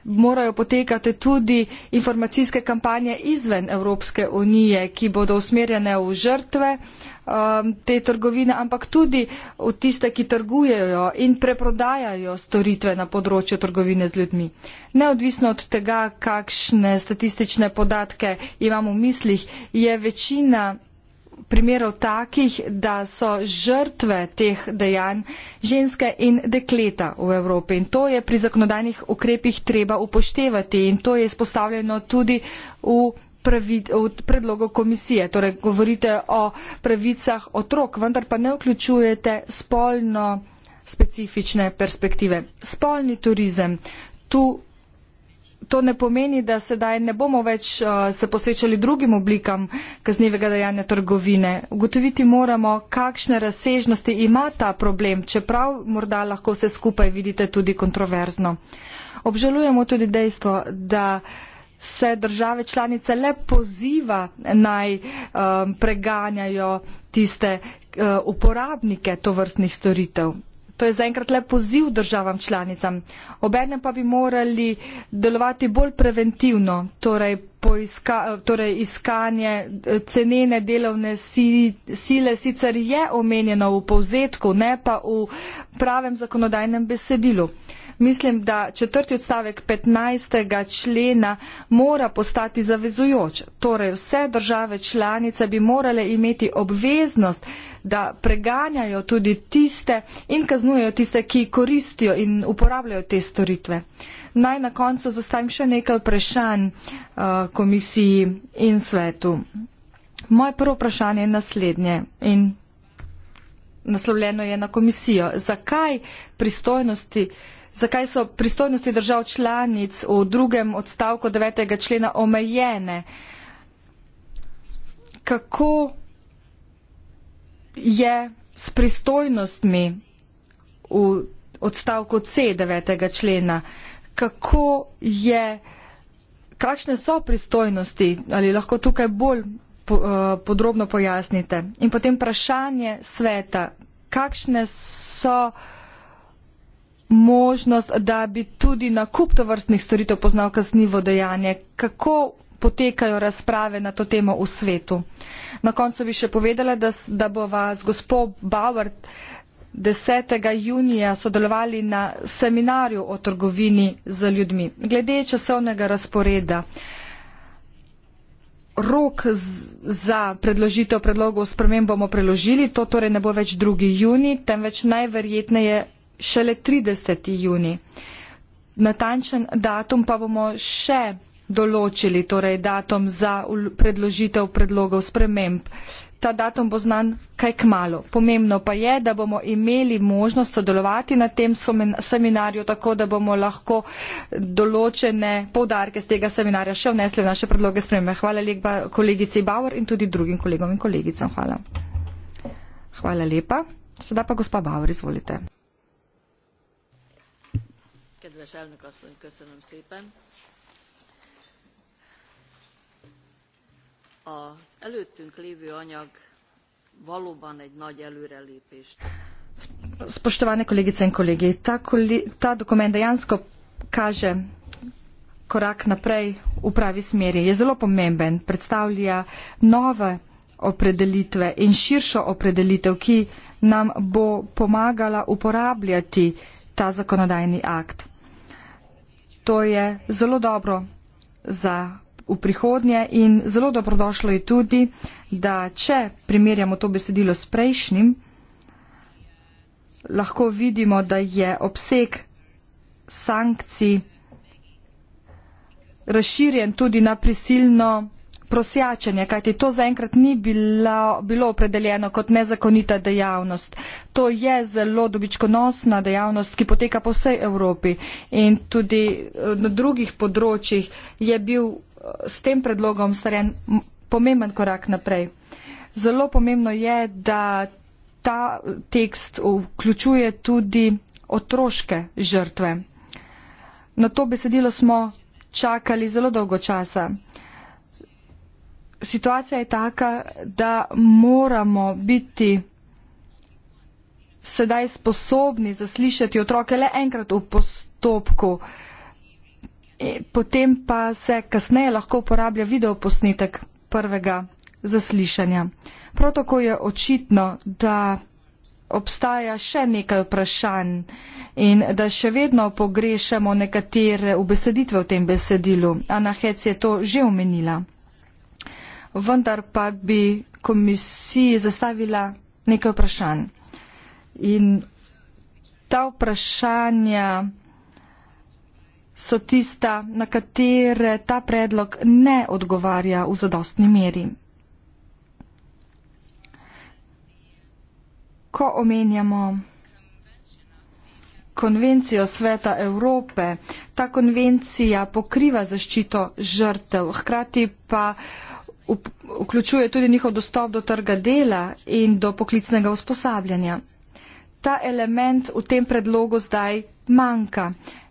morajo potekati tudi informacijske kampanje izven Evropske unije, ki bodo usmerjene v žrtve, uh, um, te trgovine, ampak tudi v tiste, ki trgujejo in preprodajajo storitve na področju trgovine z ljudmi. Neodvisno od tega, kakšne statistične podatke imamo v mislih, je večina primerov takih, da so žrtve teh dejanj ženske in dekleta v Evropi. In to je pri zakonodajnih ukrepih treba upoštevati in to je izpostavljeno tudi v pravi, od predlogov komisije. Torej, govorite o pravicah otrok, vendar pa ne vključujete spolno specifične perspektive. Spolni turizem. Tu to ne pomeni, da sedaj ne bomo več uh, se posvečali drugim oblikam kaznevega dejanja trgovine. Ugotoviti moramo, kakšne razsežnosti ima ta problem, čeprav morda lahko vse skupaj vidite tudi kontroverzno. Obžalujemo tudi dejstvo, da uh, se države članice le poziva naj um, preganjajo tiste uh, uporabnike tovrstnih storitev. To je zaenkrat le poziv državam članicam. Obenem pa bi morali delovati bolj preventivno, torej, poiska, torej iskanje eh, cenene delovne sile sicer je omenjeno v povzetku, ne pa v pravem zakonodajnem besedilu. Uh, mislim, da četrti odstavek 15. člena mora postati zavezujoč. Torej, vse države članice bi morale imeti obveznost, da preganjajo tudi tiste in kaznujejo tiste, ki koristijo in uporabljajo te storitve. Naj na koncu zastavim še nekaj vprašanj uh, komisiji in svetu. Moje prvo vprašanje je naslednje in naslovljeno je na komisijo. Zakaj pristojnosti uh, zakaj so pristojnosti držav članic v drugem odstavku 9. člena omejene. Kako je s pristojnostmi v odstavku C 9. člena? Kako je, kakšne so pristojnosti? Ali lahko tukaj bolj eh, podrobno pojasnite? In potem vprašanje sveta, kakšne so pristojnosti? možnost, da bi tudi nakup tovrstnih storitev poznal kaznivo dejanje. Kako potekajo razprave na to temo v svetu? Na koncu bi še povedala, da, da bo vas gospod Bauer 10. junija sodelovali na seminarju o trgovini z ljudmi. Glede časovnega razporeda, rok za predložitev predlogov s premem bomo preložili, to torej ne bo več 2. juni, temveč najverjetneje šele 30. juni. Natančen datum pa bomo še določili, torej datum za predložitev predlogov sprememb. Ta datum bo znan kaj k malu. Pomembno pa je, da bomo imeli možnost sodelovati na tem seminarju, tako da bomo lahko določene povdarke z tega seminarja še vnesli v naše predloge spremembe. Hvala lepa kolegici Bauer in tudi drugim kolegom in kolegicam. Hvala. Hvala lepa. Sedaj pa gospa Bauer, izvolite. Kedves elnök asszony, köszönöm szépen. Az előttünk lévő anyag valóban egy nagy előrelépést. Spoštovane kolegice in kolegi, ta, koli, ta dokument dejansko kaže korak naprej v pravi smeri. Je zelo pomemben, predstavlja nove opredelitve in širšo opredelitev, ki nam bo pomagala uporabljati ta zakonodajni akt to je zelo dobro za v prihodnje in zelo dobrodošlo je tudi, da če primerjamo to besedilo s prejšnjim, lahko vidimo, da je obseg sankcij razširjen tudi na prisilno prosjačenje, kajti to zaenkrat ni bila, bilo opredeljeno kot nezakonita dejavnost. To je zelo dobičkonosna dejavnost, ki poteka po vsej Evropi in tudi eh, na drugih področjih je bil eh, s tem predlogom starjen pomemben korak naprej. Zelo pomembno je, da ta tekst vključuje tudi otroške žrtve. Na to besedilo smo čakali zelo dolgo časa. Uh, situacija je taka, da moramo biti sedaj sposobni zaslišati otroke le enkrat v postopku, e, potem pa se kasneje lahko uporablja videoposnetek prvega zaslišanja. Prav tako je očitno, da obstaja še nekaj vprašanj in da še vedno pogrešamo nekatere ubeseditve v tem besedilu. Ana Hec je to že omenila vendar pa bi komisiji zastavila nekaj vprašanj. In ta vprašanja so tista, na katere ta predlog ne odgovarja v zadostni meri. Ko omenjamo konvencijo Sveta Evrope, ta konvencija pokriva zaščito žrtev, hkrati pa uh, vključuje tudi njihov dostop do trga dela in do poklicnega usposabljanja. Ta element v tem predlogu zdaj manjka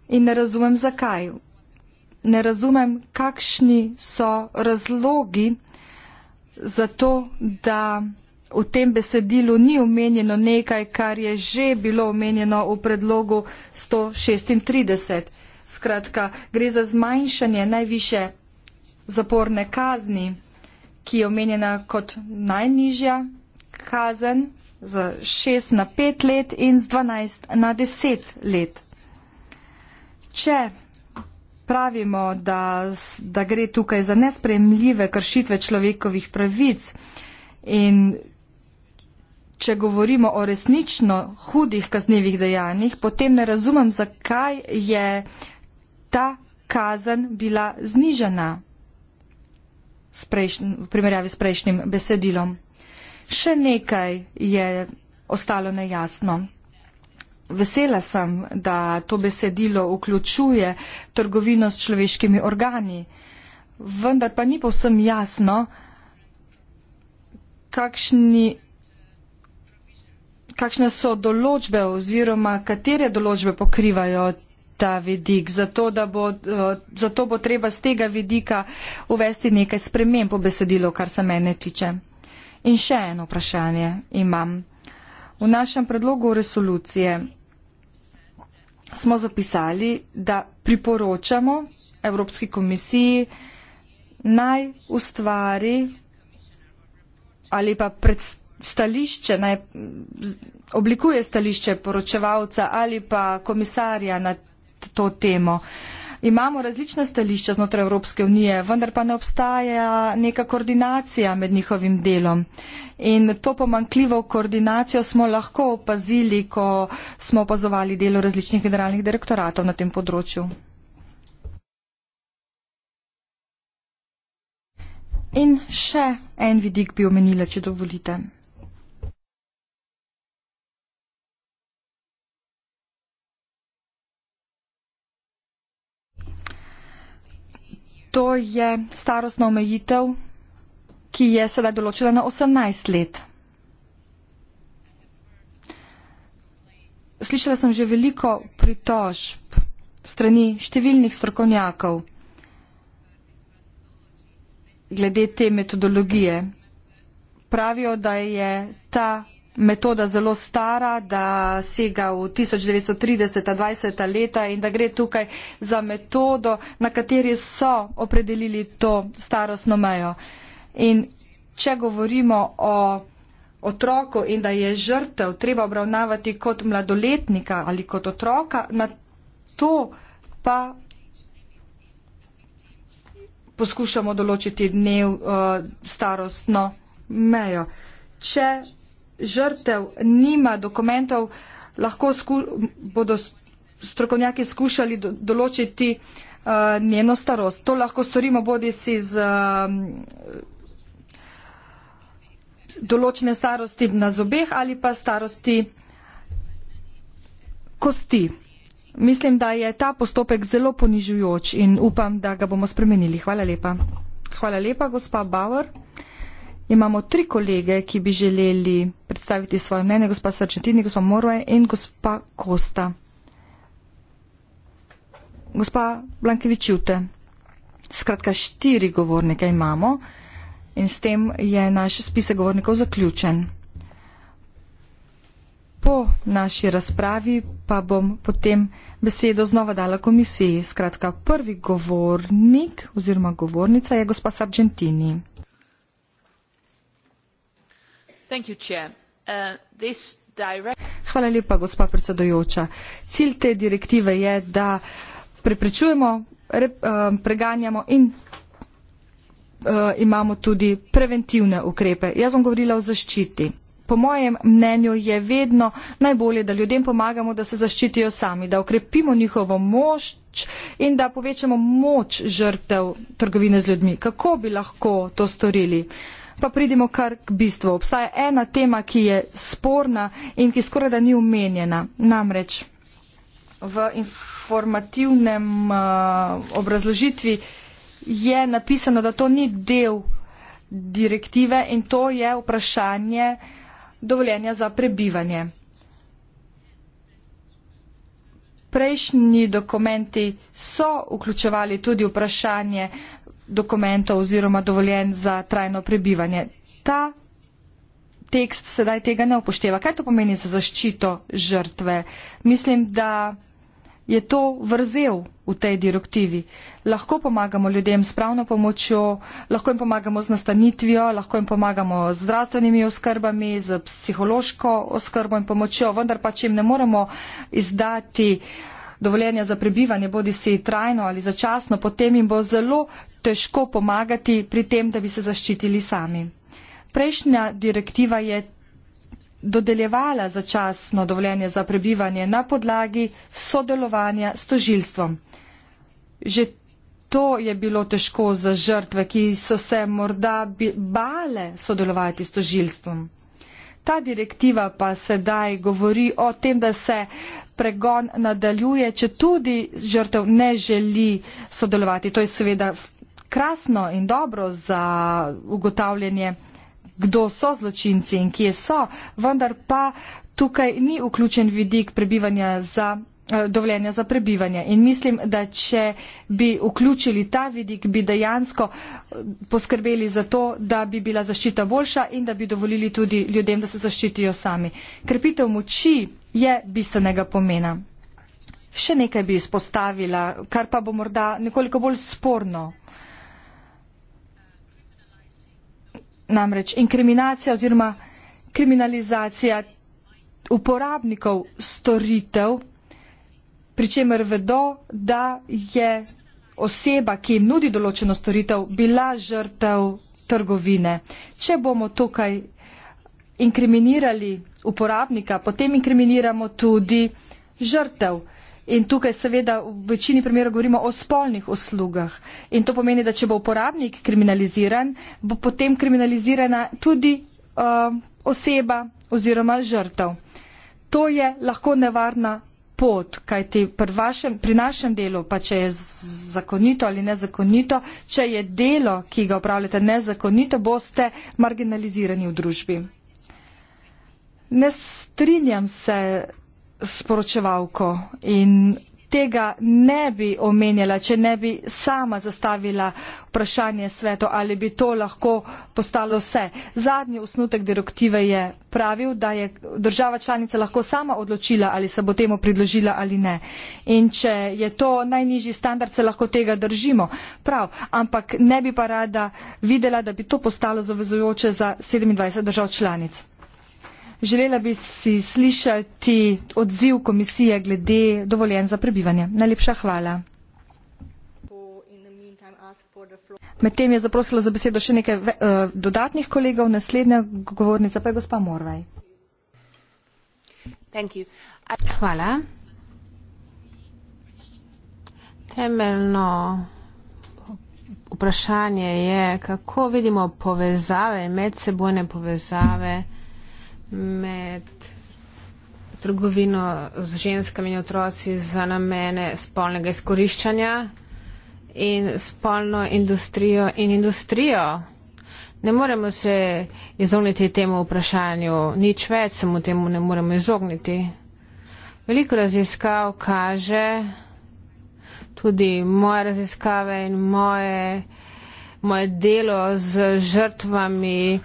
in ne razumem zakaj. Ne razumem, kakšni so razlogi za to, da v tem besedilu ni omenjeno nekaj, kar je že bilo omenjeno v predlogu 136. Skratka, gre za zmanjšanje najviše zaporne kazni ki je omenjena kot najnižja kazen z 6 na 5 let in z 12 na 10 let. Če pravimo, da, da gre tukaj za nespremljive kršitve človekovih pravic in če govorimo o resnično hudih kaznevih dejanjih, potem ne razumem, zakaj je ta kazen bila znižena prejšn, v primerjavi s prejšnjim besedilom. Še nekaj je ostalo nejasno. Vesela sem, da to besedilo vključuje trgovino s človeškimi organi, vendar pa ni povsem jasno, kakšni, kakšne so določbe oziroma katere določbe pokrivajo ta vidik, zato, bo, eh, zato bo treba z tega vidika uvesti nekaj sprememb po besedilu, kar se mene tiče. In še eno vprašanje imam. V našem predlogu resolucije smo zapisali, da priporočamo Evropski komisiji naj ustvari ali pa stališče, naj oblikuje stališče poročevalca ali pa komisarja na to temo. Imamo različna stališča znotraj Evropske unije, vendar pa ne obstaja neka koordinacija med njihovim delom. In to pomankljivo koordinacijo smo lahko opazili, ko smo opazovali delo različnih generalnih direktoratov na tem področju. In še en vidik bi omenila, če dovolite. to je starostna omejitev, ki je sedaj določena na 18 let. Slišala sem že veliko pritožb strani številnih strokovnjakov glede te metodologije. Pravijo, da je ta metoda zelo stara, da sega v 1930-20 leta in da gre tukaj za metodo, na kateri so opredelili to starostno mejo. In če govorimo o otroku in da je žrtev treba obravnavati kot mladoletnika ali kot otroka, na to pa poskušamo določiti dnev eh, starostno mejo. Če žrtev nima dokumentov, lahko sku, bodo strokovnjaki skušali do, določiti uh, njeno starost. To lahko storimo bodi si z uh, določene starosti na zobeh ali pa starosti kosti. Mislim, da je ta postopek zelo ponižujoč in upam, da ga bomo spremenili. Hvala lepa. Hvala lepa, gospa Bauer. Imamo tri kolege, ki bi želeli predstaviti svoje mnenje, gospa Srčetini, gospa Morvaj in gospa Kosta. Gospa Blankevičute, skratka štiri govornike imamo in s tem je naš spisek govornikov zaključen. Po naši razpravi pa bom potem besedo znova dala komisiji. Skratka, prvi govornik oziroma govornica je gospa Sargentini. Uh, cilj te direktive je, da preprečujemo, uh, preganjamo in uh, imamo tudi preventivne ukrepe. Jaz bom govorila o zaščiti. Po mojem mnenju je vedno najbolje, da ljudem pomagamo, da se zaščitijo sami, da okrepimo njihovo moč in da povečamo moč žrtev trgovine z ljudmi. Kako bi lahko to storili? Uh, pa pridimo kar k bistvu. Obstaja ena tema, ki je sporna in ki skoraj da ni umenjena. Namreč v informativnem uh, obrazložitvi je napisano, da to ni del direktive in to je vprašanje dovoljenja za prebivanje. Prejšnji dokumenti so vključevali tudi vprašanje dokumentov oziroma dovoljen za trajno prebivanje. Ta tekst sedaj tega ne upošteva. Kaj to pomeni za zaščito žrtve? Mislim, da je to vrzel v tej direktivi. Lahko pomagamo ljudem s pravno pomočjo, lahko jim pomagamo z nastanitvijo, lahko jim pomagamo z zdravstvenimi oskrbami, z psihološko oskrbo in pomočjo, vendar pa če jim ne moremo izdati uh, dovoljenja za prebivanje, bodi si trajno ali začasno, potem jim bo zelo težko pomagati pri tem, da bi se zaščitili sami. Prejšnja direktiva je dodeljevala začasno dovoljenje za prebivanje na podlagi sodelovanja s tožilstvom. Že to je bilo težko za žrtve, ki so se morda bale sodelovati s tožilstvom. Ta direktiva pa sedaj govori o tem, da se pregon nadaljuje, če tudi žrtev ne želi sodelovati. To je seveda krasno in dobro za ugotavljanje, kdo so zločinci in kje so, vendar pa tukaj ni vključen vidik prebivanja za Eh, dovoljenja za prebivanje. In mislim, da če bi vključili ta vidik, bi dejansko eh, poskrbeli za to, da bi bila zaščita boljša in da bi dovolili tudi ljudem, da se zaščitijo sami. Krepitev moči je bistvenega pomena. Še nekaj bi izpostavila, kar pa bo morda nekoliko bolj sporno. Namreč inkriminacija oziroma kriminalizacija uporabnikov storitev pri čemer vedo, da je oseba, ki jim nudi določeno storitev, bila žrtev trgovine. Če bomo tukaj inkriminirali uporabnika, potem inkriminiramo tudi žrtev. In tukaj seveda v večini primerov govorimo o spolnih uslugah. In to pomeni, da če bo uporabnik kriminaliziran, bo potem kriminalizirana tudi uh, oseba oziroma žrtev. To je lahko nevarna pot, kajti pri, vašem, pri našem delu, pa če je zakonito ali nezakonito, če je delo, ki ga upravljate nezakonito, boste marginalizirani v družbi. Ne strinjam se s poročevalko in tega ne bi omenjala, če ne bi sama zastavila vprašanje svetu, ali bi to lahko postalo vse. Zadnji osnutek direktive je pravil, da je država članica lahko sama odločila, ali se bo temu pridložila ali ne. In če je to najnižji standard, se lahko tega držimo. Prav, ampak ne bi pa rada videla, da bi to postalo zavezujoče za 27 držav članic. Želela bi si slišati odziv komisije glede dovoljen za prebivanje. Najlepša hvala. Medtem je zaprosila za besedo še nekaj uh, dodatnih kolegov, naslednja govornica pa je gospa Morvaj. Hvala. Temeljno vprašanje je, kako vidimo povezave, medsebojne povezave med trgovino z ženskami in otroci za namene spolnega izkoriščanja in spolno industrijo in industrijo. Ne moremo se izogniti temu vprašanju, nič več se mu temu ne moremo izogniti. Veliko raziskav kaže, tudi moje raziskave in moje, moje delo z žrtvami,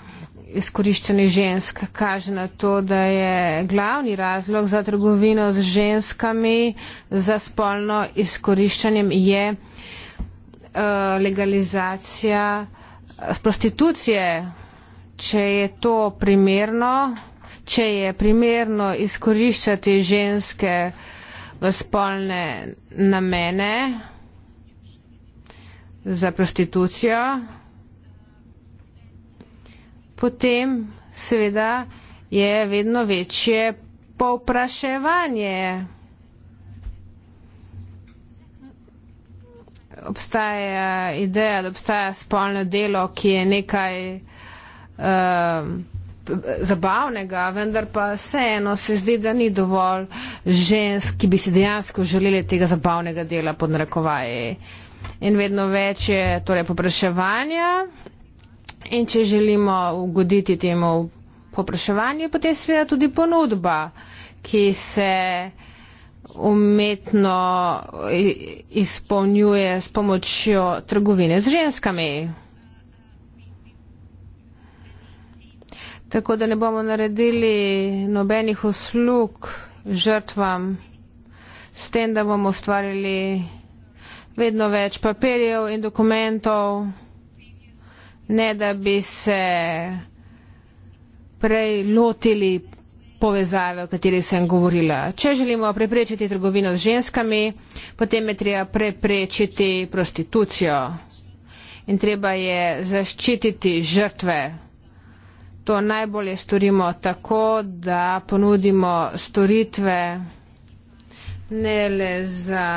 izkoriščene žensk kaže na to, da je glavni razlog za trgovino z ženskami za spolno izkoriščanje je eh, legalizacija eh, prostitucije, če je to primerno, če je primerno izkoriščati ženske v spolne namene za prostitucijo potem seveda je vedno večje povpraševanje. Obstaja ideja, da obstaja spolno delo, ki je nekaj uh, zabavnega, vendar pa vseeno se zdi, da ni dovolj žensk, ki bi si dejansko želeli tega zabavnega dela pod narekovaji. In vedno več je torej popraševanja in če želimo ugoditi temu popraševanju, potem seveda tudi ponudba, ki se umetno izpolnjuje s pomočjo trgovine z ženskami. Tako da ne bomo naredili nobenih uslug žrtvam s tem, da bomo ustvarili vedno več papirjev in dokumentov ne da bi se prej lotili povezave, o kateri sem govorila. Če želimo preprečiti trgovino z ženskami, potem je treba preprečiti prostitucijo in treba je zaščititi žrtve. To najbolje storimo tako, da ponudimo storitve ne le za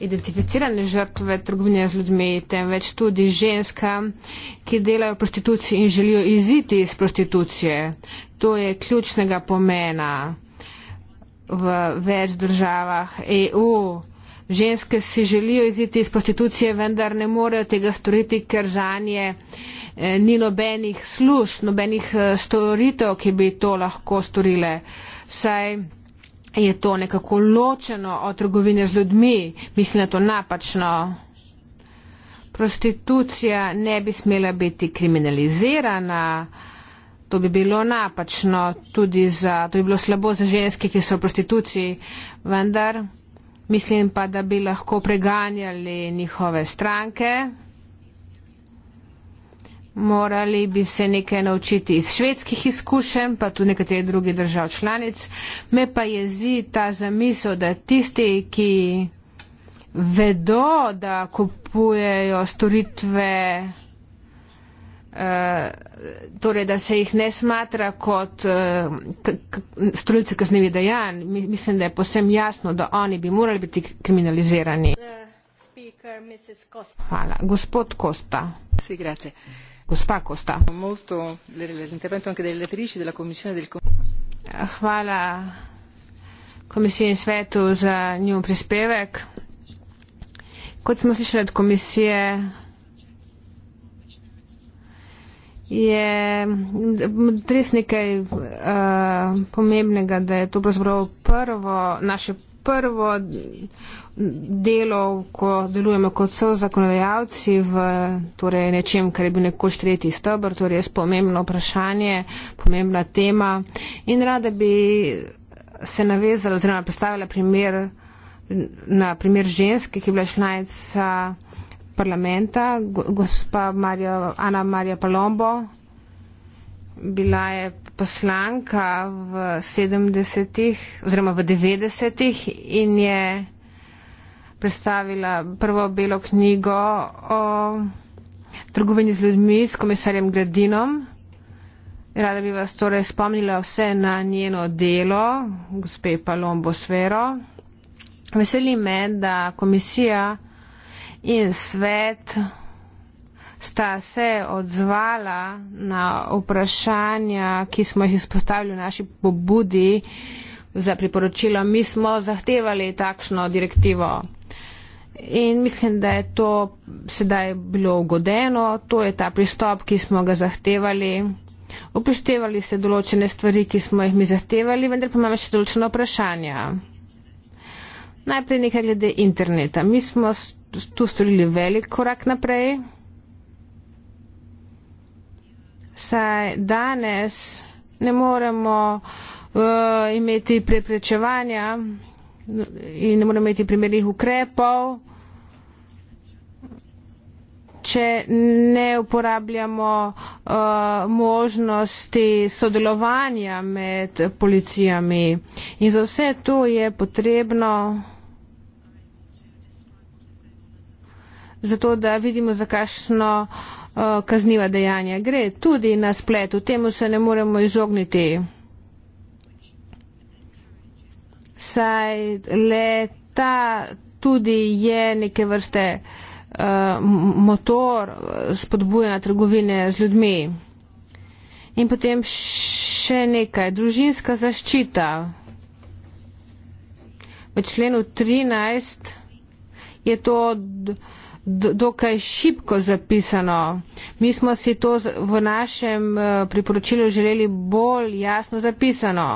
identificirane žrtve trgovine z ljudmi, temveč tudi ženska, ki delajo v prostituciji in želijo iziti iz prostitucije. To je ključnega pomena v več državah EU. Ženske si želijo iziti iz prostitucije, vendar ne morejo tega storiti, ker za nje eh, ni nobenih služ, nobenih eh, storitev, ki bi to lahko storile. Saj je to nekako ločeno od trgovine z ljudmi. Mislim, da je to napačno. Prostitucija ne bi smela biti kriminalizirana. To bi bilo napačno, tudi za, to bi bilo slabo za ženske, ki so v prostituciji, vendar mislim pa, da bi lahko preganjali njihove stranke morali bi se nekaj naučiti iz švedskih izkušenj, pa tudi nekateri drugi držav članic. Me pa jezi ta zamisel, da tisti, ki vedo, da kupujejo storitve, eh, torej, da se jih ne smatra kot eh, storilce kaznevih dejanj, mislim, da je posebno jasno, da oni bi morali biti kriminalizirani. Hvala. Gospod Kosta. Si, Hvala komisiji in svetu za njun prispevek. Kot smo slišali od komisije, je res nekaj uh, pomembnega, da je to pravzaprav prvo naše prvo delo, ko delujemo kot so zakonodajalci v torej nečem, kar je bil nekoč tretji stebr, torej je spomembno vprašanje, pomembna tema in rada bi se navezala oziroma predstavila primer na primer ženske, ki je bila članica parlamenta, gospa Marja, Ana Marija Palombo. Bila je poslanka v 70-ih oziroma v 90-ih in je predstavila prvo belo knjigo o trgovini z ljudmi s komisarjem Gradinom. Rada bi vas torej spomnila vse na njeno delo, gospe Palombo Svero. Veseli me, da komisija in svet sta se odzvala na vprašanja, ki smo jih izpostavili v naši pobudi za priporočilo. Mi smo zahtevali takšno direktivo in mislim, da je to sedaj bilo ugodeno. To je ta pristop, ki smo ga zahtevali. Upoštevali se določene stvari, ki smo jih mi zahtevali, vendar pa imamo še določeno vprašanje. Najprej nekaj glede interneta. Mi smo tu storili velik korak naprej saj danes ne moremo uh, imeti preprečevanja in ne moremo imeti primernih ukrepov, če ne uporabljamo uh, možnosti sodelovanja med policijami. In za vse to je potrebno. Zato, da vidimo, za kakšno uh, kazniva dejanja. Gre tudi na spletu, temu se ne moremo izogniti. Saj le ta tudi je neke vrste uh, motor spodbujanja trgovine z ljudmi. In potem še nekaj, družinska zaščita. V členu 13 je to. D, uh, dokaj šipko zapisano. Mi smo si to v našem eh, priporočilu želeli bolj jasno zapisano.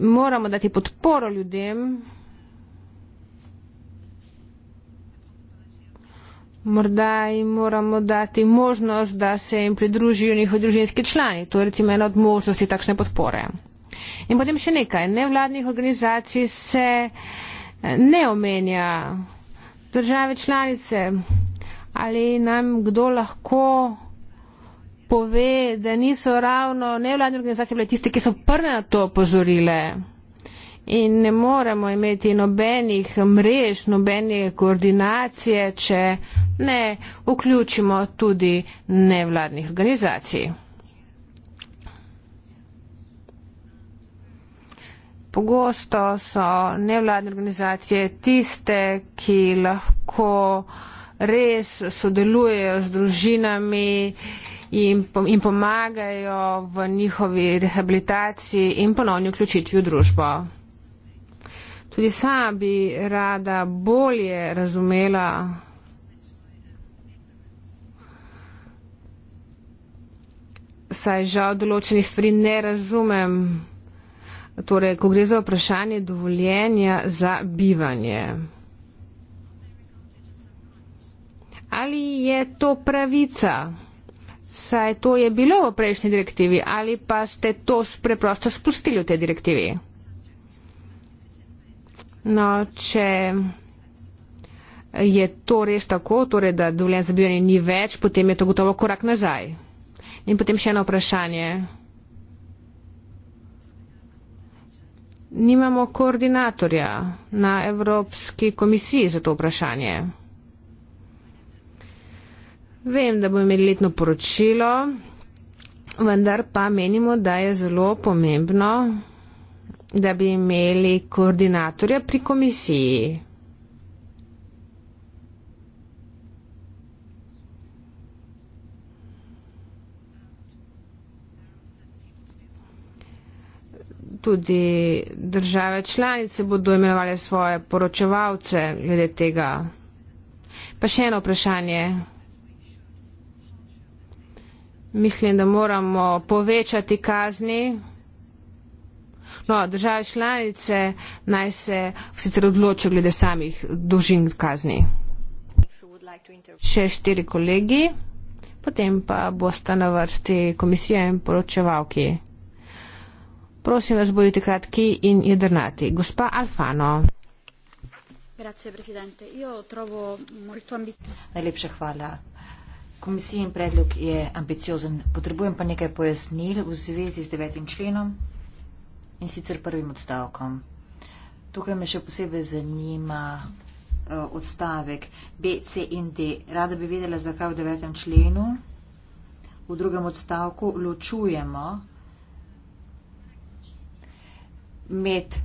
Moramo dati podporo ljudem. Morda jim moramo dati možnost, da se jim pridružijo njihovi družinski člani. To je recimo ena od možnosti takšne podpore. In potem še nekaj. Nevladnih organizacij se eh, ne omenja države članice, ali nam kdo lahko pove, da niso ravno nevladne organizacije bile tiste, ki so prve na to opozorile. In ne moremo imeti nobenih mrež, nobene koordinacije, če ne vključimo tudi nevladnih organizacij. Pogosto so nevladne organizacije tiste, ki lahko res sodelujejo z družinami in pomagajo v njihovi rehabilitaciji in ponovni vključitvi v družbo. Tudi sama bi rada bolje razumela saj žal določenih stvari ne razumem torej, ko gre za vprašanje dovoljenja za bivanje. Ali je to pravica? Saj to je bilo v prejšnji direktivi ali pa ste to preprosto spustili v tej direktivi? No, če je to res tako, torej, da dovoljen za bivanje ni več, potem je to gotovo korak nazaj. In potem še eno vprašanje. nimamo koordinatorja na Evropski komisiji za to vprašanje. Vem, da bo imeli letno poročilo, vendar pa menimo, da je zelo pomembno, da bi imeli koordinatorja pri komisiji. tudi države članice bodo imenovali svoje poročevalce glede tega. Pa še eno vprašanje. Mislim, da moramo povečati kazni. No, države članice naj se sicer odločijo glede samih dolžin kazni. Še štiri kolegi, potem pa boste na vrsti komisije in poročevalki. Prosim vas, bodite kratki in jedrnati. Gospa Alfano. Najlepša hvala. Komisijin predlog je ambiciozen. Potrebujem pa nekaj pojasnil v zvezi z devetim členom in sicer prvim odstavkom. Tukaj me še posebej zanima eh, odstavek B, C in D. Rada bi vedela, zakaj v devetem členu v drugem odstavku ločujemo med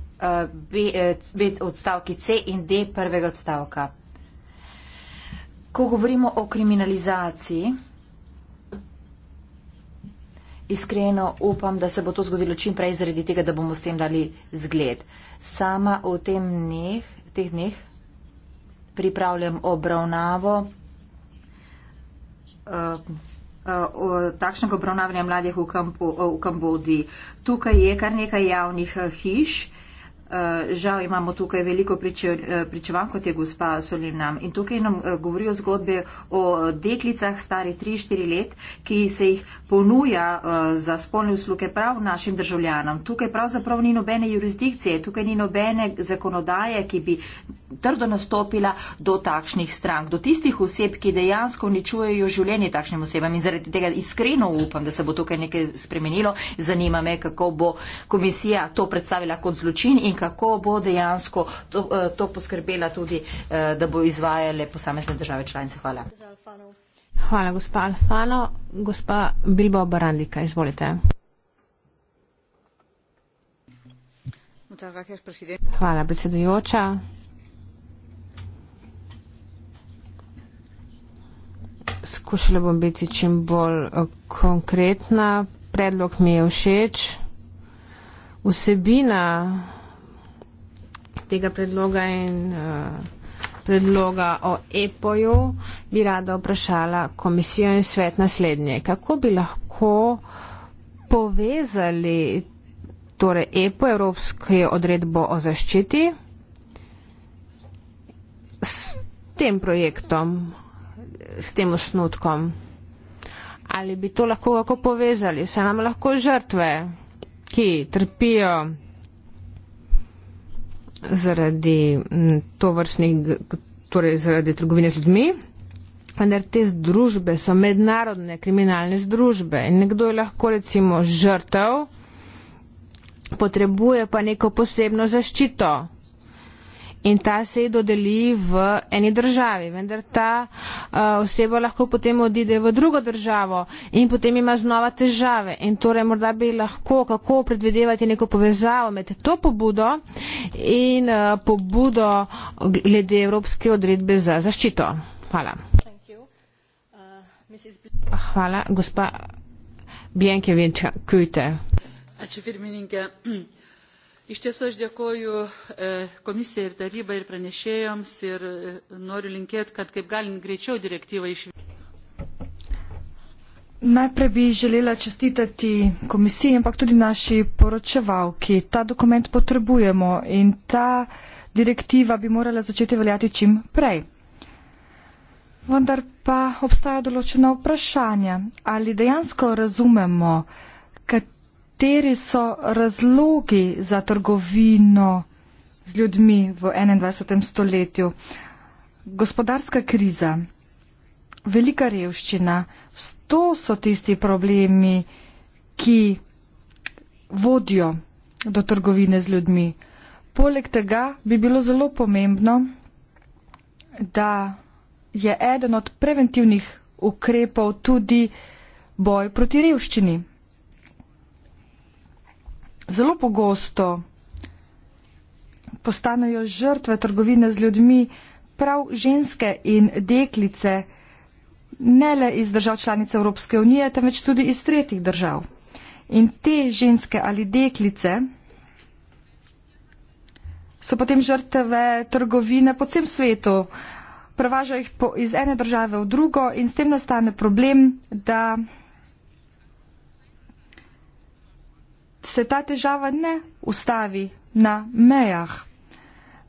uh, odstavki C in D prvega odstavka. Ko govorimo o kriminalizaciji, iskreno upam, da se bo to zgodilo čim prej zaradi tega, da bomo s tem dali zgled. Sama v tem dneh, teh dneh pripravljam obravnavo. Uh, Eh, takšnega obravnavanja mladih v, Kampu, v Kambodži. Tukaj je kar nekaj javnih eh, hiš. Eh, žal imamo tukaj veliko eh, pričevanj, kot je gospa Solimnam. In tukaj nam eh, govorijo zgodbe o deklicah stari 3-4 let, ki se jih ponuja za spolne usluge prav našim državljanom. Tukaj pravzaprav ni nobene jurisdikcije, tukaj ni nobene zakonodaje, ki bi trdo nastopila do takšnih strank, do tistih oseb, ki dejansko uničujejo življenje takšnim osebam. In zaradi tega iskreno upam, da se bo tukaj nekaj spremenilo. Zanima me, kako bo komisija to predstavila kot zločin in kako bo dejansko to, eh, to poskrbela tudi, eh, da bo izvajale posamezne države članice. Hvala. Hvala, gospa Alfano. Gospa Bilbo Barandika, izvolite. Hvala, predsedujoča. Skušala bom biti čim bolj eh, konkretna. Predlog mi je všeč. Vsebina tega predloga in eh, predloga o EPO-ju, bi rada vprašala komisijo in svet naslednje. Kako bi lahko povezali torej EPO, Evropske odredbo o zaščiti, s tem projektom, s tem osnutkom? Ali bi to lahko kako povezali? Se nam lahko žrtve, ki trpijo zaradi to vrstnih, torej zaradi trgovine z ljudmi, vendar te združbe so mednarodne kriminalne združbe in nekdo je lahko recimo žrtev, potrebuje pa neko posebno zaščito in ta se ji dodeli v eni državi, vendar ta uh, oseba lahko potem odide v drugo državo in potem ima znova težave. In torej morda bi lahko kako predvidevati neko povezavo med to pobudo in uh, pobudo glede Evropske odredbe za zaščito. Hvala. Uh, Hvala, gospa Bjenke Vinčka. Kujte. Iš tiesų aš dėkoju e, komisijai ir tarybai ir pranešėjams ir e, noriu linkėti, kad kaip galim greičiau direktyvą išvykti. Najprej bi želela čestitati komisiji, ampak tudi naši poročevalki. Ta dokument potrebujemo in ta direktiva bi morala začeti veljati čim prej. Vendar pa obstaja določena vprašanja, ali dejansko razumemo, kaj kateri so razlogi za trgovino z ljudmi v 21. stoletju. Gospodarska kriza, velika revščina, to so tisti problemi, ki vodijo do trgovine z ljudmi. Poleg tega bi bilo zelo pomembno, da je eden od preventivnih ukrepov tudi boj proti revščini zelo pogosto postanejo žrtve trgovine z ljudmi prav ženske in deklice, ne le iz držav članice Evropske unije, temveč tudi iz tretjih držav. In te ženske ali deklice so potem žrtve trgovine po celem svetu. Prevažajo jih po, iz ene države v drugo in s tem nastane problem, da se ta težava ne ustavi na mejah.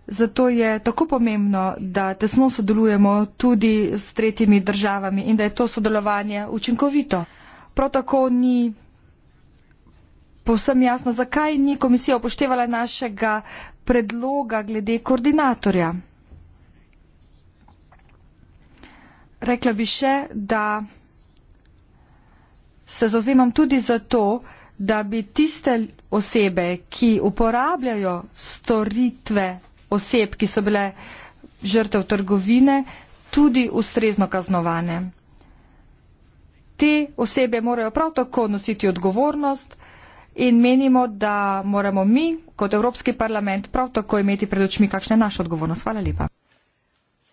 Zato je tako pomembno, da tesno sodelujemo tudi s tretjimi državami in da je to sodelovanje učinkovito. Prav tako ni povsem jasno, zakaj ni komisija upoštevala našega predloga glede koordinatorja. Rekla bi še, da se zauzemam tudi za to, da bi tiste osebe, ki uporabljajo storitve oseb, ki so bile žrtev trgovine, tudi ustrezno kaznovane. Te osebe morajo prav tako nositi odgovornost in menimo, da moramo mi kot Evropski parlament prav tako imeti pred očmi, kakšna je naša odgovornost. Hvala lepa.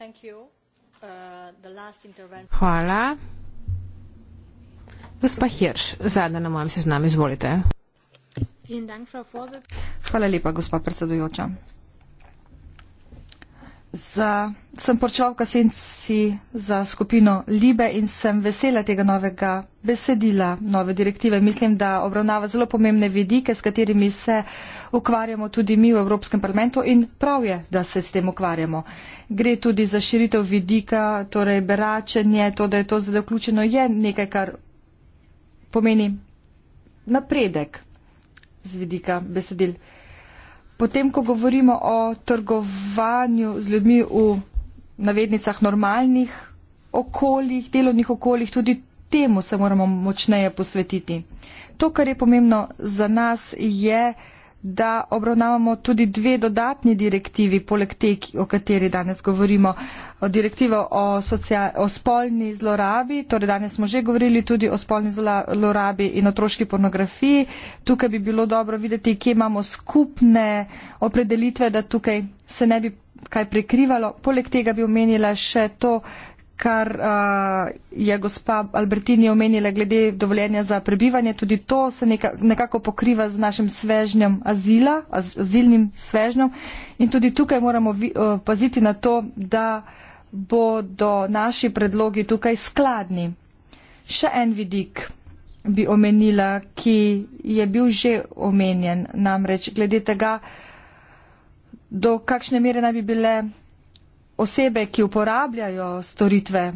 Uh, Hvala. Gospa Hirš, zadnja na mojem seznamu, izvolite. Hvala lepa, gospa predsedujoča. Za, sem počevka senci za skupino Libe in sem vesela tega novega besedila, nove direktive. Mislim, da obravnava zelo pomembne vidike, s katerimi se ukvarjamo tudi mi v Evropskem parlamentu in prav je, da se s tem ukvarjamo. Gre tudi za širitev vidika, torej beračenje, to, da je to zdaj vključeno, je nekaj, kar pomeni napredek z vidika besedil. Potem, ko govorimo o trgovanju z ljudmi v navednicah normalnih okoljih, delovnih okoljih, tudi temu se moramo močneje posvetiti. To, kar je pomembno za nas, je, da da obravnavamo tudi dve dodatni direktivi, poleg te, o kateri danes govorimo, direktivo o, social, o spolni zlorabi, torej danes smo že govorili tudi o spolni zlorabi in otroški pornografiji. Tukaj bi bilo dobro videti, kje imamo skupne opredelitve, da tukaj se ne bi kaj prekrivalo. Poleg tega bi omenila še to, kar uh, je gospa Albertini omenila glede dovoljenja za prebivanje, tudi to se neka, nekako pokriva z našim svežnjem azila, az, azilnim svežnjem. In tudi tukaj moramo vi, uh, paziti na to, da bodo naši predlogi tukaj skladni. Še en vidik bi omenila, ki je bil že omenjen, namreč glede tega, do kakšne mere naj bi bile osebe, ki uporabljajo storitve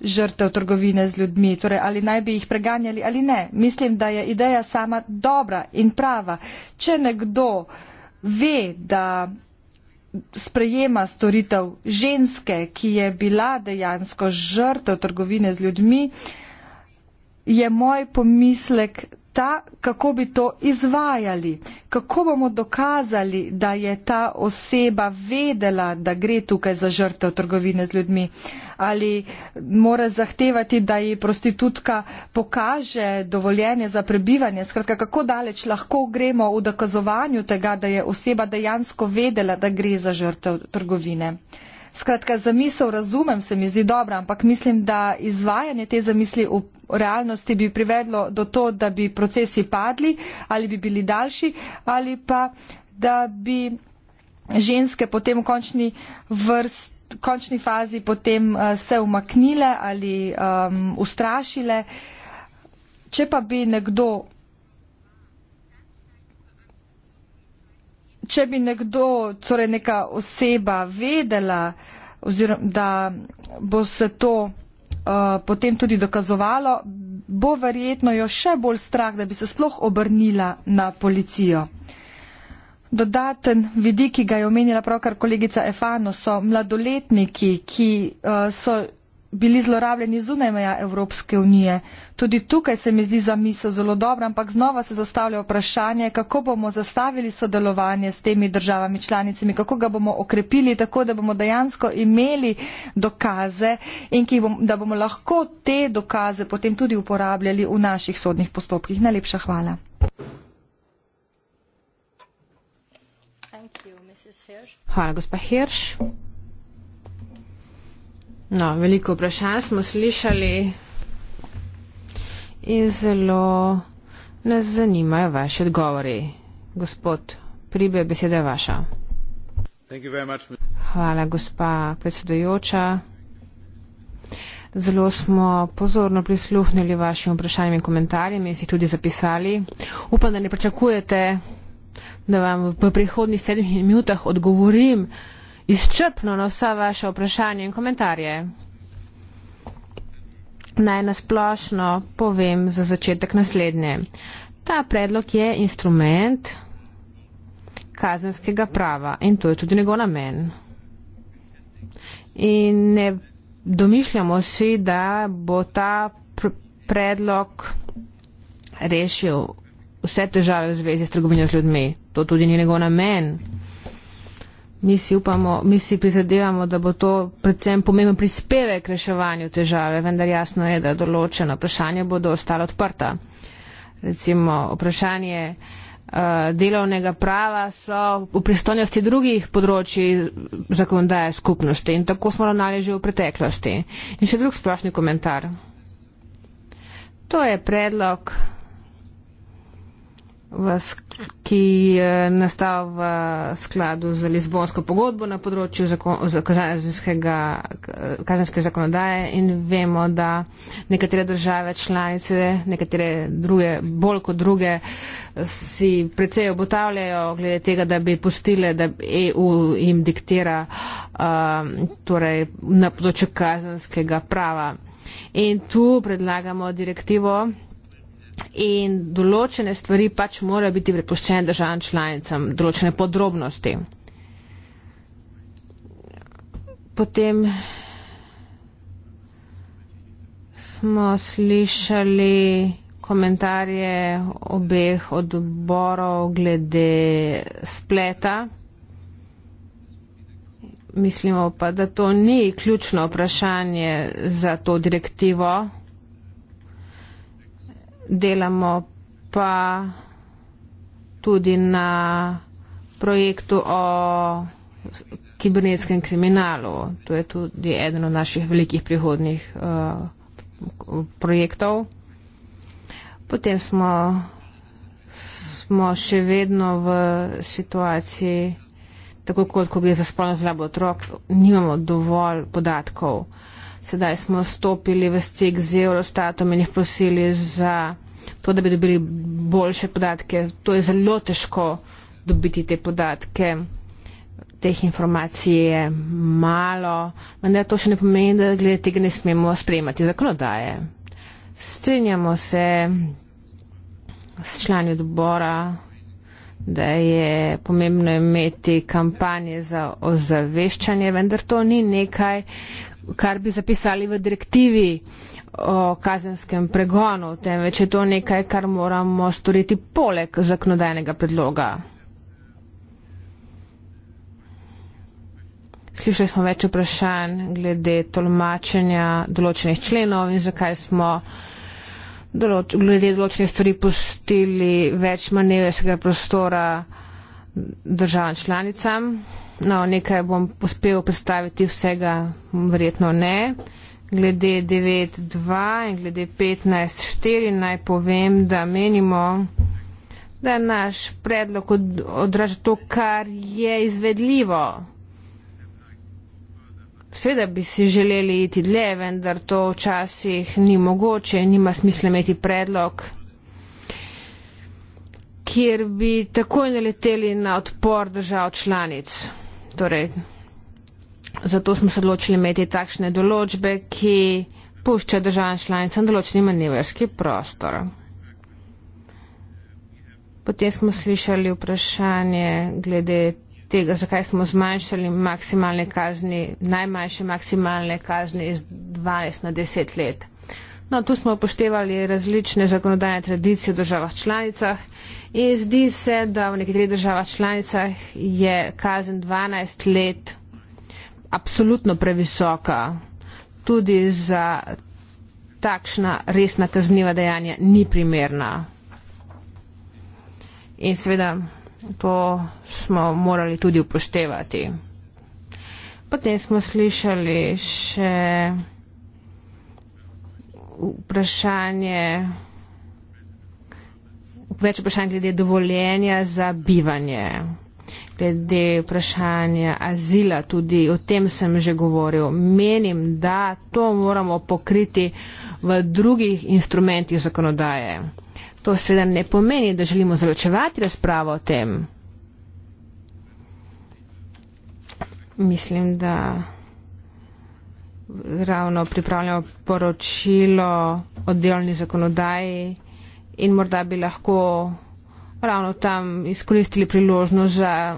žrtev trgovine z ljudmi, torej ali naj bi jih preganjali ali ne. Mislim, da je ideja sama dobra in prava. Če nekdo ve, da sprejema storitev ženske, ki je bila dejansko žrtev trgovine z ljudmi, je moj pomislek, ta, kako bi to izvajali, kako bomo dokazali, da je ta oseba vedela, da gre tukaj za žrtev trgovine z ljudmi. Ali mora zahtevati, da ji prostitutka pokaže dovoljenje za prebivanje. Skratka, kako daleč lahko gremo v dokazovanju tega, da je oseba dejansko vedela, da gre za žrtev trgovine. Skratka, zamisel razumem, se mi zdi dobra, ampak mislim, da izvajanje te zamisli v realnosti bi privedlo do to, da bi procesi padli ali bi bili daljši ali pa da bi ženske potem v končni vrst v končni fazi potem eh, se umaknile ali um, ustrašile. Če pa bi nekdo če bi nekdo, torej neka oseba vedela, oziroma da bo se to uh, potem tudi dokazovalo, bo verjetno jo še bolj strah, da bi se sploh obrnila na policijo. Dodaten vidik, ki ga je omenila pravkar kolegica Efano, so mladoletniki, ki uh, so bili zlorabljeni zunaj meja Evropske unije. Tudi tukaj se mi zdi zamisel zelo dobra, ampak znova se zastavlja vprašanje, kako bomo zastavili sodelovanje s temi državami članicami, kako ga bomo okrepili tako, da bomo dejansko imeli dokaze in bom, da bomo lahko te dokaze potem tudi uporabljali v naših sodnih postopkih. Najlepša hvala. Hvala, gospa Hirš. No, veliko vprašanj smo slišali in zelo nas zanimajo vaši odgovori. Gospod Pribe, beseda je vaša. Hvala, gospa predsedujoča. Zelo smo pozorno prisluhnili vašim vprašanjem in komentarjem in si tudi zapisali. Upam, da ne pričakujete, da vam v prihodnjih sedmih minutah odgovorim izčrpno na vsa vaše vprašanje in komentarje. Naj nasplošno povem za začetek naslednje. Ta predlog je instrument kazenskega prava in to je tudi njegov namen. In ne domišljamo si, da bo ta pr predlog rešil vse težave v zvezi s trgovino z ljudmi. To tudi ni njegov namen. Mi si upamo, mi si prizadevamo, da bo to predvsem pomemben prispevek k reševanju težave, vendar jasno je, da določena vprašanja bodo ostala odprta. Recimo vprašanje eh, delovnega prava so v pristojnosti drugih področji zakonodaje skupnosti in tako smo ravnali že v preteklosti. In še drug splošni komentar. To je predlog ki je eh, nastal v skladu z Lizbonsko pogodbo na področju eh, kazenske zakonodaje in vemo, da nekatere države članice, nekatere druge, bolj kot druge, si precej obotavljajo glede tega, da bi postile, da EU jim diktira eh, torej, na področju kazenskega prava. In tu predlagamo direktivo in določene stvari pač morajo biti prepuščene državam članicam, določene podrobnosti. Potem smo slišali komentarje obeh odborov glede spleta. Mislimo pa, da to ni ključno vprašanje za to direktivo delamo pa tudi na projektu o kibernetskem kriminalu. To je tudi eden od naših velikih prihodnih uh, projektov. Potem smo, smo še vedno v situaciji, tako kot ko gre za spolno zlabo otrok, nimamo dovolj podatkov uh, sedaj smo stopili v stik z Eurostatom in jih prosili za to, da bi dobili boljše podatke. To je zelo težko dobiti te podatke. Teh informacij je malo, vendar to še ne pomeni, da glede tega ne smemo sprejemati zakonodaje. Strenjamo se s člani odbora, da je pomembno imeti kampanje za ozaveščanje, vendar to ni nekaj, kar bi zapisali v direktivi o kazenskem pregonu, temveč je to nekaj, kar moramo storiti poleg zakonodajnega predloga. Slišali smo več vprašanj glede tolmačenja določenih členov in zakaj smo določ, glede določenih stvari pustili več manevrskega prostora državam članicam no, nekaj bom uspel predstaviti vsega, verjetno ne. Glede 9.2 in glede 15.4 naj povem, da menimo, da naš predlog odraža to, kar je izvedljivo. Sveda bi si želeli iti dlje, vendar to včasih ni mogoče, nima smisla imeti predlog, kjer bi takoj naleteli na odpor držav članic. Torej, zato smo se odločili imeti takšne določbe, ki puščajo državam članicam določeni manevrski prostor. Potem smo slišali vprašanje glede tega, zakaj smo zmanjšali maksimalne kazni, najmanjše maksimalne kazni iz 12 na 10 let. No, tu smo upoštevali različne zakonodajne tradicije v državah članicah in zdi se, da v nekaterih državah članicah je kazen 12 let absolutno previsoka tudi za takšna resna kazniva dejanja ni primerna. In seveda to smo morali tudi upoštevati. Potem smo slišali še vprašanje, več vprašanj glede dovoljenja za bivanje, glede vprašanja azila, tudi o tem sem že govoril. Menim, da to moramo pokriti v drugih instrumentih zakonodaje. To seveda ne pomeni, da želimo zaločevati razpravo o tem. Mislim, da ravno pripravljamo poročilo o delovni zakonodaji in morda bi lahko ravno tam izkoristili priložnost za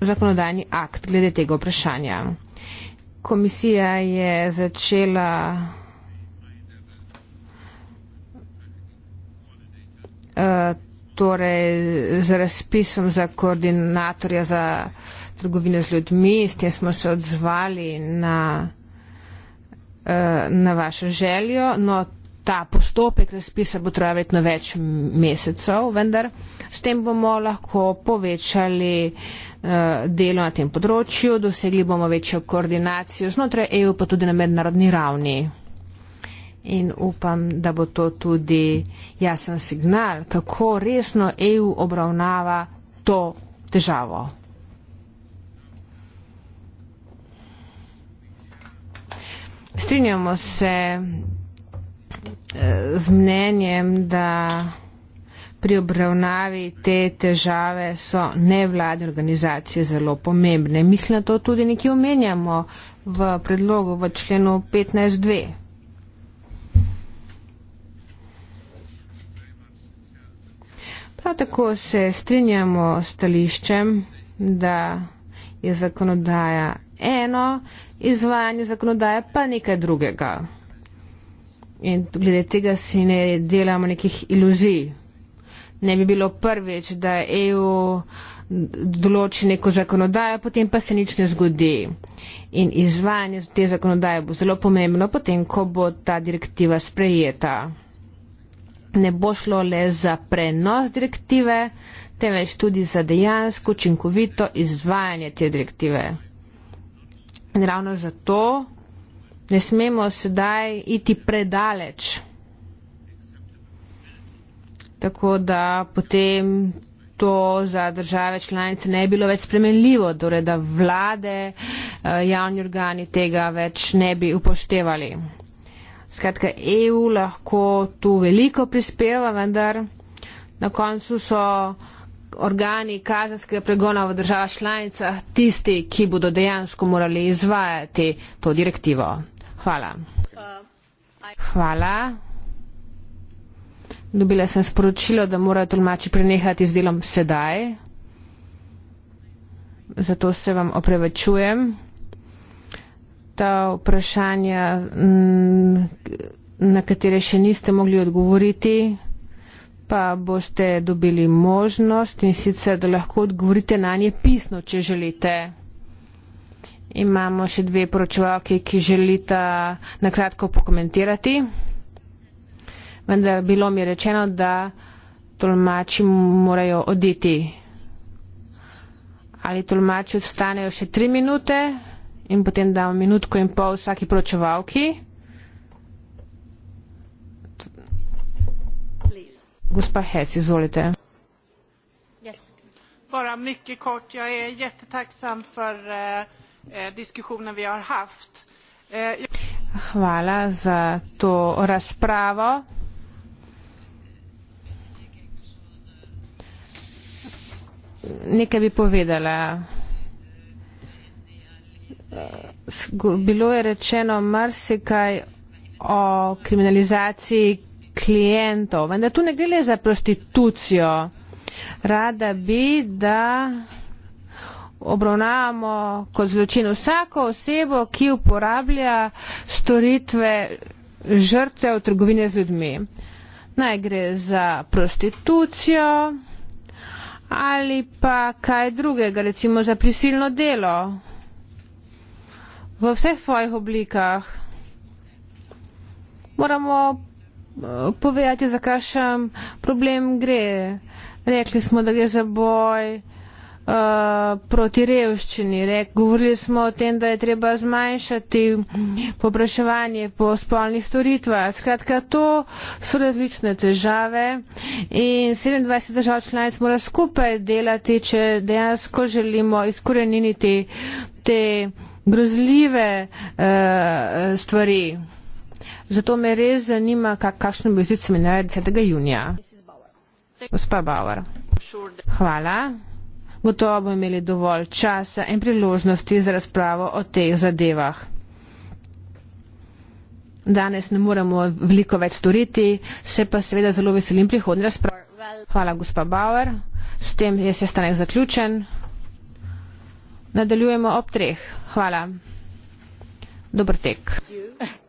zakonodajni akt glede tega vprašanja. Komisija je začela uh, torej z razpisom za koordinatorja za trgovino z ljudmi, s tem smo se odzvali na Eh, na vašo željo. No, ta postopek razpisa bo trajal verjetno več mesecev, vendar s tem bomo lahko povečali eh, delo na tem področju, dosegli bomo večjo koordinacijo znotraj EU, pa tudi na mednarodni ravni. In upam, da bo to tudi jasen signal, kako resno EU obravnava to težavo. Strinjamo se eh, z mnenjem, da pri obravnavi te težave so nevladne organizacije zelo pomembne. Mislim, da to tudi nekje omenjamo v predlogu v členu 15.2. Prav tako se strinjamo s stališčem, da je zakonodaja eno, izvajanje zakonodaje pa nekaj drugega. In glede tega si ne delamo nekih iluzij. Ne bi bilo prvič, da EU določi neko zakonodajo, potem pa se nič ne zgodi. In izvajanje te zakonodaje bo zelo pomembno, potem ko bo ta direktiva sprejeta. Ne bo šlo le za prenos direktive, temveč tudi za dejansko učinkovito izvajanje te direktive. In ravno zato ne smemo sedaj iti predaleč. Tako da potem to za države članice ne je bilo več spremenljivo, torej da vlade, eh, javni organi tega več ne bi upoštevali. Skratka, EU lahko tu veliko prispeva, vendar na koncu so organi kazenskega pregona v država članica tisti, ki bodo dejansko morali izvajati to direktivo. Hvala. Hvala. Dobila sem sporočilo, da morajo tolmači prenehati z delom sedaj. Zato se vam oprevečujem. Ta vprašanja, mm, na katere še niste mogli odgovoriti, pa boste dobili možnost in sicer, da lahko odgovorite na nje pisno, če želite. Imamo še dve poročevalke, ki želita nakratko pokomentirati. Vendar bilo mi rečeno, da tolmači morajo oditi. Ali tolmači ostanejo še tri minute in potem dam minutko in pol vsaki poročevalki? Gospa Hess, izvolite. Yes. Bara mycket kort. Jag är jättetacksam för eh, eh, diskussionen vi har haft. Eh, jag... Hvala za to razpravo. Nekaj bi povedala. Bilo je rečeno marsikaj o kriminalizaciji klientov, vendar tu ne gre le za prostitucijo. Rada bi, da obravnavamo kot zločin vsako osebo, ki uporablja storitve žrtve v trgovine z ljudmi. Naj gre za prostitucijo ali pa kaj drugega, recimo za prisilno delo v vseh svojih oblikah. Moramo povejati, za kakšen problem gre. Rekli smo, da gre za boj uh, proti revščini. Rek, govorili smo o tem, da je treba zmanjšati popraševanje po spolnih storitvah. Skratka, to so različne težave in 27 držav članic mora skupaj delati, če dejansko želimo izkoreniniti te grozljive uh, stvari. Zato me res zanima, kakšno bi vzit seminarja 10. junija. Gospa Bauer. Hvala. Gotovo bomo imeli dovolj časa in priložnosti za razpravo o teh zadevah. Danes ne moremo veliko več storiti, se pa seveda zelo veselim prihodnje razprave. Hvala, gospa Bauer. S tem je sestanek zaključen. Nadaljujemo ob treh. Hvala. Dobr tek. You.